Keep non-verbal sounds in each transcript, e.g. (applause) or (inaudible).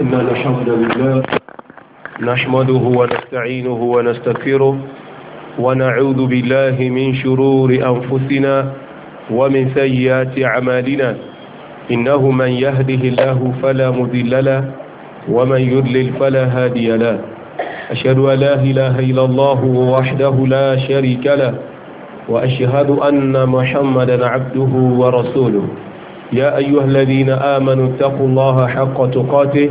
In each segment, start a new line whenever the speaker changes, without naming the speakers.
إن الحمد لله نحمده ونستعينه ونستغفره ونعوذ بالله من شرور أنفسنا ومن سيئات أعمالنا إنه من يهده الله فلا مذل له ومن يضلل فلا هادي له أشهد أن لا إله إلا الله وحده لا شريك له وأشهد أن محمدا عبده ورسوله يا أيها الذين آمنوا اتقوا الله حق تقاته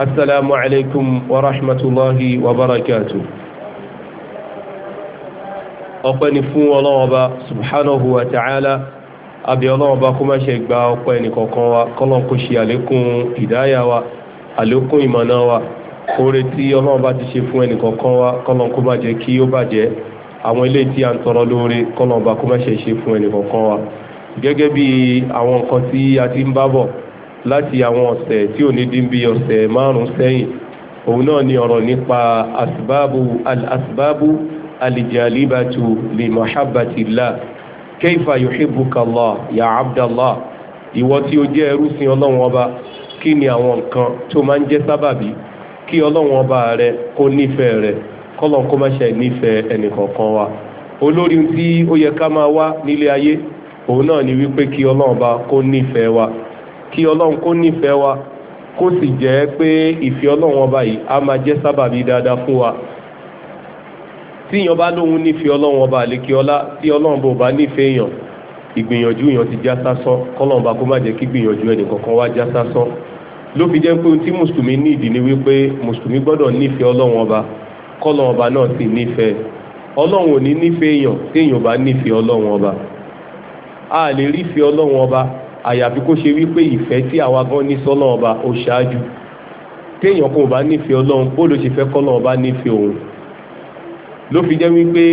السلام عليكم ورحمة الله وبركاته ọpẹ́ ni fún ọlọ́run ọba subhanahu wa ta'ala àbí ọlọ́run ọba kó má ṣe gba ọpẹ́ nìkọ̀ọ̀kan wa kọ́lọ́n kó ṣe àlékún ìdáyà wa àlékún ìmọ̀nà wa oore tí ọlọ́run ọba ti ṣe fún ẹnìkọ̀ọ̀kan wa kọ́lọ́n kó jẹ́ kí ó bàjẹ́ àwọn ilé tí a ń tọrọ lóore kọ́lọ́n kó má ṣe ṣe fún ẹnìkọ̀ọ̀kan wa gẹ́gẹ́ bí àwọn nǹkan tí a ti ń bá bọ̀ láti àwọn ọ̀sẹ̀ tí ò ní dín bí ọ̀sẹ̀ márùn-ún sẹ́yìn òun náà ni ọ̀rọ̀ nípa asbabu al-asbabu alijalibatu li mahabbatillah kayfa yuhibbuka Allah ya abdallah ìwọ tí o jẹ́ ẹrú sin ọlọ́run ọba kí ni àwọn nǹkan tó máa ń jẹ́ sábàbí kí ọlọ́run ọba rẹ kó nífẹ̀ẹ́ rẹ kọ́lọ̀ kó má ṣe nífẹ̀ẹ́ ẹnìkọ̀ọ̀kan wa olórí tí ó yẹ ká máa wá nílé ayé òun náà ni wípé kí ọlọ́run ọba kó nífẹ̀ẹ́ wa kí ọlọ́run kó nífẹ̀ẹ́ wa kó sì jẹ́ pé ìfẹ́ ọlọ́run ọba yìí á máa jẹ́ sábàbí dáadáa fún wa tí èèyàn bá lóhun nífẹ̀ẹ́ ọlọ́run ọba àlékí ọlá tí ọlọ́run bò bá nífẹ̀ẹ́ èèyàn ìgbìyànjú èèyàn ti já sásán kọ́lọ́run bá kó má jẹ́ kí gbìyànjú ẹnìkankan wá já sásán ló fi jẹ́ pé ohun tí mùsùlùmí ní ìdí ni wípé mùsùlùmí gbọ́dọ̀ nífẹ̀ẹ́ ọlọ́run ọba kọ́lọ́run ọba náà sì nífẹ̀ẹ́ ọlọ́run ò ní nífẹ̀ẹ́ èèyàn tí èèyàn bá nífẹ̀ẹ́ ọlọ́run ọba a lè rí ìfẹ́ ọlọ́run ọba àyàfi kó ṣe wípé ìfẹ́ tí àwa gan ní sọ́lọ́run ọba ó ṣáájú téèyàn kan bá nífẹ̀ẹ́ ọlọ́run bó ló ṣe fẹ́ kọ́lọ́run ọba nífẹ̀ẹ́ òun ló fi jẹ́ wípé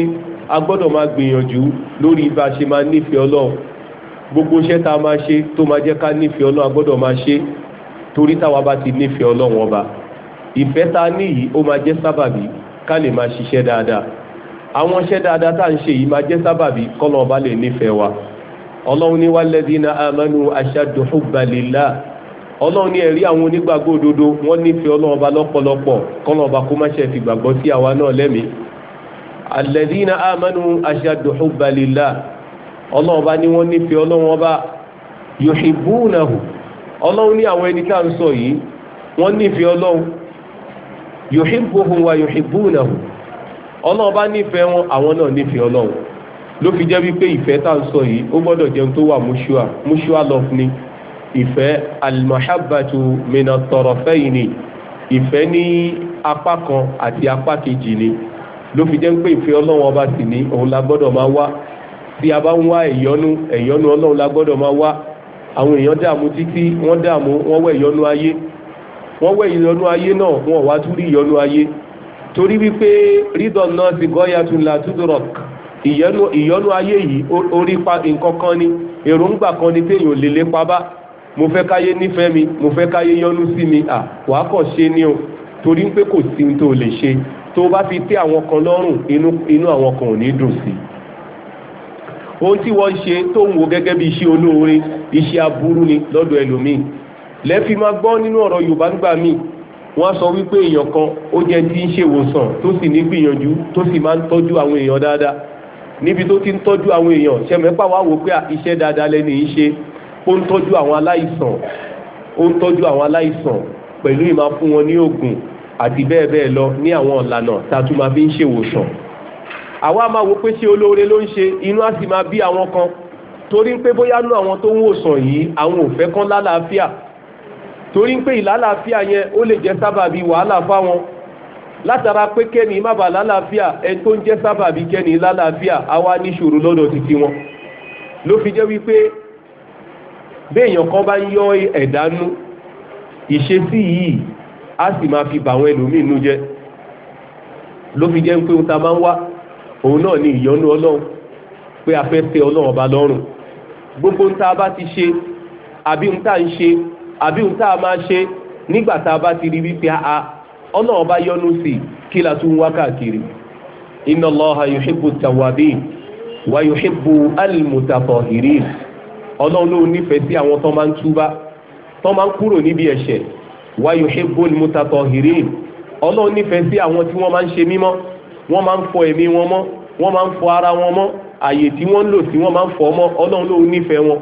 a gbọ́dọ̀ máa gbìyànjú lórí bá a ṣe máa nífẹ̀ẹ́ ọlọ́run gbogbo iṣẹ́ tá a máa ṣe tó máa jẹ́ ká nífẹ̀ẹ́ ọlọ́run a gbọ́dọ̀ máa ṣe torí táwa bá ti nífẹ̀ẹ́ ọlọ́run ọba ìfẹ́ tá a ní yìí ó máa jẹ́ sábàbí ká lè máa ṣiṣẹ́ dáadáa àwọn iṣẹ́ dáadáa tá à ń ṣe yìí máa jẹ́ sábàbí kọ́lọ́run ọba lè nífẹ̀ẹ́ wa. ọlọ́run ní walladhina amanu ashaddu hubban balila. ọlọ́run ni, ẹ̀rí àwọn onígbàgbọ́ òdodo wọ́n nífẹ̀ẹ́ ọlọ́run ọba lọ́pọ̀lọpọ̀ kọ́lọ́run ọba kó má ṣe fi gbàgbọ́ sí àwa náà ọlọ́run ọba wọ́n nífẹ̀ẹ́ ọlọ́run ọba ọlọ́run ní àwọn ẹni tá à ń sọ yìí wọ́n nífẹ̀ẹ́ ọlọ́run náà ló fi jẹ́ wípé ìfẹ́ tá à ń sọ yìí ó gbọ́dọ̀ jẹun tó wà mushua mushua love ni ìfẹ́ alimahabatu mina tọrọfẹ́yìn ni ìfẹ́ ní apá kan àti apá kejì ni ló fi jẹ́ pé ìfẹ́ ọlọ́run ọba sì ni òun la gbọ́dọ̀ máa wá tí a bá ń wá ẹ̀yọ́nú ẹ̀yọ́nú ọlọ́run la gbọ́dọ̀ máa wá àwọn èèyàn dààmú títí wọ́n dààmú wọ́n wẹ̀ ìyọ́nú ayé wọ́n wẹ̀ ìyọ́nú ayé náà wọ́n wá tún rí ìyọ́nú ayé torí wípé rídọ̀ náà ti gọ́yà tún la tún rọ̀kì ìyọnu ayé yìí orí nǹkan kan ni èròǹgbà kan ni téèyàn lè lépa bá mo fẹ́ káyé nífẹ̀ẹ́ mi mo fẹ́ káyé yọnu sí mi à wàá kàn ṣe ni o torí pé kò sí tó lè ṣe tó bá fi tẹ́ àwọn kan lọ́rùn inú àwọn kan ò ní dùn sí i ohun tí wọ́n ṣe tó ń wo gẹ́gẹ́ bí iṣẹ́ olóore iṣẹ́ aburú ni lọ́dọ̀ ẹlòmíì lẹ́fí máa gbọ́ nínú ọ̀rọ̀ yorùbá ń gbà mí wọ́n sọ wípé èèyàn kan ó jẹ́ tí ń ṣèwòsàn tó sì ní gbìyànjú tó sì máa ń tọ́jú àwọn èèyàn dáadáa níbi tó ti ń tọ́jú àwọn èèyàn ṣẹ̀mẹ́pà wá wò pé iṣẹ́ dáadáa lẹ́ni ń ṣe ó ń tọ́jú àwọn aláìsàn ó ń tọ́jú àwọn aláìsàn pẹ̀lú ìmáa fún wọn ní oògùn àti bẹ́ẹ̀ bẹ́ẹ̀ lọ ní àwọn ọ̀lànà tá a tún máa fi ń ṣèwòsàn àwa máa wo pé ṣé olóore ló ń ṣe inú á sì máa bí àwọn kan torí pé bóyá nú àwọn tó ń wòsàn yìí àwọn ò fẹ́ kán lálàáfíà torí pé ìlàlàáfíà yẹn ó lè jẹ́ sábàbí wàhálà fáwọn látara pé kẹ́ni má bàa lálàáfíà ẹni tó ń jẹ́ sábàbí kẹ́ni lálàáfíà àwa ní ṣòro lọ́dọ̀ títí wọn ló fi jẹ́ wípé béèyàn kan bá ń yọ ẹ̀dánú ìṣesí yìí á sì máa fi bàwọn ẹlòmíín nú jẹ́ ló fi jẹ́ pé ta máa ń wá òun náà ni ìyọ́nú ọlọ́run pé a fẹ́ tẹ́ ọlọ́run ọba lọ́rùn gbogbo ń tá a bá ti ṣe àbí ń tá ń ṣe àbí ń tá máa ṣe nígbà tá a bá ti rí wípé a ọlọ́run bá yọ́nú sí kí la tún wá káàkiri inna Allaha yuhibbu tawabin wa yuhibbu al-mutatahirin ọlọ́run ló nífẹ̀ẹ́ sí àwọn tó máa ń túbá tó máa ń kúrò níbi ẹ̀ṣẹ̀ wa yuhibbu al-mutatahirin ọlọ́run nífẹ̀ẹ́ sí àwọn tí wọ́n máa ń ṣe mímọ́ wọ́n máa ń fọ ẹ̀mí wọn mọ́ wọ́n máa ń fọ ara wọn mọ́ àyè tí wọ́n ń lò tí wọ́n máa ń fọ mọ́ ọlọ́run nífẹ̀ẹ́ wọn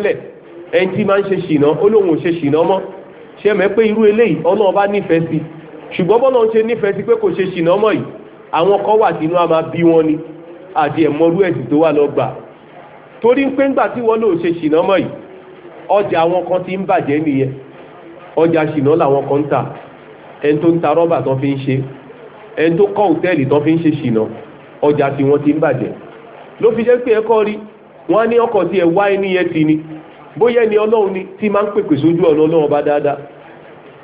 ìwọ ẹni tí máa ń ṣe ṣìnà ó lóun ò ṣe ṣìnà mọ́ ṣe mẹ́ pé irú eléyìí ọlọ́run bá nífẹ̀ẹ́ sí ṣùgbọ́n bọ́lá ń ṣe nífẹ̀ẹ́ sí pé kò ṣe ṣìnà mọ́ yìí àwọn kan wà tínú a máa bí wọn ni àti ẹ̀mọ́rú ẹ̀sìn tó wà lọ gbà torí pé ńgbà tí wọ́n lóun ṣe ṣìnà mọ́ yìí ọjà àwọn kan ti ń bàjẹ́ nìyẹn ọjà ṣìnà làwọn kan ń tà ẹni tó ń ta rọ́bà tán fi ń ṣe ẹni tó kọ́ òtẹ́ẹ̀lì tán fi ń ṣe ṣìnà ọjà tí wọ́n ti ń bàjẹ́ ló fi jẹ́ pé ẹ̀kọ́ rí wọ́n á ní ọkọ̀ tí ẹ wá ẹni yẹn ti ni bóyá ẹni ọlọ́run ni tí máa ń pèpè sójú ọ̀nà ọlọ́run ọba dáadáa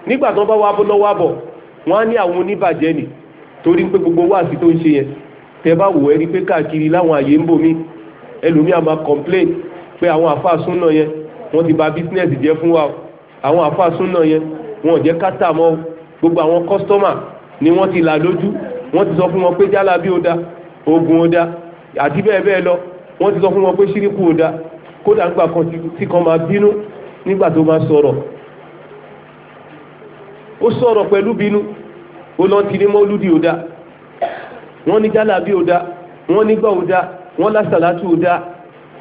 nígbà tó bá wá lọ́wọ́ àbọ̀ wọ́n á ní àwọn oníbàjẹ́ nì torí pé gbogbo wáàsí tó ń ṣe yẹn tẹ bá wò ẹ́ rí pé káàkiri láwọn àyè ń bò mí ẹlòmíì á complain pé àwọn àfáà súnà yẹn wọ́n ti bà business jẹ́ fún wa àwọn àfáà súnà yẹn wọ́n jẹ́ kátà mọ́ gbogbo àwọn customer ni wọ́n ti là lójú wọ́n ti sọ fún wọn pé jálá bí ó da oògùn ó da àti bẹ́ẹ̀ bẹ́ẹ̀ lọ wọ́n ti sọ fún wọn pé ṣíríkù ó da kódà ń gbà kan tí kan máa bínú nígbà tó máa sọ̀rọ̀ ó sọ̀rọ̀ pẹ̀lú bínú ó lọ́n ti ní mọ́lúdì ò dá wọ́n ní jálàbí ò dá wọ́n nígbà ò dá wọ́n lásàlátù ò dá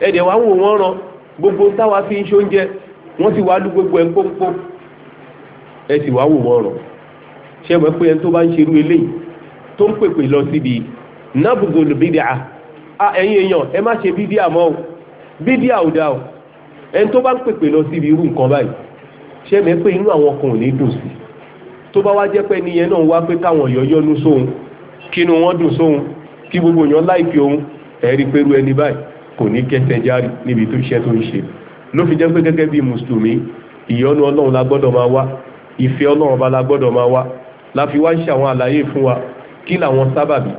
ẹ̀dẹ̀ wò wọ́n gbogbo táwa fi ń ṣóúnjẹ wọ́n sì gbogbo ẹ̀ pọ́npọ́n sì wá wò wọ́n ṣé pé ẹni tó bá ń ṣerú eléyìí tó ń pèpè lọ síbi ẹ̀yin èèyàn ẹ má ṣe bíbí àwùdá o ẹni tó bá ń pèpè lọ síbi irú nǹkan báyìí ṣé mi pé inú àwọn kan ò ní dùn sí tó bá wá jẹ́ pé ẹni yẹn náà wá pé káwọn èèyàn yọ́nú sóhun kí inú wọn dùn sóhun kí gbogbo èèyàn láìpẹ́ òun ẹ̀rí pẹ̀lú ẹni báyìí kò ní kẹsẹ̀ járí níbi tó iṣẹ́ tó ń ṣe ló fi jẹ́ pé gẹ́gẹ́ bí mùsùlùmí ìyọ́nú ọlọ́run la gbọ́dọ̀ máa wá ìfẹ́ ọlọ́run bá la gbọ́dọ̀ máa wá la fi wá ń ṣe àwọn àlàyé fún wa kí làwọn sábàbí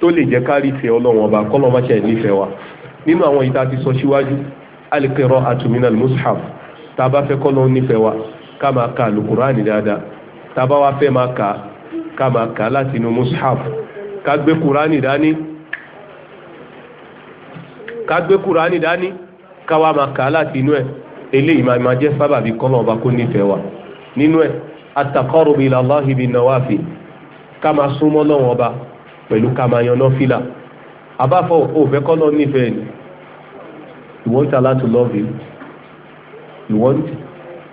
tó lè jẹ́ ká rí ìfẹ́ ọlọ́run ọba kọ́lọ́ máṣẹ́ nífẹ̀ẹ́ wa nínú àwọn ìta ti sọ síwájú al-qira'atu minal mushaf tá a bá fẹ́ kọ́ lọ́wọ́ nífẹ̀ẹ́ wa ká máa ka alukurani dáadáa tá a bá wá fẹ́ máa ka ká máa ka láti inú mushaf ká gbé kurani dání ká gbé kurani dání ká wá máa ka láti inú ẹ̀ eléyìí máa máa jẹ́ sábàbí kọ́ lọ́wọ́ bá kó nífẹ̀ẹ́ wa nínú ẹ̀ at-taqarrub ila Allahi ká máa súnmọ́ lọ́wọ́ ọba pẹ̀lú ká máa yan náfìlà abáfọ́ òfẹ́ kọ́ lọ nífẹ̀ẹ́ ni you want Allah to love him. you want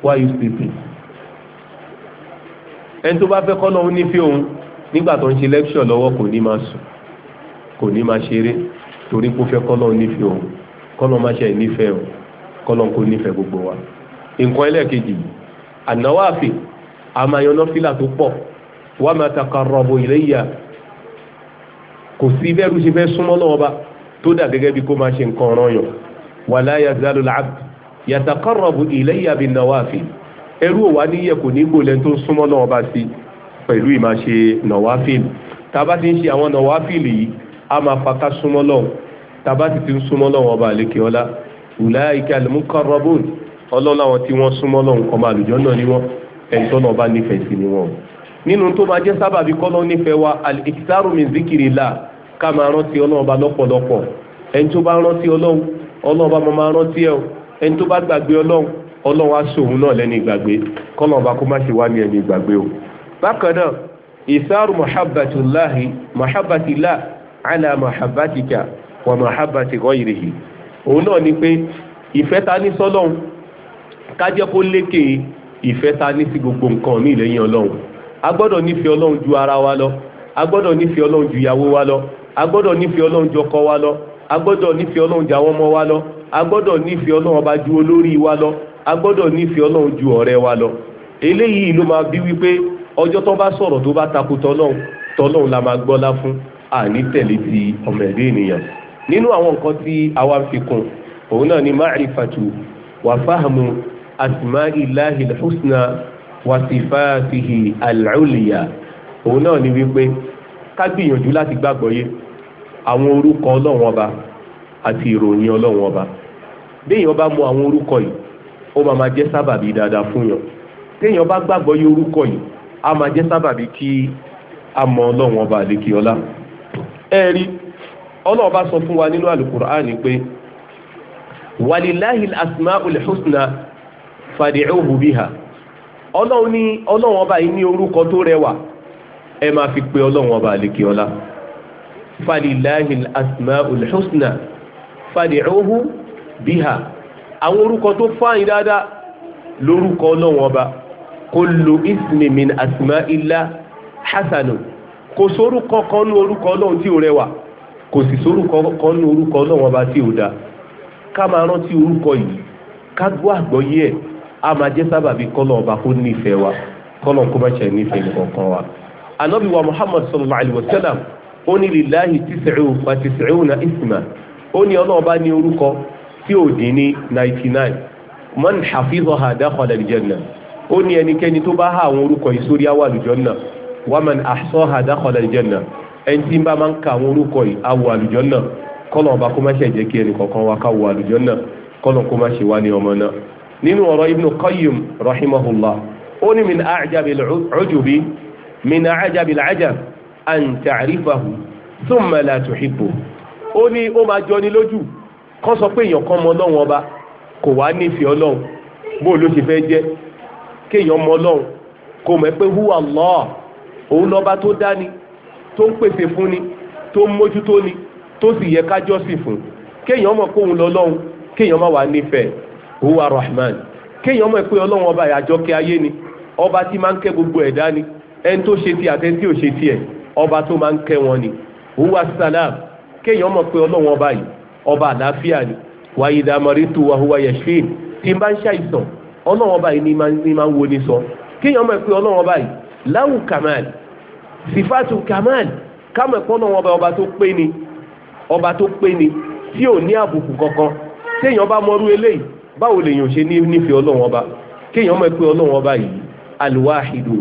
why you sleeping ẹni tó bá fẹ́ kọ́ lọ́wọ́ nífẹ̀ẹ́ òun nígbà tó ń ṣe lẹ́kṣọ̀ lọ́wọ́ kò ní máa sùn kò ní máa ṣeré torí kó fẹ́ kọ́ lọ́wọ́ nífẹ̀ẹ́ òun kọ́ lọ́wọ́ máa ṣe nífẹ̀ẹ́ òun kọ́ lọ́wọ́ kó nífẹ̀ẹ́ gbogbo wa nǹkan ẹlẹ́ẹ̀kejì ànáwó àfẹ́ àmàyànnáfílà tó pọ̀ wàá máa takarọ̀bù ilayya kò sí bẹ́rù ṣe fẹ́ súnmọ́ lọ́wọ́ bá tó dà gẹ́gẹ́ bí kó máa ṣe nǹkan ọ̀ràn yàn wàlá yazalu al-abd yataqarrabu ilayya bin nawafil ẹrú òwà níyẹ kò ní gbò lẹ́nu tó ń súnmọ́ lọ́wọ́ bá sí pẹ̀lú ìmáṣe nawafil tàbá ti ń ṣe àwọn nawafil yìí a máa faka súnmọ́ lọ́wọ́ tàbá ti ti ń súnmọ́ lọ́wọ́ ọba àlékè ọlá ulaika al ni wọ́n ẹni nínú tó máa jẹ́ sábàbí kọ́lọ́ nífẹ̀ẹ́ wa al-iktharu min la ká máa rántí ọlọ́run bá lọ́pọ̀lọpọ̀ ẹni tó bá rántí ọlọ́run ọlọ́run bá máa rántí ẹ̀ ẹni tó bá gbàgbé ọlọ́run ọlọ́run á sòun náà lẹ́ni ìgbàgbé kọ́lọ́run bá kó má ṣe wá ní ẹni ìgbàgbé o. bákan náà ìsáàrù mahabbatullahi mahabbatillah ala mahabbatika wa mahabbati ghayrihi òun ni pé ìfẹ́ ta ní sọ́lọ́run ká jẹ́ kó lékè ìfẹ́ ta a gbọ́dọ̀ nífẹ̀ẹ́ ọlọ́run ju ara wa lọ a gbọ́dọ̀ nífẹ̀ẹ́ ọlọ́run ju ìyàwó wa lọ a gbọ́dọ̀ nífẹ̀ẹ́ ọlọ́run ju ọkọ wa lọ a gbọ́dọ̀ nífẹ̀ẹ́ ọlọ́run ju àwọn ọmọ wa lọ a nífẹ̀ẹ́ ọlọ́run ọba ju olórí wa lọ a nífẹ̀ẹ́ ọlọ́run ju ọ̀rẹ́ wa lọ eléyìí ló máa bí wípé ọjọ́ tó bá sọ̀rọ̀ tó bá takò tọlọ́run tọlọ́run la máa gbọ́lá fún àní tẹ̀lé ti ọmọ ẹ̀dẹ́ ènìyàn nínú àwọn nǹkan tí àwa fi kún òun náà ni máàrífàtù wà fáhàmù asma'illahi al wàsífàtìhì àlùlìyà òun náà ni wípé ká láti gbàgbọ́ yé àwọn orúkọ ọlọ́run ọba àti ìròyìn ọlọ́run ọba béèyàn bá mọ àwọn orúkọ yìí ó máa ma jẹ́ sábàbí dáadáa fún yàn téèyàn bá gbàgbọ́ yé orúkọ yìí á máa jẹ́ sábàbí kí a mọ ọlọ́run ọba ọlá ẹ rí bá sọ fún wa nínú pé wàlíláhìl asmaul husna bíhà. ọlọ́run ní ọlọ́run ọba yìí ní orúkọ tó rẹwà ẹ máa fi pe ọlọ́run ọba àlekè ọlá falilahil asmaul husna fad'uhu biha àwọn orúkọ tó fáyín dáadáa lórúkọ ọlọ́run ọba kullu ismi min asma'illah hasanu kò sórúkọ kan ní orúkọ ọlọ́run tí ò rẹwà kò sì sórúkọ kan ní orúkọ ọlọ́run ọba tí ò dáa ká máa rántí orúkọ yìí ká gbọ́ àgbọ́yé ẹ̀ a máa bi sábàbí kọ́lọ̀ ọba kó nífẹ̀ẹ́ wa kọ́lọ̀ kó má ṣe nífẹ̀ẹ́ nìkankan wa. anabi wa muhammad sallallahu alayhi wa sallam Oni ní lillahi tis'u wa tis'una isma ó ọlọ́ọ̀ba ní orúkọ tí ò dín ní ninety nine man hafizaha dakhala al-janna ó ní ẹnikẹ́ni tó bá há àwọn orúkọ yìí sórí àwa àlùjànnà wa man ahsaha dakhala al-janna ẹni tí ń bá máa ń ka àwọn orúkọ yìí àwa àlùjànnà kọ́lọ̀ ọba kó má ṣe jẹ́ kí ẹnì kọ̀ọ̀kan wa ká wọ àlùjànnà kọ́lọ̀ kó má ṣe ọmọ náà nínú ọ̀rọ̀ ibnu qayyim rahimahullah ó ní min ajabi al-ujubi min ajabi al-ajab an ta'rifahu thumma la tuhibbu ó ní ó máa jọni lójú kọ́ sọ pé èèyàn kan mọ ọlọ́run ọba kò wá nífẹ̀ẹ́ ọlọ́run bó ló ṣe fẹ́ jẹ́ kéèyàn mọ ọlọ́run kò mọ̀ pé huwa Allah òun lọ́ba tó dání tó ń pèsè fún ni tó ń mójútó ni tó sì yẹ ká jọ́sìn fún kéèyàn mọ̀ kóhun lọ́lọ́run kéèyàn má wá nífẹ̀ẹ́ huwa rahman kéèyàn mọ̀ pé ọlọ́run ọba àyájọ́ kí ayé ni ọba tí máa ń kẹ́ gbogbo ẹ̀dá ni ẹni tó ṣe tiẹ̀ tí ò ṣe ọba tó máa ń kẹ́ wọn ni huwa salam kéèyàn mọ̀ pé ọlọ́run ọba yìí ọba àlàáfíà ni huwa tí ọba yìí ni máa wo ni sọ kéèyàn ọba yìí láwù kamal sifatu kamal ẹ̀kọ́ ọba ọba báwo lèèyàn ṣe ní nífẹ̀ẹ́ ọlọ́run ọba kéèyàn mọ̀ pé ọlọ́run ọba yìí alwahidu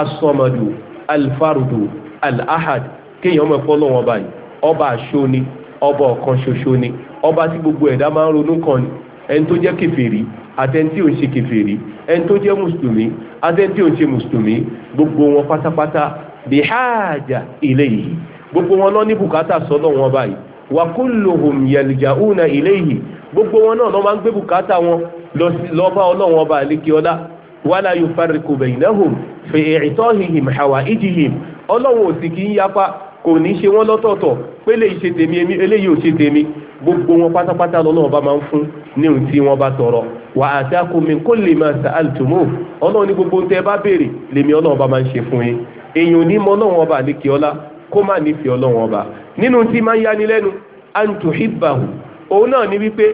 asọmadu alfarudu alahad kéèyàn mọ̀ pé ọlọ́run ọba yìí ọba àṣọ ni ọba ọ̀kan ṣoṣo ni ọba tí gbogbo ẹ̀dá máa ń ronú kan ni ẹni tó jẹ́ kèfèrí àtẹni tí ò ń ṣe kèfèrí ẹni tó jẹ́ mùsùlùmí àtẹni ò ń ṣe mùsùlùmí gbogbo wọn pátápátá bihaja ilayhi gbogbo wọn lọ ní bùkátà sọ́dọ̀ wọn báyìí wa kulluhum yaljauna ilayhi gbogbo wọn náà lọ máa ń gbé bùkátà wọn lọ bá ọlọ́run ọba àlékè ọlá wala yufarriqu baynahum fi i'tahihim hawaijihim ọlọ́run ò sì kì í yapa kò ní ṣe wọ́n lọ́tọ̀ọ̀tọ̀ pé eléyìí ṣe tèmi èmi eléyìí ò ṣe tèmi gbogbo wọn pátápátá lọ́lọ́run ọba máa ń fún ní ohun tí wọ́n bá tọrọ wa atakum min kulli ma sa'altumuh ọlọ́run ní gbogbo ohun tẹ́ bá béèrè lèmi ọlọ́run ọba máa ń ṣe fún yín èèyàn ò ní mọ ọlọ́run ọba àlékè kó má nífẹ̀ẹ́ ọlọ́run ọba nínú tí máa ń yani lẹ́nu antuhibbahu òun náà ni wípé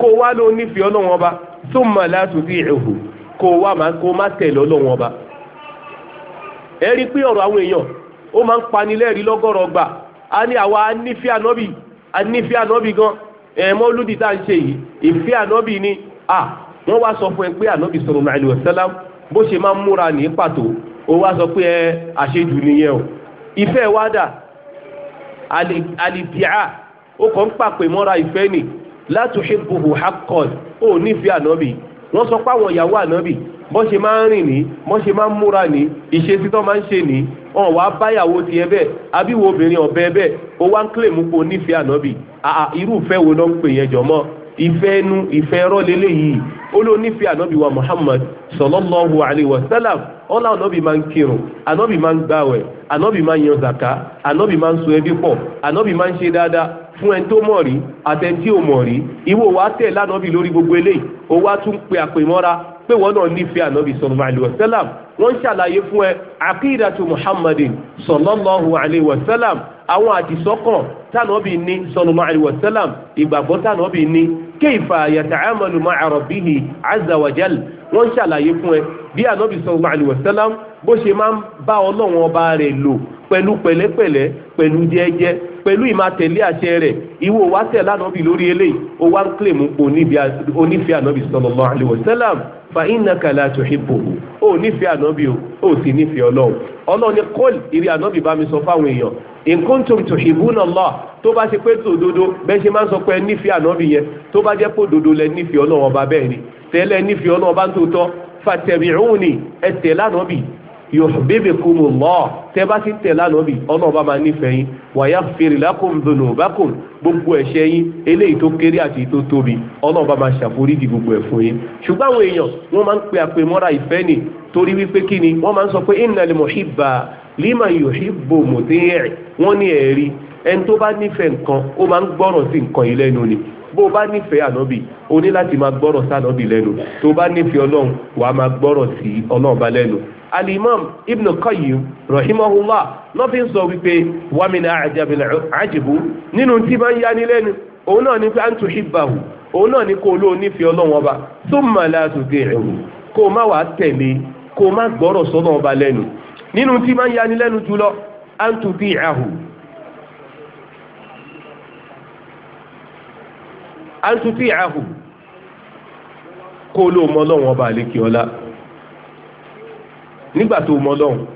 kó wá ló nífẹ̀ẹ́ ọlọ́run ọba thumma la tuti'uhu kó wá máa kó má tẹ̀lé ọlọ́run ọba. ẹ rí i pé ọ̀rọ̀ àwọn èèyàn ó máa ń pani lẹ́rìí lọ́gọ́rọ̀ gbà á ní àwa anífẹ́ ànọ́bì anífẹ́ ànọ́bì gan ẹ̀ẹ́mọ́ lùdì tá à ń ṣe yìí ìfẹ́ ànọ́bì ni à wọ́n wá sọ fún ẹ pé ànọ́bì ìfẹ́ wa dà àlìbíà ó kàn ń pàpè mọ́ra ìfẹ́ nì látúhìbùhù hakọ́d ó nífẹ̀ẹ́ ànábì wọ́n sọ pé àwọn ìyàwó ànábì bọ́n ṣe máa ń rìn ní bọ́n ṣe máa ń múra ní ìṣesí tó máa ń ṣe ní ọ̀n wá báyàwó tiẹ̀ bẹ́ẹ̀ àbíwò obìnrin ọ̀bẹ bẹ́ẹ̀ ó wá ń kílèmù pé nífẹ̀ẹ́ ànábì irúfẹ́ wo ló ń pè yẹn jọ̀mọ́ ìfẹ́ ẹnu ìfẹ́ ẹ̀rọ lélẹ̀ yìí ó ló ànábì wa Muhammad sallallahu alayhi wa sallam ọlá ànábì máa ń kírun ànábì máa ń gbàwẹ̀ ànábì máa ń yan zaka ànábì máa ń so ẹbí pọ̀ ànábì máa ń ṣe dáadáa fún ẹni tó mọ̀ rí àtẹni tí ò mọ̀ rí ìwọ wa tẹ̀ lánàbì lórí gbogbo eléyìí ó wá tún pe àpèmọ́ra pé wọ́n náà nífẹ̀ẹ́ ànábì sallallahu alayhi wa sallam wọ́n ṣàlàyé fún ẹ àkídàtú Muhammadin sallallahu alayhi wa sallam àwọn àdìsọ́kàn tànàbì ní sallallahu alayhi wa sallam ìgbàgbọ́ tànàbì ní kéèfà yata'amalu ma'a rabbihi azza wa jal wọ́n ṣàlàyé fún ẹ bí ànábì sallallahu alaihi wasallam bó ṣe máa ń bá ọlọ́run ọba rẹ̀ lò pẹ̀lú pẹ̀lẹ́pẹ̀lẹ́ pẹ̀lú jẹ́jẹ́ pẹ̀lú ìmàtẹ̀lé àṣẹ rẹ̀ ìwọ wa tẹ̀ lánàbì lórí eléyìí ó wá ń kílèmù onífẹ́ ànábì sallallahu alaihi wasallam fa innaka la tuhibbuhu ó nífẹ̀ẹ́ ànábì ó sì nífẹ̀ẹ́ ọlọ́run ọlọ́run ni ìrì ànábì bá mi sọ fáwọn èèyàn in kuntum tuhibbuna Allah tó bá ṣe pé tòdodo bẹ́ẹ̀ ṣe máa ń sọ pé nífẹ̀ẹ́ ànábì yẹn tó bá jẹ́ pòdodo lẹ nífẹ̀ẹ́ ọlọ́wọ́n ọba bẹ́ẹ̀ ni tẹ́lẹ̀ nífẹ̀ẹ́ ọlọ́wọ́n ọba tó tọ́ fattabi'uni ẹ tẹ̀lé ànábì yuhbibkumullah tẹ́ bá ti tẹ̀lé ànábì ọlọ́wọ́n ọba máa nífẹ̀ẹ́ yín wa yaghfir lakum dhunubakum gbogbo ẹ̀ṣẹ̀ yín eléyìí tó kéré àti tó tóbi ọlọ́ọ̀bá máa ṣàforíjì gbogbo ẹ̀ fún yín ṣùgbọ́n àwọn èèyàn wọ́n máa ń pe àpèmọ́ra ìfẹ́ nì torí wípé kí ni wọ́n máa ń sọ pé innal muhibba lima yuhibbu muti'i wọ́n ní ẹ̀rí ẹni tó bá nífẹ̀ẹ́ nǹkan ó máa ń gbọ́rọ̀ sí nǹkan yìí lẹ́nu ni bó o bá nífẹ̀ẹ́ ànábì o ní láti máa gbọ́rọ̀ sí ànábì lẹ́nu tó o bá nífẹ̀ẹ́ ọlọ́run wàá máa gbọ́rọ̀ sí ọlọ́run bá lẹ́nu. alimam ibn qayyim rahimahullah lọ́fi ń sọ wípé wàmínà àjẹbù nínú tí máa ń yáni lẹ́nu òun náà ní pé à ń tu hibbahu òun náà ní kó o lóo nífẹ̀ẹ́ ọlọ́run ọba tó mà láti dé ẹ̀rù kó o má wàá tẹ̀lé kó o má gbọ́rọ̀ sọ́nà ọba lẹ́nu nínú tí máa ń yani lẹ́nu jùlọ antu bí ahu antu bí ahu kó ló mọ lọ́wọ́n ọba àlékè ọlá nígbà tó mọ lọ́wọ́n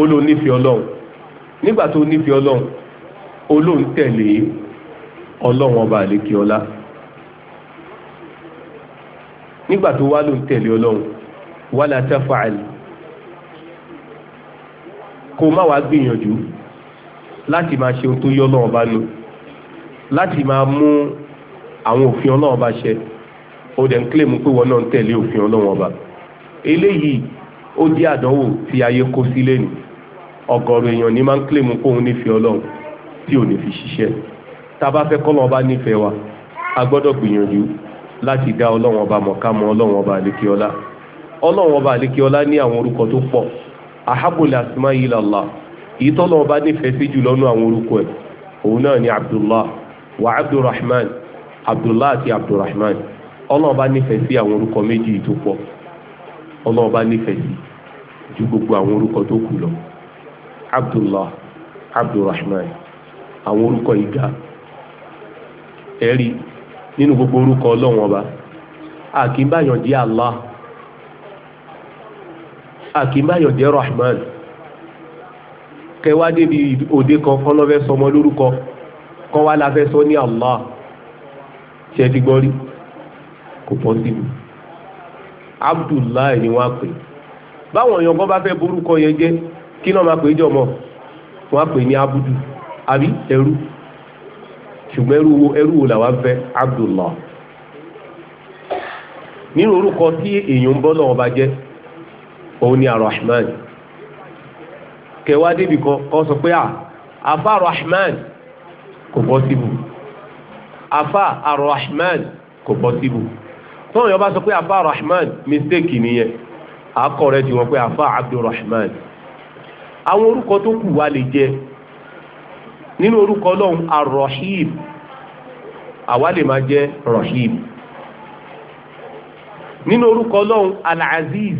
olóò nífẹ̀ẹ́ ọlọ́wọ́n nígbà tó nífẹ̀ẹ́ ọlọ́wọ́n olóò ń tẹ̀lé ọlọ́wọ́n ọba àlékè ọlá nígbà tó wá ló ń tẹ̀lé ọlọ́wọ́n wala taf'al kó má wàá gbìyànjú láti máa ṣe ohun tó yọ náà bá nu láti máa mú àwọn òfin ọlọ́wọ́n bá ṣẹ ó dẹ̀ ń kílèmù pé wọn náà ń tẹ̀lé òfin ọlọ́wọ́n bá eléyìí ó jẹ́ àdánwò tí ayé kó sílé nì ọ̀gọ̀rọ̀ èèyàn ní máa ń kílèmù pé òun nífẹ̀ẹ́ ọlọ́run tí ò ní fi ṣiṣẹ́ tá a bá fẹ́ kọ́lọ́wọ́n bá nífẹ̀ẹ́ wa a gbọ́dọ̀ gbìyànjú láti dá ọlọ́wọ́n bá mọ̀ ká mọ̀ ọlọ́wọ́n bá àlékíọlá ọlọ́wọ́n bá àlékíọlá ní àwọn orúkọ tó pọ̀ ahabul asma ila Allah èyí tọ́lọ́ ọba nífẹ̀ẹ́ sí jùlọ nú àwọn orúkọ ẹ̀ òun náà ni abdullah wa abdulrahman abdullah àti abdulrahman ọlọ́ọ̀ba nífẹ̀ẹ́ sí àwọn orúkọ méjì tó pọ̀ ọlọ́ọ̀ba nífẹ̀ẹ́ sí ju gbogbo àwọn orúkọ tó kù lọ abdullah abdulrahman àwọn yi ga, ẹ̀rí nínú gbogbo orúkọ ọlọ́wọ́n ọba àkínbáyàn jẹ́ allah àkínbáyọ̀ jẹ́ rahman kẹwàá débi òde kan kọ́ lọ́fẹ́ sọmọ lórúkọ kọ́ wá la fẹ́ sọ ní allah ṣe ti gbọ́ rí kò pọ́ síbi abdullahi ni wọ́n á pè báwọn èèyàn kan bá fẹ́ borúkọ yẹn jẹ́ kí náà máa pè é jọmọ wọ́n á pè ní abudu àbí ẹrú ṣùgbọ́n ẹrú wo ẹrú wo làwọn fẹ́ abdullahi nínú orúkọ tí èèyàn ń bọ́ lọ́wọ́ bá jẹ́ òun ni arahman kẹwàá débi kan kọ́ sọ pé à afa arahman kò pọ́sibù afa arahman kò pọ́sibù tọ́wọ́n yọba sọ pé afa arahman mistake nìyẹn àkọrẹ́ ti wọn pé afa abdulrahman àwọn orúkọ tó kù wa lè jẹ nínú orúkọ ọlọ́run arahim àwa lè máa jẹ rahim nínú orúkọ ọlọ́run alaziz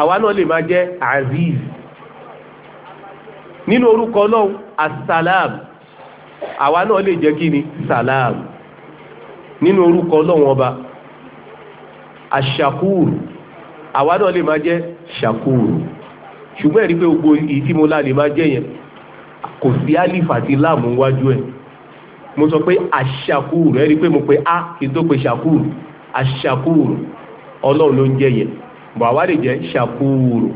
àwa náà lè máa jẹ́ aziz nínú orúkọ ọlọ́run asalam àwa náà lè jẹ́ kí ni salam nínú orúkọ ọlọ́run ọba ashakur àwa náà lè máa jẹ́ shakur ṣùgbọ́n ẹ̀rí pé gbogbo èyí tí mo lá lè máa jẹ́ yẹn kò sí alif àti láàmú wájú ẹ̀ mo sọ pé ashakur ẹ̀rí pé mo pe a kí n tó pe shakur ashakur ọlọ́run ló ń jẹ́ yẹn. bọ̀ àwa lè jẹ́ ṣàkúrò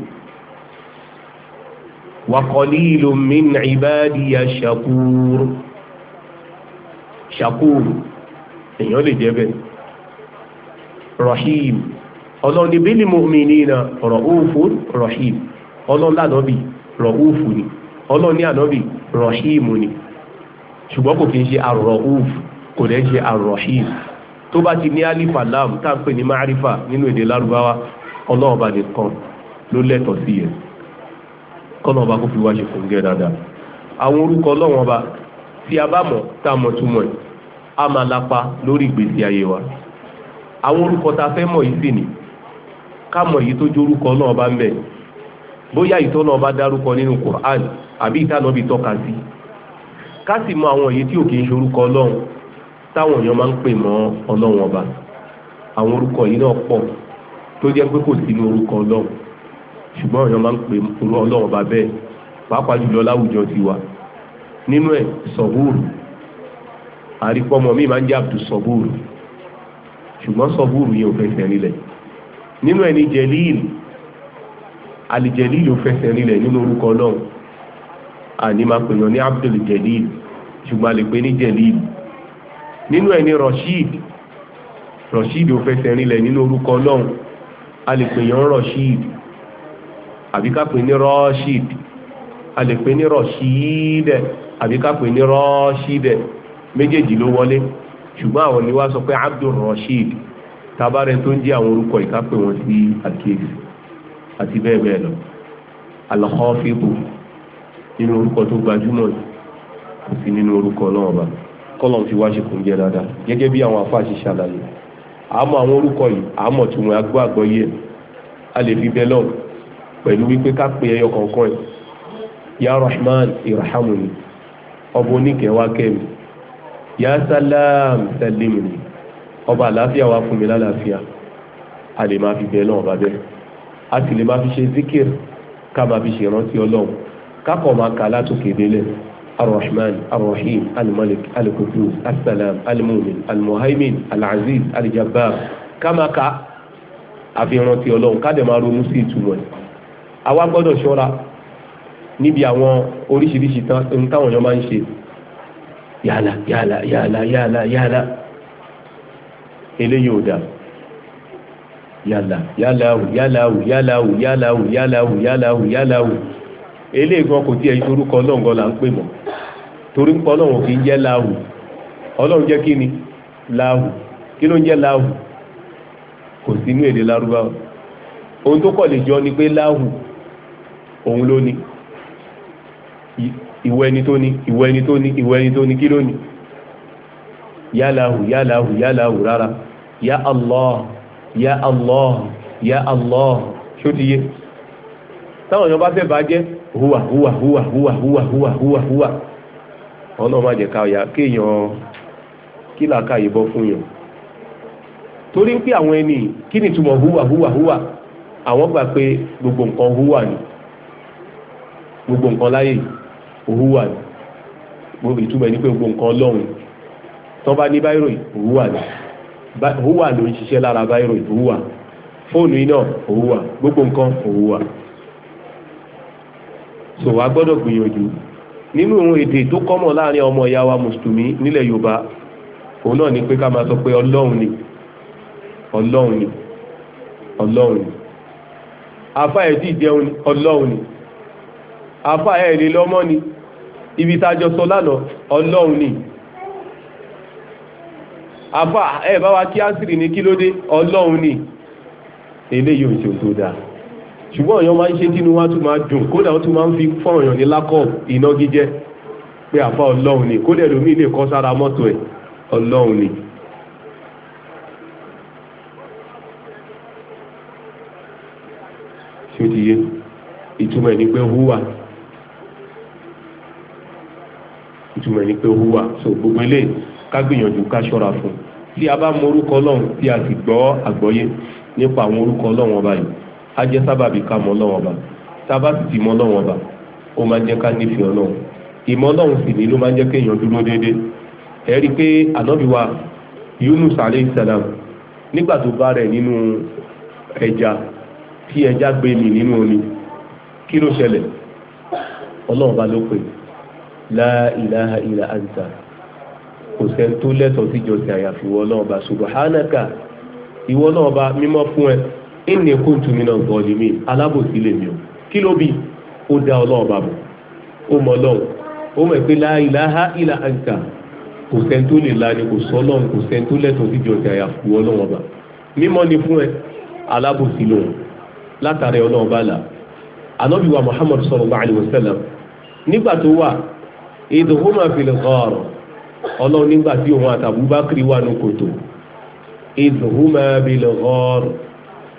wa qalilun min ibadiya ṣàkúrò ṣàkúrò èèyàn lè jẹ́ bẹ́ẹ̀ rahim ọlọ́ni bílí mu'minina rọ̀húfù rahim ọlọ́ni ànábì rọ̀húfù ni ọlọ́ni ànábì rahim ni ṣùgbọ́n kò kí ń ṣe kò lẹ́ ṣe arọ̀him tó bá ọlọ́run bá nìkan ló lẹ́tọ̀ọ́ sí yẹn kọ́lọ́run bá kó fi wá ṣe fún gẹ́ dáadáa àwọn orúkọ ọlọ́run ọba tí a bá mọ̀ tá a mọ̀ túmọ̀ ẹ̀ a máa lapa lórí ìgbésí ayé wa àwọn orúkọ tá fẹ́ mọ̀ yìí sì ni ká mọ̀ èyí tó jó orúkọ ọlọ́run ọba ń bẹ bóyá ìtọ́nà ọba dárúkọ nínú Qur'an àbí ìtànàbí tọ́ka sí ká sì mọ̀ àwọn èyí tí ò kì í ṣorúkọ ọlọ́run táwọn èèyàn máa ń pè mọ́ ọlọ́run ọba àwọn orúkọ yìí náà pọ̀ tó jẹ́ pé kò sí ní orúkọ ọlọ́run ṣùgbọ́n èèyàn máa ń pè orú ọlọ́run ọba bẹ́ẹ̀ pàápàá jùlọ láwùjọ ti wà nínú ẹ̀ sọ̀búrù àríkọ́mọ mi máa ń jẹ́ àbùtù sọ̀búrù ṣùgbọ́n sọ̀búrù yẹn ò fẹsẹ̀ rinlẹ̀ nínú ẹ̀ ní jẹ̀líìl àlìjẹ̀líìl ò fẹsẹ̀ rinlẹ̀ nínú orúkọ ọlọ́run àní máa pè yàn ní abdul jẹ̀líìl ṣùgbọ́n a lè pè ní jẹ̀líìl nínú ẹ̀ ní rashid rashid ò fẹsẹ̀ rinlẹ̀ nínú orúkọ ọlọ́run a lè pè yàn rọ̀ṣíìd àbí ká pè ní rọ́ṣíìd a lè pè ní rọ̀ṣíìdẹ̀ àbí ká pè ní rọ́ṣíìdẹ̀ méjèèjì ló wọlé ṣùgbọ́n àwọn ni wá sọ pé Abdul Rasheed tabarẹ tó ń jẹ́ àwọn orúkọ yìí ká pè wọ́n sí àkíyèsí àti bẹ́ẹ̀ bẹ́ẹ̀ lọ Al-Khafidu nínú orúkọ tó gbajúmọ̀ kò sí nínú orúkọ náà ọba kọ́lọ̀ fi wá ṣe kò ń jẹ́ dáadáa gẹ́gẹ́ bí àwọn afáàṣì ṣàlàyé àmọ́ àwọn orúkọ yìí àmọ́ tí wọ́n agbó àgbọ́yé ẹ̀ a lè fi bẹ́ẹ̀ lọ́wọ́ pẹ̀lú wípé ká pe ẹyọ kọ̀ọ̀kan ẹ̀ ya rahman irhamuni ọba oníkẹwàá kẹmi ya salam salimuni ọba àlàáfíà wa fún mi lálàáfíà a lè máa fi bẹ́ẹ̀ lọ́wọ́ bá bẹ́ẹ̀ a sì lè máa fi ṣe zikir ká máa fi ṣèrántí ọlọ́run ká máa kà látòkè délẹ̀ الرحمن الرحيم الملك القدوس السلام المؤمن المهيمن العزيز الجبار كما كا àfihàn ti ọlọ́run káde máa ronú sí ìtumọ̀ ẹ̀ àwa gbọ́dọ̀ ṣọ́ra níbi àwọn oríṣiríṣi ohun táwọn èèyàn máa ń ṣe yàlà yàlà yàlà yàlà yàlà eléyìí ò dà yàlà yàlà yàlà yàlà yàlà yàlà yàlà yàlà yàlà. ele gan kò tiẹ̀ ìṣorúkọ ọlọ́run gan là ń pè mọ́ torí ń pọ ọlọ́run kì í jẹ́ láàwù ọlọ́run jẹ́ kí ni láàwù kí ló ń jẹ́ láàwù kò sínú èdè lárúbáwá ohun tó kọ̀ jọ ni pé láàwù òun ló ìwọ ẹni tó ìwọ ẹni tó ìwọ ẹni tó kí ló yá láàwù yá láàwù yá láàwù rárá yá yá yá ṣó ti yé táwọn èèyàn bá fẹ́ bá jẹ́ húwà húwà húwà húwà húwà húwà húwà húwà ọlọ́run má jẹ́ ká ọ̀yà kéèyàn kí làákà yìí bọ́ fún yàn torí pé àwọn ẹni kí ni túmọ̀ húwà húwà húwà àwọn gbà pé gbogbo nǹkan húwà ni gbogbo nǹkan láyè húwà ni gbogbo ìtumọ̀ ẹni pé gbogbo nǹkan ọlọ́run tó bá ní báírò húwà ni húwà ló ń ṣiṣẹ́ lára báírò húwà fóònù iná húwà gbogbo nǹkan húwà so wàá gbọ́dọ̀ gbìyànjú nínú ohun èdè tó kọ́mọ̀ láàrin ọmọ ìyá wa mùsùlùmí nílẹ̀ yorùbá òun náà ni pé ká máa sọ pé ọlọ́run ni ọlọ́run ni ọlọ́run ni afa ẹ̀ sì jẹun ọlọ́run ni afa ẹ̀ lè lọ́mọ ni ibi tá a jọ sọ lánàá ọlọ́run ni afa ẹ̀ bá wa kí àṣírí ni kí ló dé ọlọ́run ni eléyìí ò ṣe òtò dáa ṣùgbọ́n èèyàn máa ń ṣe tínú wá tún máa dùn kódà ó tún máa ń fi fún èèyàn ní lákọ̀ iná gíjẹ́ pé àfa ọlọ́run ni kódà ẹlòmíì lè kọ́ sára mọ́tò ẹ̀ ọlọ́run ni. ṣé ó ti yé ìtumọ̀ ẹ̀ ni pé húwà ìtumọ̀ ẹ̀ ni pé húwà so gbogbo eléyìí ká gbìyànjú ká ṣọ́ra fún un tí a bá mọ orúkọ ọlọ́run tí a sì gbọ́ àgbọ́yé nípa àwọn orúkọ ọlọ́run ọba yìí á jẹ́ sábàbí ká mọ Ọlọ́run Ọba tá a bá sì ti mọ Ọlọ́run Ọba ó máa ń jẹ́ ká nífẹ̀ẹ́ Ọlọ́run ìmọ̀ Ọlọ́run sì ni ló máa ń jẹ́ kéèyàn dúró déédéé ẹ rí i pé ànábì wa Yunus alayhi salam nígbà tó bá rẹ̀ nínú ẹja tí ẹja gbé mi nínú omi kí ló ṣẹlẹ̀ Ọlọ́run Ọba ló pè la ilaha illa anta kò sẹ́ni tó lẹ́tọ̀ọ́ síjọ́sìn àyàfi ìwọ Ọlọ́run Ọba subhanaka ìwọ Ọlọ́run Ọba mímọ́ fún ẹ ìní kó tùmínà gọ́ọ̀lì mi alábòsí lè mi o kí ló bí ó dá ọlọ́run bàbọ̀ ó mọ ọlọ́run ó mọ̀ pé la ilaha illa anta kò sẹ́ni tó lè ni kò sọ ọlọ́run kò sẹ́ni tó lẹ́tọ̀ọ́ sí jọ̀ọ́ jàyà fún ọlọ́run ọba mímọ́ ni fún ẹ alábòsí lòun látàrí ọlọ́run bá là ànábì wa Muhammad sallallahu alaihi wasallam nígbà tó wà idhuma fil ghar ọlọ́run nígbà tí òun àtàbùbákiri wà ní kòtò idhuma bil ghar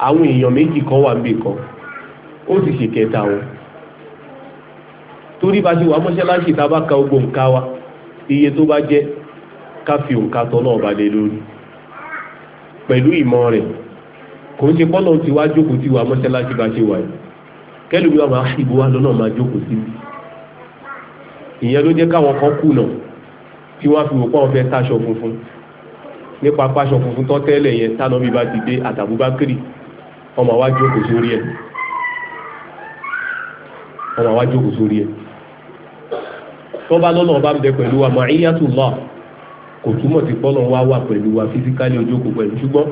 àwọn èèyàn méjì kan wà níbì kan ó sì ṣe kẹta wọn torí bá ṣe wà mọ́ṣáláṣí tá bá ka gbogbo nǹka wa iye tó bá jẹ́ ká fi òǹkà tọ́ náà balẹ̀ lórí pẹ̀lú ìmọ̀ rẹ̀ kò ń ṣe pọ́nà tí wàá jókòó tí wàá mọ́ṣáláṣí bá ṣe wà yìí kẹ́lù bí wàá ṣìbò wá lọ́nà máa jókòó síbi ìyẹn ló jẹ́ káwọn kan kùnà tí wọ́n fi wò pé àwọn fẹ́ táṣọ funfun nípa páṣọ funfun tọ́ yẹn tánà bí bá ti dé àtàbúbákírì ọmọ wa jókòó sórí ẹ̀ ọmọ wa jókòó sórí ẹ̀ tó bá lọ́nà ọba ń bẹ pẹ̀lú wa mà iyatullah kò túmọ̀ sí pọ́nà wa wà pẹ̀lú wa fisikali ojókòó pẹ̀lú ṣùgbọ́n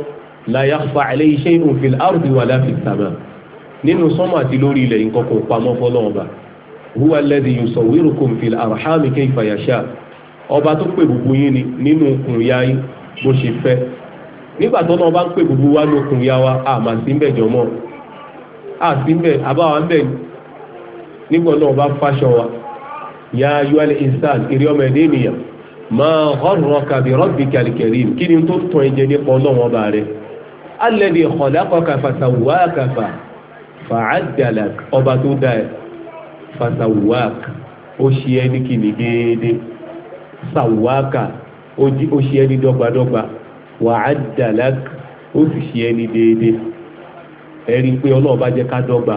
la yakhfa alayhi shay'un fil ardi wala fis sama nínú sọ́mà àti lórí ilẹ̀ nǹkan kò pamọ́ fọ́nà ọba huwa alladhi yusawwirukum fil arhami kayfa yasha ọba tó pè gbogbo yín ni nínú okùn yáyí bó ṣe fẹ́ nígbà tó náà bá ń pè gbogbo wa ní okùn ya wa àmà sí ń bẹ̀ jọ mọ́ àti ń bẹ̀ nígbà náà bá fáṣọ wa ya yuwal insan eré ọmọ ẹ̀dẹ́ ènìyàn máa ọ̀rọ̀ kàbí rọ́bì kàlìkẹ̀rì kí ni tó tàn ẹ́ jẹ nípa ọlọ́run ọba rẹ̀ alladhi khalaqaka fasawwaka fa'adalak ọba tó dá ẹ fasawwaka ó ṣe ẹ́ ní kìnnìkéde sawwaka ó ṣe ẹ́ ní dọ́gbadọ́gba wà á dàlák ó sì ṣe ẹni déédéé ẹ̀rí pé ọlọ́run bá jẹ́ ká dọ́gba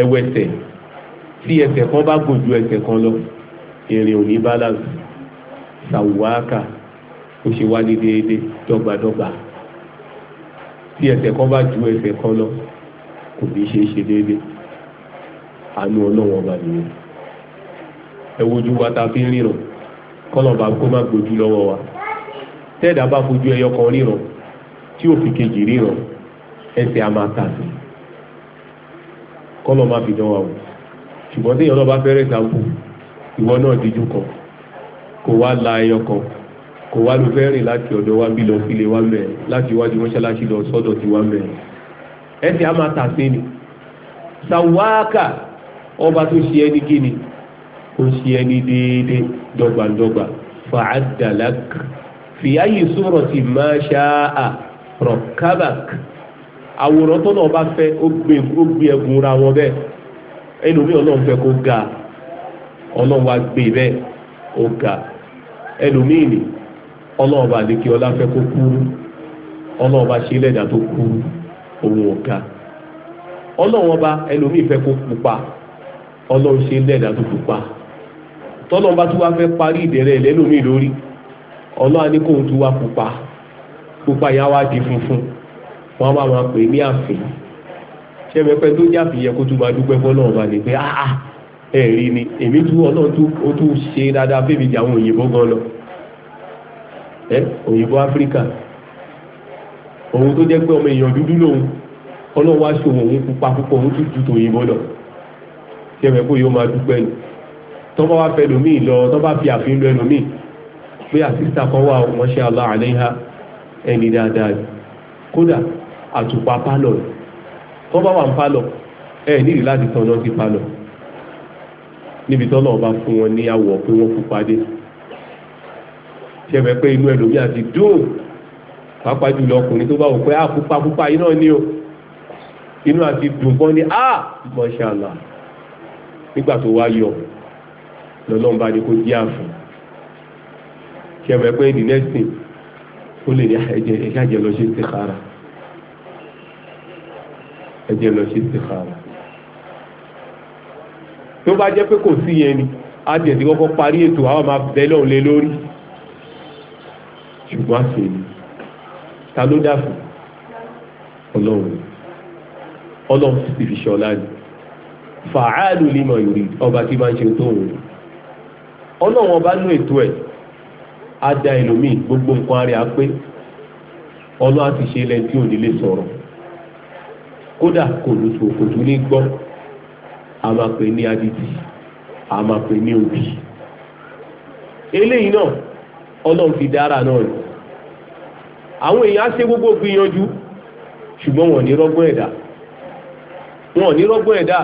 ẹwẹsẹ̀ tí ẹsẹ̀ kan bá gùn ju ẹsẹ̀ kan lọ ìrìn òní balance sàwùwáàkà ó ṣe wá ní déédéé dọ́gbadọ́gba tí ẹsẹ̀ kan bá ju ẹsẹ̀ kan lọ kò ní ṣe é ṣe déédéé àánú ọlọ́run ọba nìyẹn ẹ wojú wa ta fi ń ríran kọ́lọ̀ bá kó má gbójú lọ́wọ́ wa tẹ́ẹ̀dá bá fojú ẹyọ kan ríran tí ò fi kejì ríran ẹsẹ̀ a máa tà sí kọ́lọ̀ máa fi dán wa wò ṣùgbọ́n tí ìyọ́nà bá fẹ́rẹ̀ sàkó ìwọ náà díjú kan kò wá la ẹyọ kan kò wá ló fẹ́rìn láti ọ̀dọ̀ wa bí lọ sílé wa mẹ́ẹ̀ láti wájú mọ́ṣáláṣí lọ sọ́dọ̀ ti wa mẹ́ẹ̀ ẹsẹ̀ a máa tà sí ni sàwáàkà ọba tó ṣe ẹni kíni ó ṣe ẹni déédéé dọ́gbandọ́gba fàádàlákà fi ayi surati ma sha'a rọ̀kábàk àwòrán tó náà bá ẹgùn ra wọn ẹlòmíì ga gbé e ó ga ẹlòmíì ni bá ọlá kó kúrú bá ṣe ọba ẹlòmíì fẹ kó pupa ṣe tó pupa wá fẹ parí lórí ọlọ́wà ní kóun tún wá pupa pupa yà wá di funfun wọn bá máa pè é ní àfin ṣẹ́mẹ́pẹ́ tó jáfin yẹ kó tún máa dúpẹ́ fọ́lọ́run bá lè pé áá ah, ah, ẹ̀rí ni èmi tún ọlọ́run ó tún ṣe dáadáa fèmí jà àwọn òyìnbó gan lọ ẹ òyìnbó áfíríkà òun tó jẹ́ pé ọmọ èèyàn dúdú lòun ọlọ́run wá ṣòwò òun pupa púpọ̀ òun tún ju tòyìnbó lọ ṣẹ́mẹ́pẹ́ yóò máa dúpẹ́ ni tọ́ bá wá fẹ́ lómi lọ tọ́ bá fi àfin lọ ẹlòmíì pé àtìsà kan wà ọmọṣẹ aláàlẹyà ẹni dáadáa ni kódà àtùpà pálọ ni tó bá wà ń pálọ ẹ nílì láti tán náà ti pálọ níbi tọ́lọ̀ ọba fún wọn ní àwọ̀ pé wọ́n pupa dé ṣẹ̀fẹ̀ pé inú ẹlòmíì àti dùn pàápàá jùlọ ọkùnrin tó bá wò pé á ah, pupa pupa yìí náà o inú àti dùn kan ní á mọ̀ṣálà nígbà tó wá yọ lọ́lọ́run bá ní jí àfún ṣẹ̀mọ̀ pé the next ó lè ní ẹ̀jẹ̀ ẹ̀jẹ̀ lọ ṣe istikhara ẹ̀jẹ̀ lọ ṣe istikhara tó bá jẹ́ pé kò sí yẹn ni á tiẹ̀ ti kọ́kọ́ parí ètò àwọn máa bẹ́ lọ́hùn lé lórí ṣùgbọ́n àṣẹ ni ta ló dà fún ọlọ́run ọlọ́run ti fi ṣọlá ni fàáàlù lima yòrì ọba tí bá ń ṣe tó òun ọlọ́run ọba nú ètò ẹ̀ Aja dá gbogbo nǹkan rẹ̀ pé ti ṣe ilẹ̀ tí ò ní lè sọ̀rọ̀ kódà kò ní tó kò tún ní gbọ́ a máa pè ní adití a máa pè ní òbí eléyìí náà ọlọ́run dára náà ni àwọn èèyàn gbogbo gbìyànjú ṣùgbọ́n wọn ò ní rọ́gbọ́n ẹ̀dá wọn ò ní rọ́gbọ́n ẹ̀dá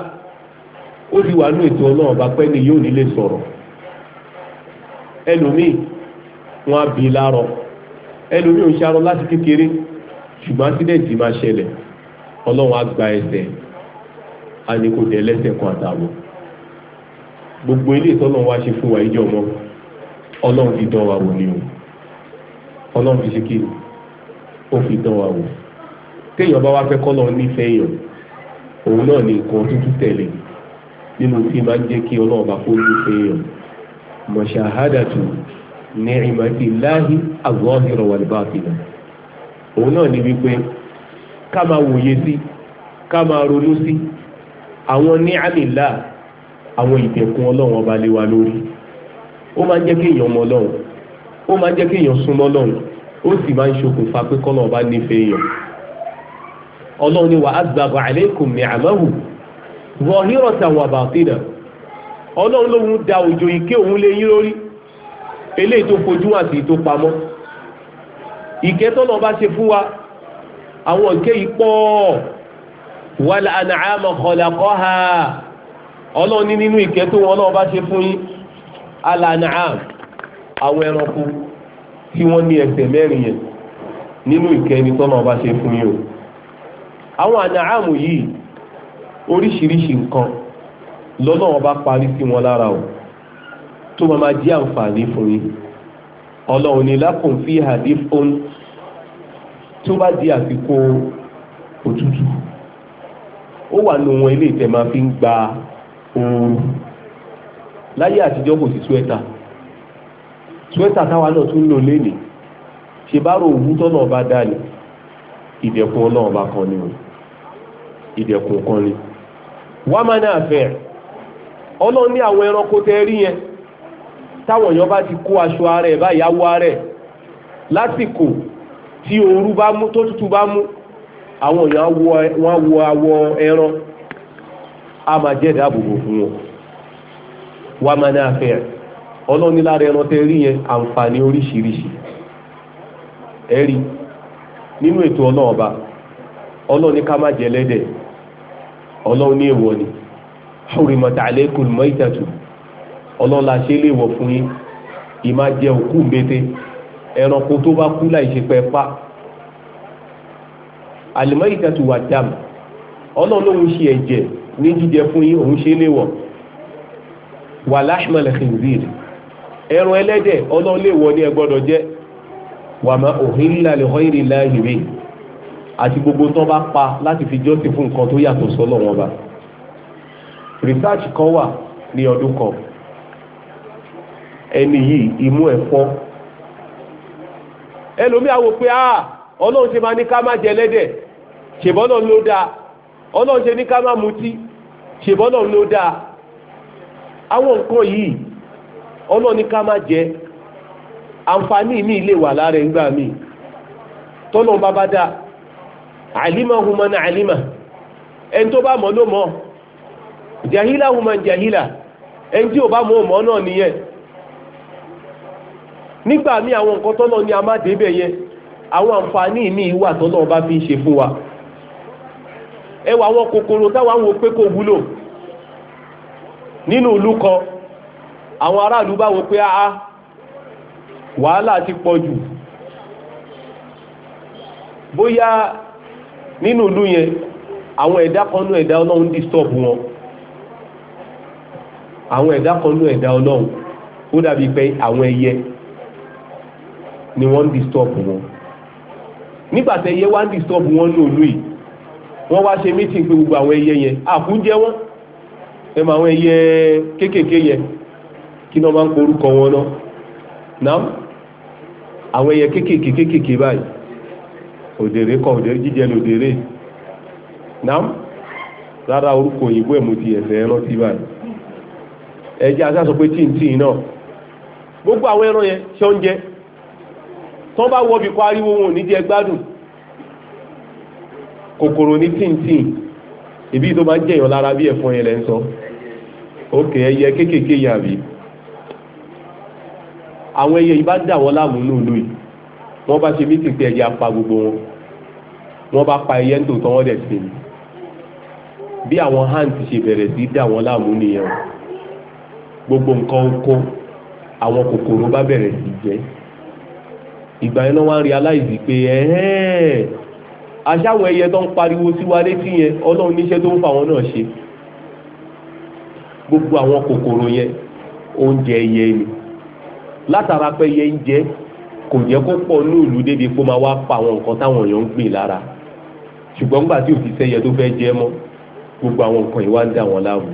ó ti wà ní ètò ọlọ́run bá ni yóò wọ́n á bí i lárọ ẹlòmíì ò ń ṣarọ láti kékeré ṣùgbọ́n ásídẹ̀ǹtì máa ṣẹlẹ̀ ọlọ́run á gba ẹsẹ̀ á ní kò dẹ̀ lẹ́sẹ̀ kan àtàwọn gbogbo ilé ìtọ́lọ́run wá ṣe fún wa ìjọ mọ́ ọlọ́run fi dán wa wò ni o ọlọ́run fi ṣe kí ó fi dán wa wò téèyàn bá wá fẹ́ kọ́ lọ́run nífẹ̀ẹ́ èèyàn òun náà ní nǹkan tuntun tẹ̀lé nínú tí máa ń jẹ́ kí ọlọ́run bá kó nífẹ̀ẹ́ èèyàn mọ̀ṣáhádà tù ní ìmọ̀tí láhi àgọ́hìrọ̀ wà nípa àfihàn òun náà ni wípé ká máa wòye sí ká máa ronú sí àwọn ní àmìlá àwọn ìtẹ̀kùn ọlọ́run ọba lé wa lórí ó máa ń jẹ́ kéèyàn mọ ọlọ́run ó máa ń jẹ́ kéèyàn súnmọ́ ọlọ́run ó sì máa ń ṣokùnfà pé kọ́nà ọba nífẹ̀ẹ́ èèyàn ọlọ́run ni wà á gbàgbọ́ àlékún ní àmọ́hù wọ́n hírọ̀tà wà bàtìnà ọlọ́run lòun da òjò ìké òun lé yín lórí eléyìí tó fojú hàn sí tó pamọ́ ìkẹ́ tọ́nà bá ṣe fún wa àwọn ìkẹ́ yìí pọ̀ wal an'ama khalaqaha ọlọ́run ní nínú ìkẹ́ tó wọn náà bá ṣe fún yín al an'am àwọn ẹranko tí wọ́n ní ẹsẹ̀ mẹ́rin yẹn nínú ìkẹ́ ni tọ́nà bá ṣe fún yín o àwọn an'am yìí oríṣiríṣi nǹkan lọ́nà ọba parí sí wọn lára o tó máa máa jẹ́ àǹfààní fún yín ọlọ́run ní lákùn fi hadith on tó bá di àsìkò òtútù ó wà nù wọn ilé ìtẹ̀ máa fi ń gba ooru láyé àtijọ́ kò sí suẹ́tà suẹ́tà táwa náà tún lò lénìí ṣe bá rò òwú tọ́nà ọba dání ìdẹ̀kùn ọlọ́run ọba kan ni o ìdẹ̀kùn kan ni wàá máa náà fẹ́ ọlọ́run ní àwọn ẹranko tẹ́ rí yẹn táwọn èèyàn bá ti kó aṣọ ara ẹ̀ báyìí awọ ara ẹ̀ lásìkò tí ooru bá mú tó tútù bá mú àwọn èèyàn wọ́n wọ awọ ẹran a máa jẹ́ ìdáàbòbò fún wọn wà máa ní afẹ́ ọlọ́ni lára ẹran tẹ rí yẹn àǹfààní oríṣiríṣi ẹ̀rí nínú ètò ọlọ́ọ̀ba ọlọ́ni ká má jẹ lẹ́dẹ̀ ọlọ́ni èèwọ̀ ni ọlọ́run la ṣe léèwọ̀ fún yín ìmá jẹ òkú mbete ẹranko tó bá kú láì ṣe pẹ́ pa àlùmọ́ ìtẹ́tù wà dàm ọlọ́run lòun ṣe ẹ̀jẹ̀ ní jíjẹ fún yín òun ṣe léèwọ̀ wà láṣmọ̀lẹ̀ khinzir ẹran ẹlẹ́dẹ̀ ọlọ́run léèwọ̀ ní ẹ gbọ́dọ̀ jẹ wà má uhilla li ghayri llahi bi àti gbogbo tó bá pa láti fi jọ́sìn fún nǹkan tó yàtọ̀ sọ́lọ́ wọn ba research kan wà ní ọdún kan ẹni yìí imú ẹ̀ fọ́ pé ah ọlọ́run ṣe máa ní ká má jẹ lẹ́dẹ̀ ṣèbọ́n ló dáa ọlọ́run ṣe ní ká má mutí ṣèbọ́n ló dáa àwọn nǹkan yìí ọlọ́run ní ká jẹ àǹfààní mi lè wà lára mi tọ́lọ́ bá bá dáa àlímà huma na àlímà ẹni tó bá mọ̀ jahila huma jahila ẹni tí ò bá mọ̀ nígbà míì àwọn nǹkan tọ́nà ni a má débẹ̀ yẹn àwọn àǹfààní ní ìwà tọ́nà ọba fi ń ṣe fún wa ẹ wà àwọn kòkòrò táwọn àwọn pé kò wúlò nínú ìlú kan àwọn aráàlú bá wo pé áá wàhálà ti pọ̀ jù bóyá nínú ìlú yẹn àwọn ẹ̀dá kan nú ẹ̀dá ọlọ́run disturb wọn àwọn ẹ̀dá kan nú ẹ̀dá ọlọ́run ó dàbí pé àwọn ẹyẹ ni wọ́n ń disturb wọn nígbà tẹ ẹyẹ wá ń disturb wọn ní òlú yìí wọ́n wá ṣe meeting pé gbogbo àwọn ẹyẹ yẹn àkúnjẹ wọn ẹ mọ àwọn ẹyẹ kéékèèké yẹn kí ni wọ́n máa ń korúkọ wọn náà náà àwọn ẹyẹ kéékèèké kéékèèké báyìí òdèrè kọ òdèrè jíjẹ ní òdèrè náà rárá orúkọ òyìnbó ẹ̀ mo ti ẹ̀fẹ̀ rántí báyìí ẹ̀jẹ̀ aṣáṣọ pé tíntìn náà gbogbo àwọn ẹran yẹn ṣe oúnjẹ tó bá wọ bìkọ́ ariwo wọn ò ní jẹ gbádùn kòkòrò ní tíntìn ibi tó máa ń jẹyàn lára bí ẹ̀fọn yẹn lẹ́ ń sọ òkè ẹyẹ kéékèèké yà bí àwọn ẹyẹ yìí bá dà wọ́n láàmú lòlò yìí wọ́n bá ṣe mítìn pé ẹyẹ apá gbogbo wọn wọ́n bá pa ẹyẹ nítòótọ́ wọ́n dẹ̀ sí ni bí àwọn hand ṣe bẹ̀rẹ̀ sí dà wọ́n láàmú nìyẹn gbogbo nǹkan oko àwọn kòkòrò bá bẹ̀rẹ̀ sí jẹ́ ìgbà yẹn náà wá ń realize pé ẹ̀hẹ́n aṣáwọn ẹyẹ tó ń pariwo sí wa létí yẹn ọlọ́run níṣẹ́ tó ń fa àwọn náà ṣe gbogbo àwọn kòkòrò yẹn oúnjẹ ẹyẹ ni látara pé ẹyẹ ń jẹ kò jẹ́ kó pọ̀ ní débi kó máa wá pa àwọn nǹkan táwọn èèyàn ń gbìn lára ṣùgbọ́n nígbà tí òfin sẹ́yẹ tó fẹ́ jẹ mọ́ gbogbo àwọn nǹkan yìí wá ń dà wọ́n láàmú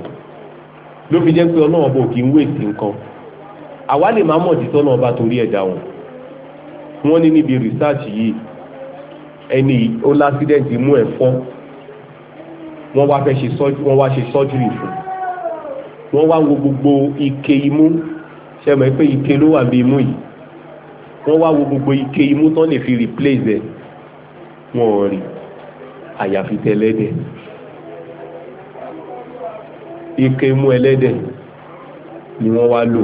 ló fi jẹ́ pé ọlọ́run ọba ò kì í wéètì nǹkan àwa lè má mọ̀ jù tọ́nà ọba torí ẹ̀dá wọn wọ́n ní níbi research yìí ẹni ó lásídẹ̀ǹtì mú ẹ̀ fọ́ wọ́n wá fẹ́ ṣe surgery wọ́n wá ṣe surgery fún wọ́n wá wo gbogbo ike imú ṣe mọ̀ pé ike ló wà bí imú yìí wọ́n wá wo gbogbo ike imú tán lè fi replace ẹ̀ wọ́n rí àyàfi tẹlẹ́dẹ̀ ike imú ẹlẹ́dẹ̀ ni wọ́n wá lò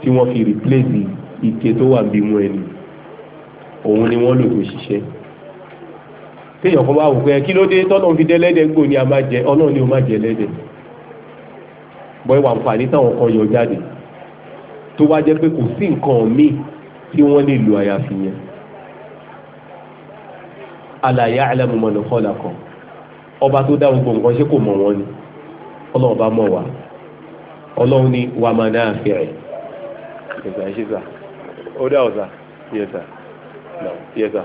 tí wọ́n fi replace ike tó wà bí imú ẹni. E òun ni wọ́n lò tó ṣiṣẹ́ téèyàn kan bá wò pé kí ló dé tọ́nà fi dẹ́lẹ́dẹ́ gbò ní a ọlọ́run ni o máa jẹ lẹ́dẹ̀ bọ́ ìwà àǹfààní táwọn kan yọ jáde tó wá jẹ́ pé kò sí nǹkan míì tí wọ́n lè lo àyàfi yẹn alàyà alámùmọ̀nà kọ́là kan ọba tó dá gbogbo nǹkan ṣé kò mọ̀ wọ́n ni ọlọ́run bá mọ̀ wá ọlọ́run ni wàá máa náà fẹ́rẹ̀. ó ọ̀sà yẹn yẹza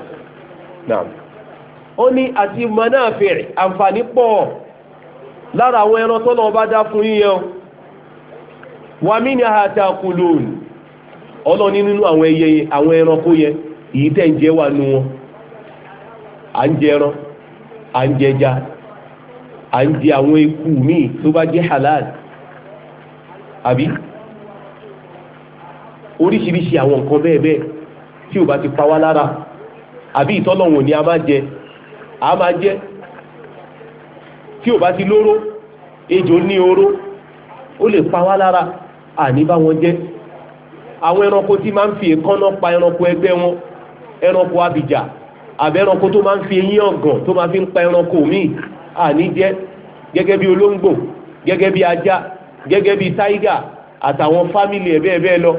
naam ó ní àti àǹfààní pọ̀ lára àwọn ẹran tó bá dá fún o wàmí ni àhàtà kùlùún ọlọ́ni nínú àwọn ẹyẹ àwọn ẹranko yẹn èyí tẹ̀ ń wà nù wọn à ń jẹ ẹran à ń à ń jẹ àwọn halal àbí oríṣiríṣi àwọn nǹkan bẹ́ẹ̀ bẹ́ẹ̀ tí ò bá ti pa wá lára àbí ìtọ́lọ́wọ̀n ni a máa jẹ a máa jẹ tí ò bá ti lóró ejò ní oró ó lè pa wá lára àní bá wọn jẹ àwọn ẹranko tí máa ń fi èékánná pa ẹranko ẹgbẹ́ wọn ẹranko abìjà àbẹ ẹranko tó máa ń fi eyín ọ̀gàn tó máa fi ń pa ẹranko míì àní jẹ gẹ́gẹ́ bí olóńgbò gẹ́gẹ́ bí ajá gẹ́gẹ́ bí táígà àtàwọn fámìlì ẹ̀ bẹ́ẹ̀ bẹ́ẹ̀ lọ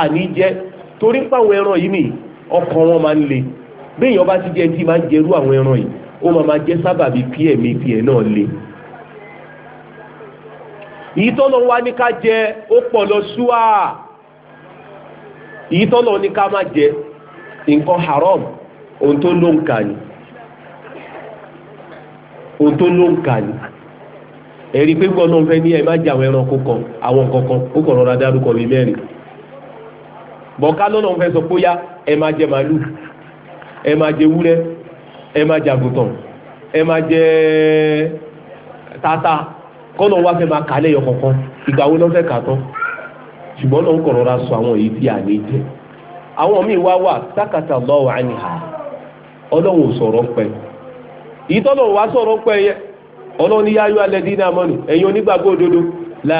àní jẹ torí pé ẹran yìí ni ọkàn wọn máa ń le bá ti jẹ ti máa ń àwọn ẹran yìí ó máa máa jẹ sábàbí kí náà le. èyí tọ́lọ̀ wá ní ká jẹ ó pọ̀ lọ ṣúà èyí tọ́lọ̀ ní ká má jẹ nǹkan haram ohun tó ló ń kà ní ohun tó ló ń kà ní ẹ̀rí pé gbọ́dọ̀ fẹ́ ní má jẹ kan àwọn bọ̀ká lọ́nà fẹ́ sọ pé ẹ máa jẹ màálù ẹ máa jẹ wúrẹ́ ẹ máa jẹ àgùntàn ẹ máa jẹ tata kọ́nà wa fẹ́ máa yọ kọ̀ọ̀kan ìgbà wo ló fẹ́ ṣùgbọ́n kọ̀rọ̀ ra sọ àwọn èyí tí à ní jẹ àwọn míì wá wà sákàtà lọ́wọ́ ọlọ́run sọ̀rọ̀ pẹ́ yìí wá sọ̀rọ̀ pẹ́ yẹ ọlọ́run ní yáyọ alẹ́ la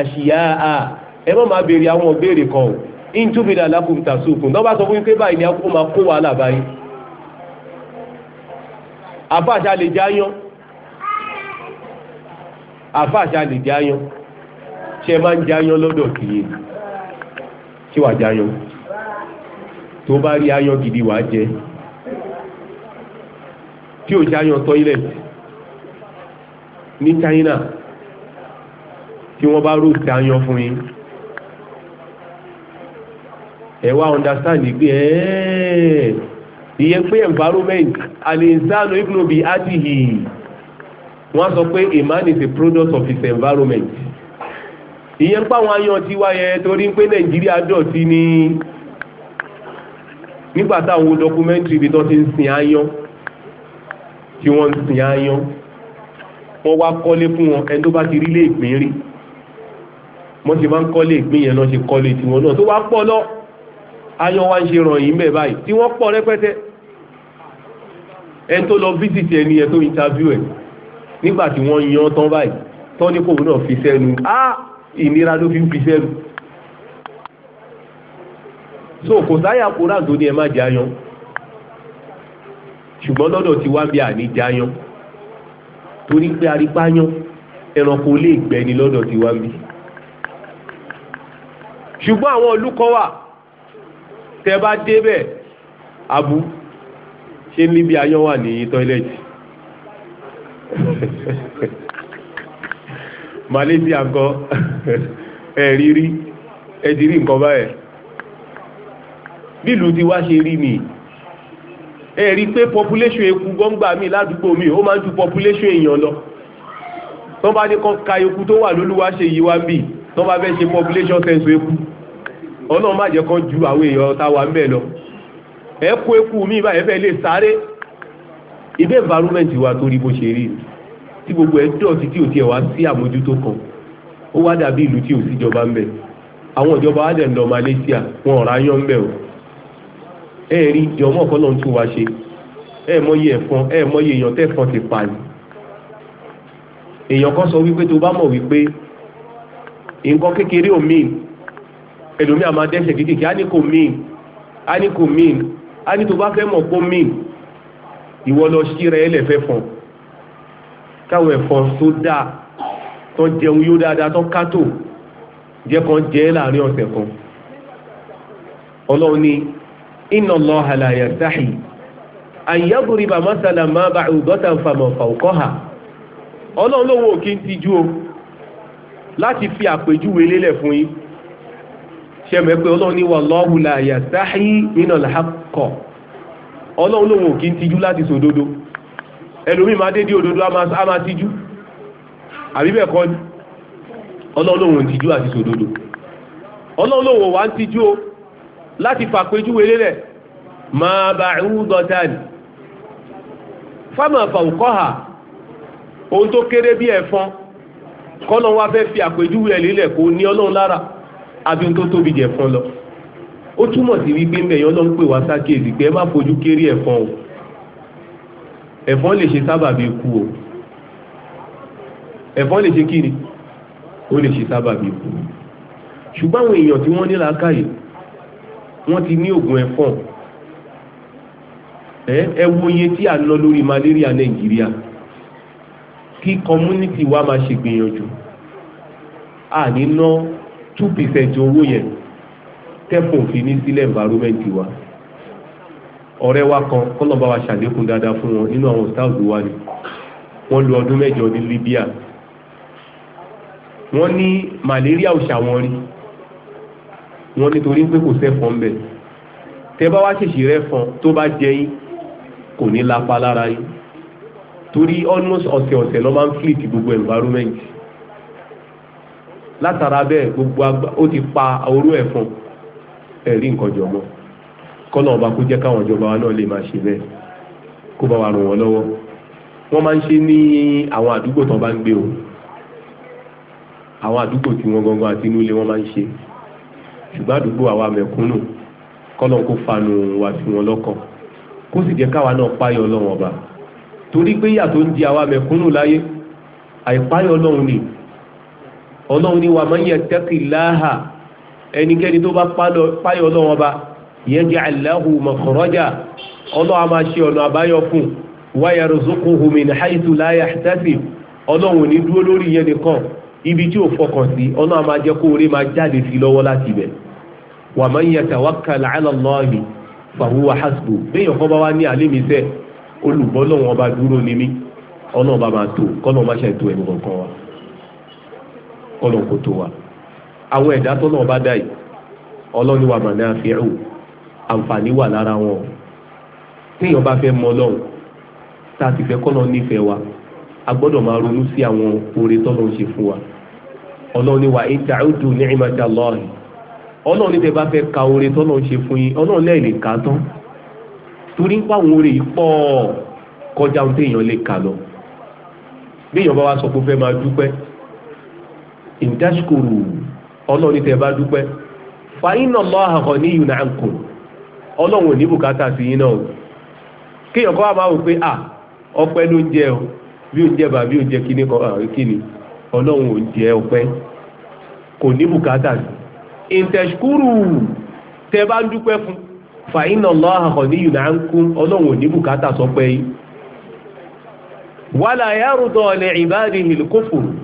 àṣìyá a ẹ má béèrè àwọn ìjúbìlà lákùn tàṣùkùn tó bá sọ fún pé báyìí ni ó máa kó wàhálà báyìí àfáàṣà lè jáyán àfáàṣà lè jáyán ṣe máa ń jáyán lọ́dọ̀ kìí ṣé wàá jáyán tó bá rí ayán gidi wàá jẹ tí ò jáyán toilet ní China tí wọ́n bá rò jáyán fún yín ẹ wá understand pé ẹ́ẹ́ ìyẹn pé environment alinsano ignobi adihi wọ́n sọ pé a man is a product of his environment ìyẹn páwọn ayan ti wáyẹ torí pé nàìjíríà dọ̀tí ni nígbà táwọn dọkumẹ́ntì bí tó ti ń sin ayan tí wọ́n ń sin ayan wọ́n wá kọ́lé fún wọn ẹni tó bá ti rí lé ìpín rí wọ́n ti máa ń kọ́lé ìpín yẹn lọ́ ṣe kọ́lé tiwọn náà tó wá pọ̀ lọ́ọ́ ayọ̀ wa ń ṣe ràn yín mẹ́ báyìí tí wọ́n pọ̀ rẹpẹtẹ ẹni tó lọ fíṣítì ẹni ẹ tó interview ẹ nígbà tí wọ́n yan tán báyìí tán ní kòwé náà fi sẹ́nu á ìnira ló fi ń fi sẹ́nu so kò sáyà kóra tó ní ẹ má jẹ ayan ṣùgbọ́n lọ́dọ̀ tí wá bí àní jẹ ayan torí pé arípa yan ẹranko lè gbẹni lọ́dọ̀ tí wá bí ṣùgbọ́n àwọn olùkọ́ wà tẹ́ bá débẹ̀ abu ṣe ní bí ayọ́ wà ní tọ́ílẹ̀tì (laughs) Malaysia kọ (laughs) ẹ̀rírí ẹ̀dìrí nǹkan báyẹ̀ bílù ti wá ṣe rí ni ẹ̀rí pé population eku gọ́ngbà mi ládùúgbò mi ó máa ń ju population èèyàn lọ tọ́ bá ní kan ka eku tó wà lólúwa ṣe yí wá ń bì tọ́ bá fẹ́ ṣe population census eku ọlọ́run má jẹ́ kán ju àwọn èèyàn tá a wà ń bẹ̀ lọ ẹ kó eku mi ìbá ẹ fẹ́ lè sáré ìdí environment wa torí bó ṣe rí tí gbogbo ẹ dọ̀tí tí ò tiẹ̀ wá sí àmójútó kan ó wá dàbí ìlú tí ò síjọba ń bẹ̀ àwọn ìjọba wá dẹ̀ ń lọ Malaysia wọn ọ̀rá yán ń bẹ̀ o ẹ rí jọmọ́ kan náà ń tún wa ṣe ẹ mọyì ẹ̀fọn ẹ mọyì èèyàn tẹ̀fọn ti pààyàn èèyàn kan sọ wípé tó bá mọ̀ wípé nǹkan kékeré ò míì ẹlòmí àmà dẹ́sẹ̀ kéékèèké á ní kò mean a ní kò mean á ní tó bá fẹ́ mọ̀ kó mean ìwọ lọ sí rẹ ẹlẹ́fẹ́ fọ̀n káwọn ẹ̀fọn tó dáa tó jẹun yóò dáadáa tó kátó jẹ́ kan jẹ́ láàrin ọ̀sẹ̀ kan ọlọ́run ní inna Allaha la yastahi an yadriba mathalan ma ba'udatan fama fawqaha ọlọ́run lówó kí n tijú o láti fi àpèjúwe lélẹ̀ fún yín ṣẹ́mi pé ọlọ́run ní wallahu la yastahi minal haqq ọlọ́run lòun kí ń tijú láti sòdodo ẹlòmíì máa dé dé òdodo á máa tijú àbí kọ́ ni ọlọ́run lòun tijú àti sòdodo ọlọ́run lòun ò ń tijú o láti fàpéjúwe lélẹ̀ máa bá ìwúdọ̀tàn fámà fàwùkọ́hà ohun tó kéré bí ẹ̀fọn fẹ́ fi àbí ohun tó tóbi jẹ fún lọ ó túmọ̀ sí wípé mẹ́yàn ló ń pè wá sákèsì pé ẹ má fojú kéré ẹ̀fọn o ẹ̀fọn lè ṣe sábàbí ikú o ẹ̀fọn lè ṣe kíni ó lè ṣe sábàbí ikú ṣùgbọ́n àwọn èèyàn tí wọ́n ní làákàyè wọ́n ti ní oògùn ẹ̀fọn ẹ wo iye tí à lọ lórí malaria nàìjíríà kí community wa máa ṣègbìyànjú àní ná two percent owó yẹn tẹ́fọ̀n fi ní sílẹ̀ environment wa ọ̀rẹ́ wa kan kọ́lọ́ba wa ṣàlékún dáadáa fún wọn nínú àwọn stars wa ni wọ́n lò ọdún mẹ́jọ ní Libya wọ́n ní malaria ò ṣàwọn rí wọ́n nítorí pé kò sẹ́fọ̀n bẹ̀ tẹ́ bá wá ṣèṣì rẹ̀ fọn tó bá jẹ yín kò ní lápá lára yín torí almost ọ̀sẹ̀ ọ̀sẹ̀ lọ́ máa ń flit gbogbo environment látara bẹ́ẹ̀ gbogbo agbá ó ti pa orú ẹ̀ fún ẹ̀rí nǹkan jọ mọ́ kọ́nà ọba kó jẹ́ káwọn ìjọba wa náà lè máa ṣe bẹ́ẹ̀ kó bá wa ràn wọ́n lọ́wọ́ wọ́n máa ń ṣe ní àwọn àdúgbò tó bá ń gbé o àwọn àdúgbò tí wọ́n gangan àti inú ilé wọ́n máa ń ṣe ṣùgbọ́n àdúgbò àwa mẹ̀kúnnù kọ́nà kó fanu wa sí wọn lọ́kàn kó sì jẹ́ káwa náà páyọ̀ ọlọ́run ọba torí pé yàtọ̀ ń di àwa mẹ̀kúnnù láyé àìpáyọ̀ ọlọ́run nìyí ọlọ́run ni wà máa ń yẹ tẹ́kìláhà ẹnikẹ́ni tó bá páyọ̀ ọlọ́run ọba yẹn jẹ́ aláhù mọ̀kọ́rọ́jà ọlọ́run a máa ṣe ọ̀nà àbáyọ fún wáyà rọ̀zọ́kù hùmìn haitu láyà tẹ́sì ọlọ́run ní dúró lórí yẹn nìkan ibi tí ò fọkàn sí ọlọ́run a máa jẹ́ kó orí máa jáde sí lọ́wọ́ láti ibẹ̀ wà máa ń yẹ tawakkal ala Allahi fàwùwà hasbù béèyàn bá wá ní alẹ́ mi sẹ́ olùbọ́lọ́run ọba dúró ní ọlọ́run bá máa tó kọ́lọ́run má ṣe tó ẹnì kọ̀ọ̀kan wa. kọ́lọ̀ wa àwọn ẹ̀dá tó náà bá dá yìí ọlọ́ni wa mà wọn téèyàn bá fẹ́ mọ lọ́hùn tá a sì fẹ́ wa a gbọ́dọ̀ máa ronú sí àwọn oore tọ́lọ́ ń ṣe fún wa ọlọ́ni wa in ta'uddu ni'mata tẹ bá fẹ́ ka oore tọ́lọ́ ń ṣe fún yín kọjá ohun téèyàn lè kà lọ bí èèyàn sọ pé ó fẹ́ ìdásíkòrò ọlọ́run tẹ bá dúpẹ́ fàyínà lọ́hàhàn ní yunanko ọlọ́run ò ní bùkátà sí yín náà kéèyàn kọ́ àbáwò pé à ọpẹ́ ló jẹ ọ bí ó jẹ bí ó jẹ kíní kan àrùn kíní ọlọ́run ò ń ọpẹ́ kò ní bùkátà sí tẹ bá dúpẹ́ fún ní ní bùkátà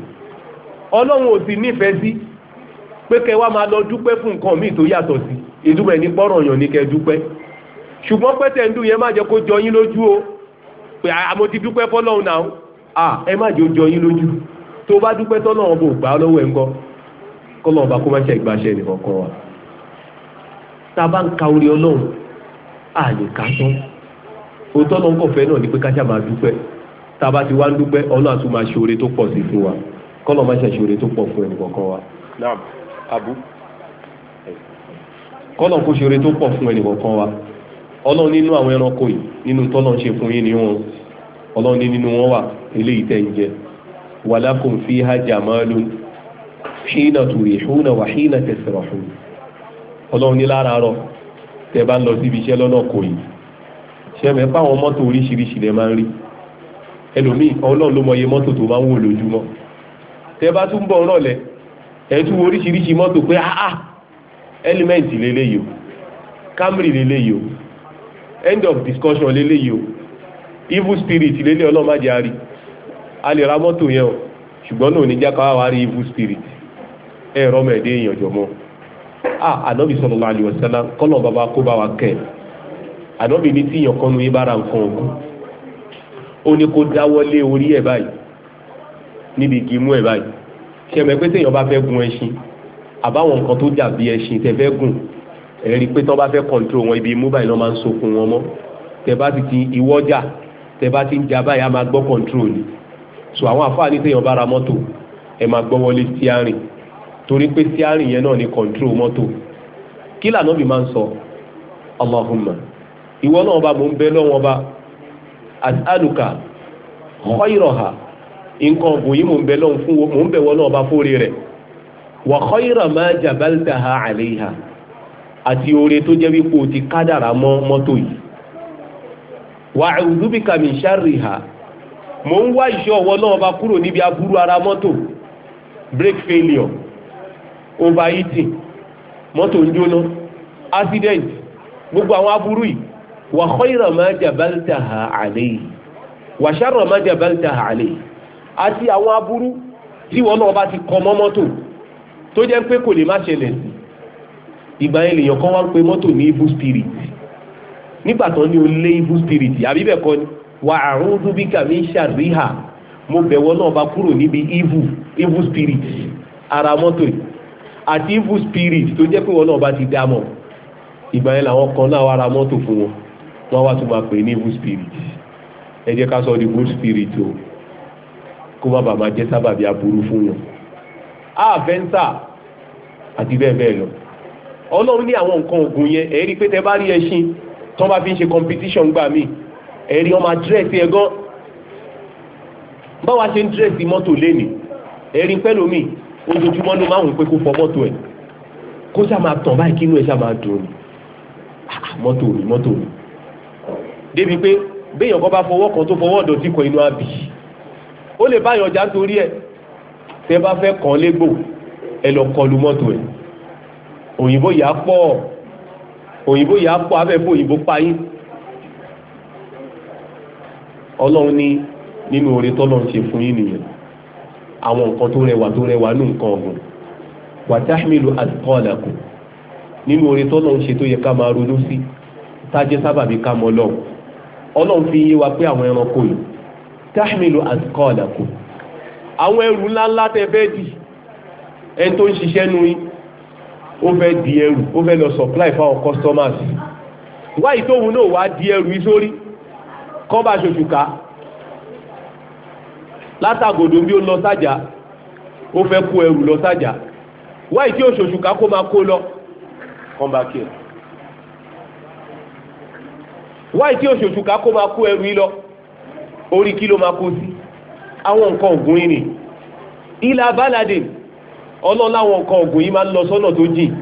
ọlọ́run ò sì nífẹ̀ẹ́ sí pé kẹ wá máa lọ dúpẹ́ fún nǹkan míì tó yàtọ̀ sí ìdúpẹ́ ní pọ́rọ̀ yàn ní kẹ dúpẹ́ ṣùgbọ́n pẹ́tẹ́ ń dùn yẹn má jẹ́ kó jọ yín lójú o pé àmọ́ ti dúpẹ́ fọ́lọ́run náà à ẹ má jẹ́ ó jọ yín lójú tó bá dúpẹ́ tọ́lọ́run bò gbà lọ́wọ́ ẹ̀ ń gọ́ kọ́lọ́run bá kó má ṣe ìgbàṣẹ́ nìkan kan wa tá a bá ń ka orí ọlọ́run à ni pé ká ṣáà máa dúpẹ́ tá a bá ti kọ́lọ̀ máa ṣàṣòro tó pọ̀ fún ẹnì kọ̀ọ̀kan wa. naam abu. kọ́lọ̀ kó ṣòro tó pọ̀ fún ẹnì kọ̀ọ̀kan wa ọlọ́run nínú àwọn ẹranko yìí nínú tọ́lọ́run ṣe fún yín ni wọn ọlọ́run ní nínú wọn wà eléyìí tẹ́ ń jẹ ọlọ́run ní lára rọ bá ń lọ síbi iṣẹ́ lọ́nà kò yìí tẹ bá tún bọ̀ rọ̀lẹ́ ẹ tún wo oríṣiríṣi mọ́tò pé áá ah, ẹ́límẹ́ǹtì ah, lélẹ́yìí o Camry lélẹ́yìí o end of discussion lélẹ́yìí o evil spirit lélẹ́yìí ọlọ́mọdé àárí a lè ra mọ́tò yẹn o ṣùgbọ́n náà ní jákàá rí evil spirit ẹ rọmọ ẹ̀dẹ́ èèyàn jọmọ́ a ah, ànábì sallallahu alaihi wasallam kọ́nà bàbá kó bá wa kẹ́ ànábì ní kọ́nu yín bára nǹkan níbi igi mú ẹ̀ báyìí ṣe mọ̀ pé téèyàn bá fẹ́ gun ẹṣin àbáwọn nǹkan tó dàbí ẹṣin tẹ́ fẹ́ gùn ẹ̀ rí i pé tán bá fẹ́ kọ̀ǹtró wọn ibi imú báyìí náà máa ń sokun wọn mọ́ tẹ́ bá ti ti ìwọ́jà tẹ́ bá ti ń ja báyìí á máa gbọ́ kọ̀ǹtró ni so àwọn àfáàní téèyàn bá ra mọ́tò ẹ̀ máa gbọ́ wọlé steering torí pé steering yẹn náà ni kọ̀ǹtró mọ́tò kí lànà bí máa ń sọ Allahumma ìwọ náà ọba mò ń bẹ lọ́wọ́ ọba as'aluka khayraha nǹkan ọ̀gùn yìí mò ń bẹ lọ́hùn fún mò ń bẹ̀ wọ́n náà bá fóore rẹ̀ wa khayra ma jabaltaha alayha àti oore tó jẹ́ wípé o ti kádàrà mọ́ mọ́tò yìí wa a'udhu bika min sharriha mò ń wá ìṣọ́ ọwọ́ náà bá kúrò níbi aburú ara mọ́tò brake failure overheating mọ́tò ń jóná accident gbogbo àwọn aburú yìí wa khayra ma jabaltaha alayhi wa sharra ma jabaltaha alayhi àti àwọn aburú tí wọn náà bá ti kọ mọ́ mọ́tò tó jẹ́ pé kò lè má ṣẹlẹ̀ sí ìgbà yẹn lèèyàn kan wá ń pe mọ́tò ní evil spirit nígbà tán ní o lé evil spirit àbí bẹ́ẹ̀ kọ́ ni wà àrùn dúbíkà mi ṣàríhà mo bẹ̀wọ́ náà bá kúrò níbi evil spirit ara mọ́tò àti evil spirit tó jẹ́ pé wọn náà bá ti dá mọ̀ ìgbà yẹn làwọn kan náà wá mọ́tò fún wọn wọ́n wá tún máa pè ní evil spirit ẹ jẹ́ ká sọ di good spirit o. Oh kó má bàa máa jẹ́ sábàbí aburú fún wọn àfẹ́ńsà àti bẹ́ẹ̀ bẹ́ẹ̀ lọ ọlọ́run ní àwọn nǹkan ogun yẹn ẹ̀rí pé tẹ bá rí ẹṣin tán bá fi ń ṣe competition gbà mí ẹ̀rí ọmọ àdírẹ́sì ẹ̀ gan báwa ṣe ń dírẹ́sì mọ́tò lénìí ẹ̀rí pẹ́lómi ojoojúmọ́ ló máa ń pé kó fọ mọ́tò ẹ̀ kó sá máa tàn báyìí kínú ẹ̀ sá máa dùn ni ah, mọ́tò mi mọ́tò mi débi pé béèyàn kan bá fọwọ́ kan tó fọwọ́ ọ̀dọ̀ tí kan inú àbí ó lè báyọ̀ ọjà torí ẹ̀ tẹ́ bá fẹ́ kàn légbò ẹ lọ kọlu mọ́tò ẹ̀ òyìnbó yà pọ̀ òyìnbó yà pọ̀ abẹ́ fún òyìnbó payé ọlọ́run ní nínú oore tọ́lọ́run ṣe fún yín nìyẹn àwọn nǹkan tó rẹwà tó rẹwà ní nǹkan ọ̀gùn wàtáhìmìlú àtìkọ́ọ̀làkùn nínú oore tọ́lọ́run ṣe tó yẹ ká máa ronú sí tájẹ́ sábàbí ká mọ́ ọlọ́run ọlọ́run fi yé wa pé àwọn ẹranko yìí tahmilu azqalakum àwọn ẹrù ńláńlá tẹ fẹ́ dì ẹni tó ń ṣiṣẹ́ nu yín ó fẹ́ di ẹrù ó fẹ́ lọ supply fáwọn customers wáyé tóun náà wá di ẹrù yìí sórí kọ́ bá ṣoṣù ká látàgòdò bí ó lọ sájà ó fẹ́ kó ẹrù lọ sájà wáyé tí oṣooṣù ká kó máa kó lọ kọ́ bá kí ẹ wáyé tí oṣooṣù ká kó máa kó ẹrù yìí lọ orí kí ló máa kó sí àwọn nǹkan ọ̀gùn yìí nì ilà balade ọlọ́lá àwọn nǹkan ọ̀gùn yìí máa ń lọ sọ́nà tó jìn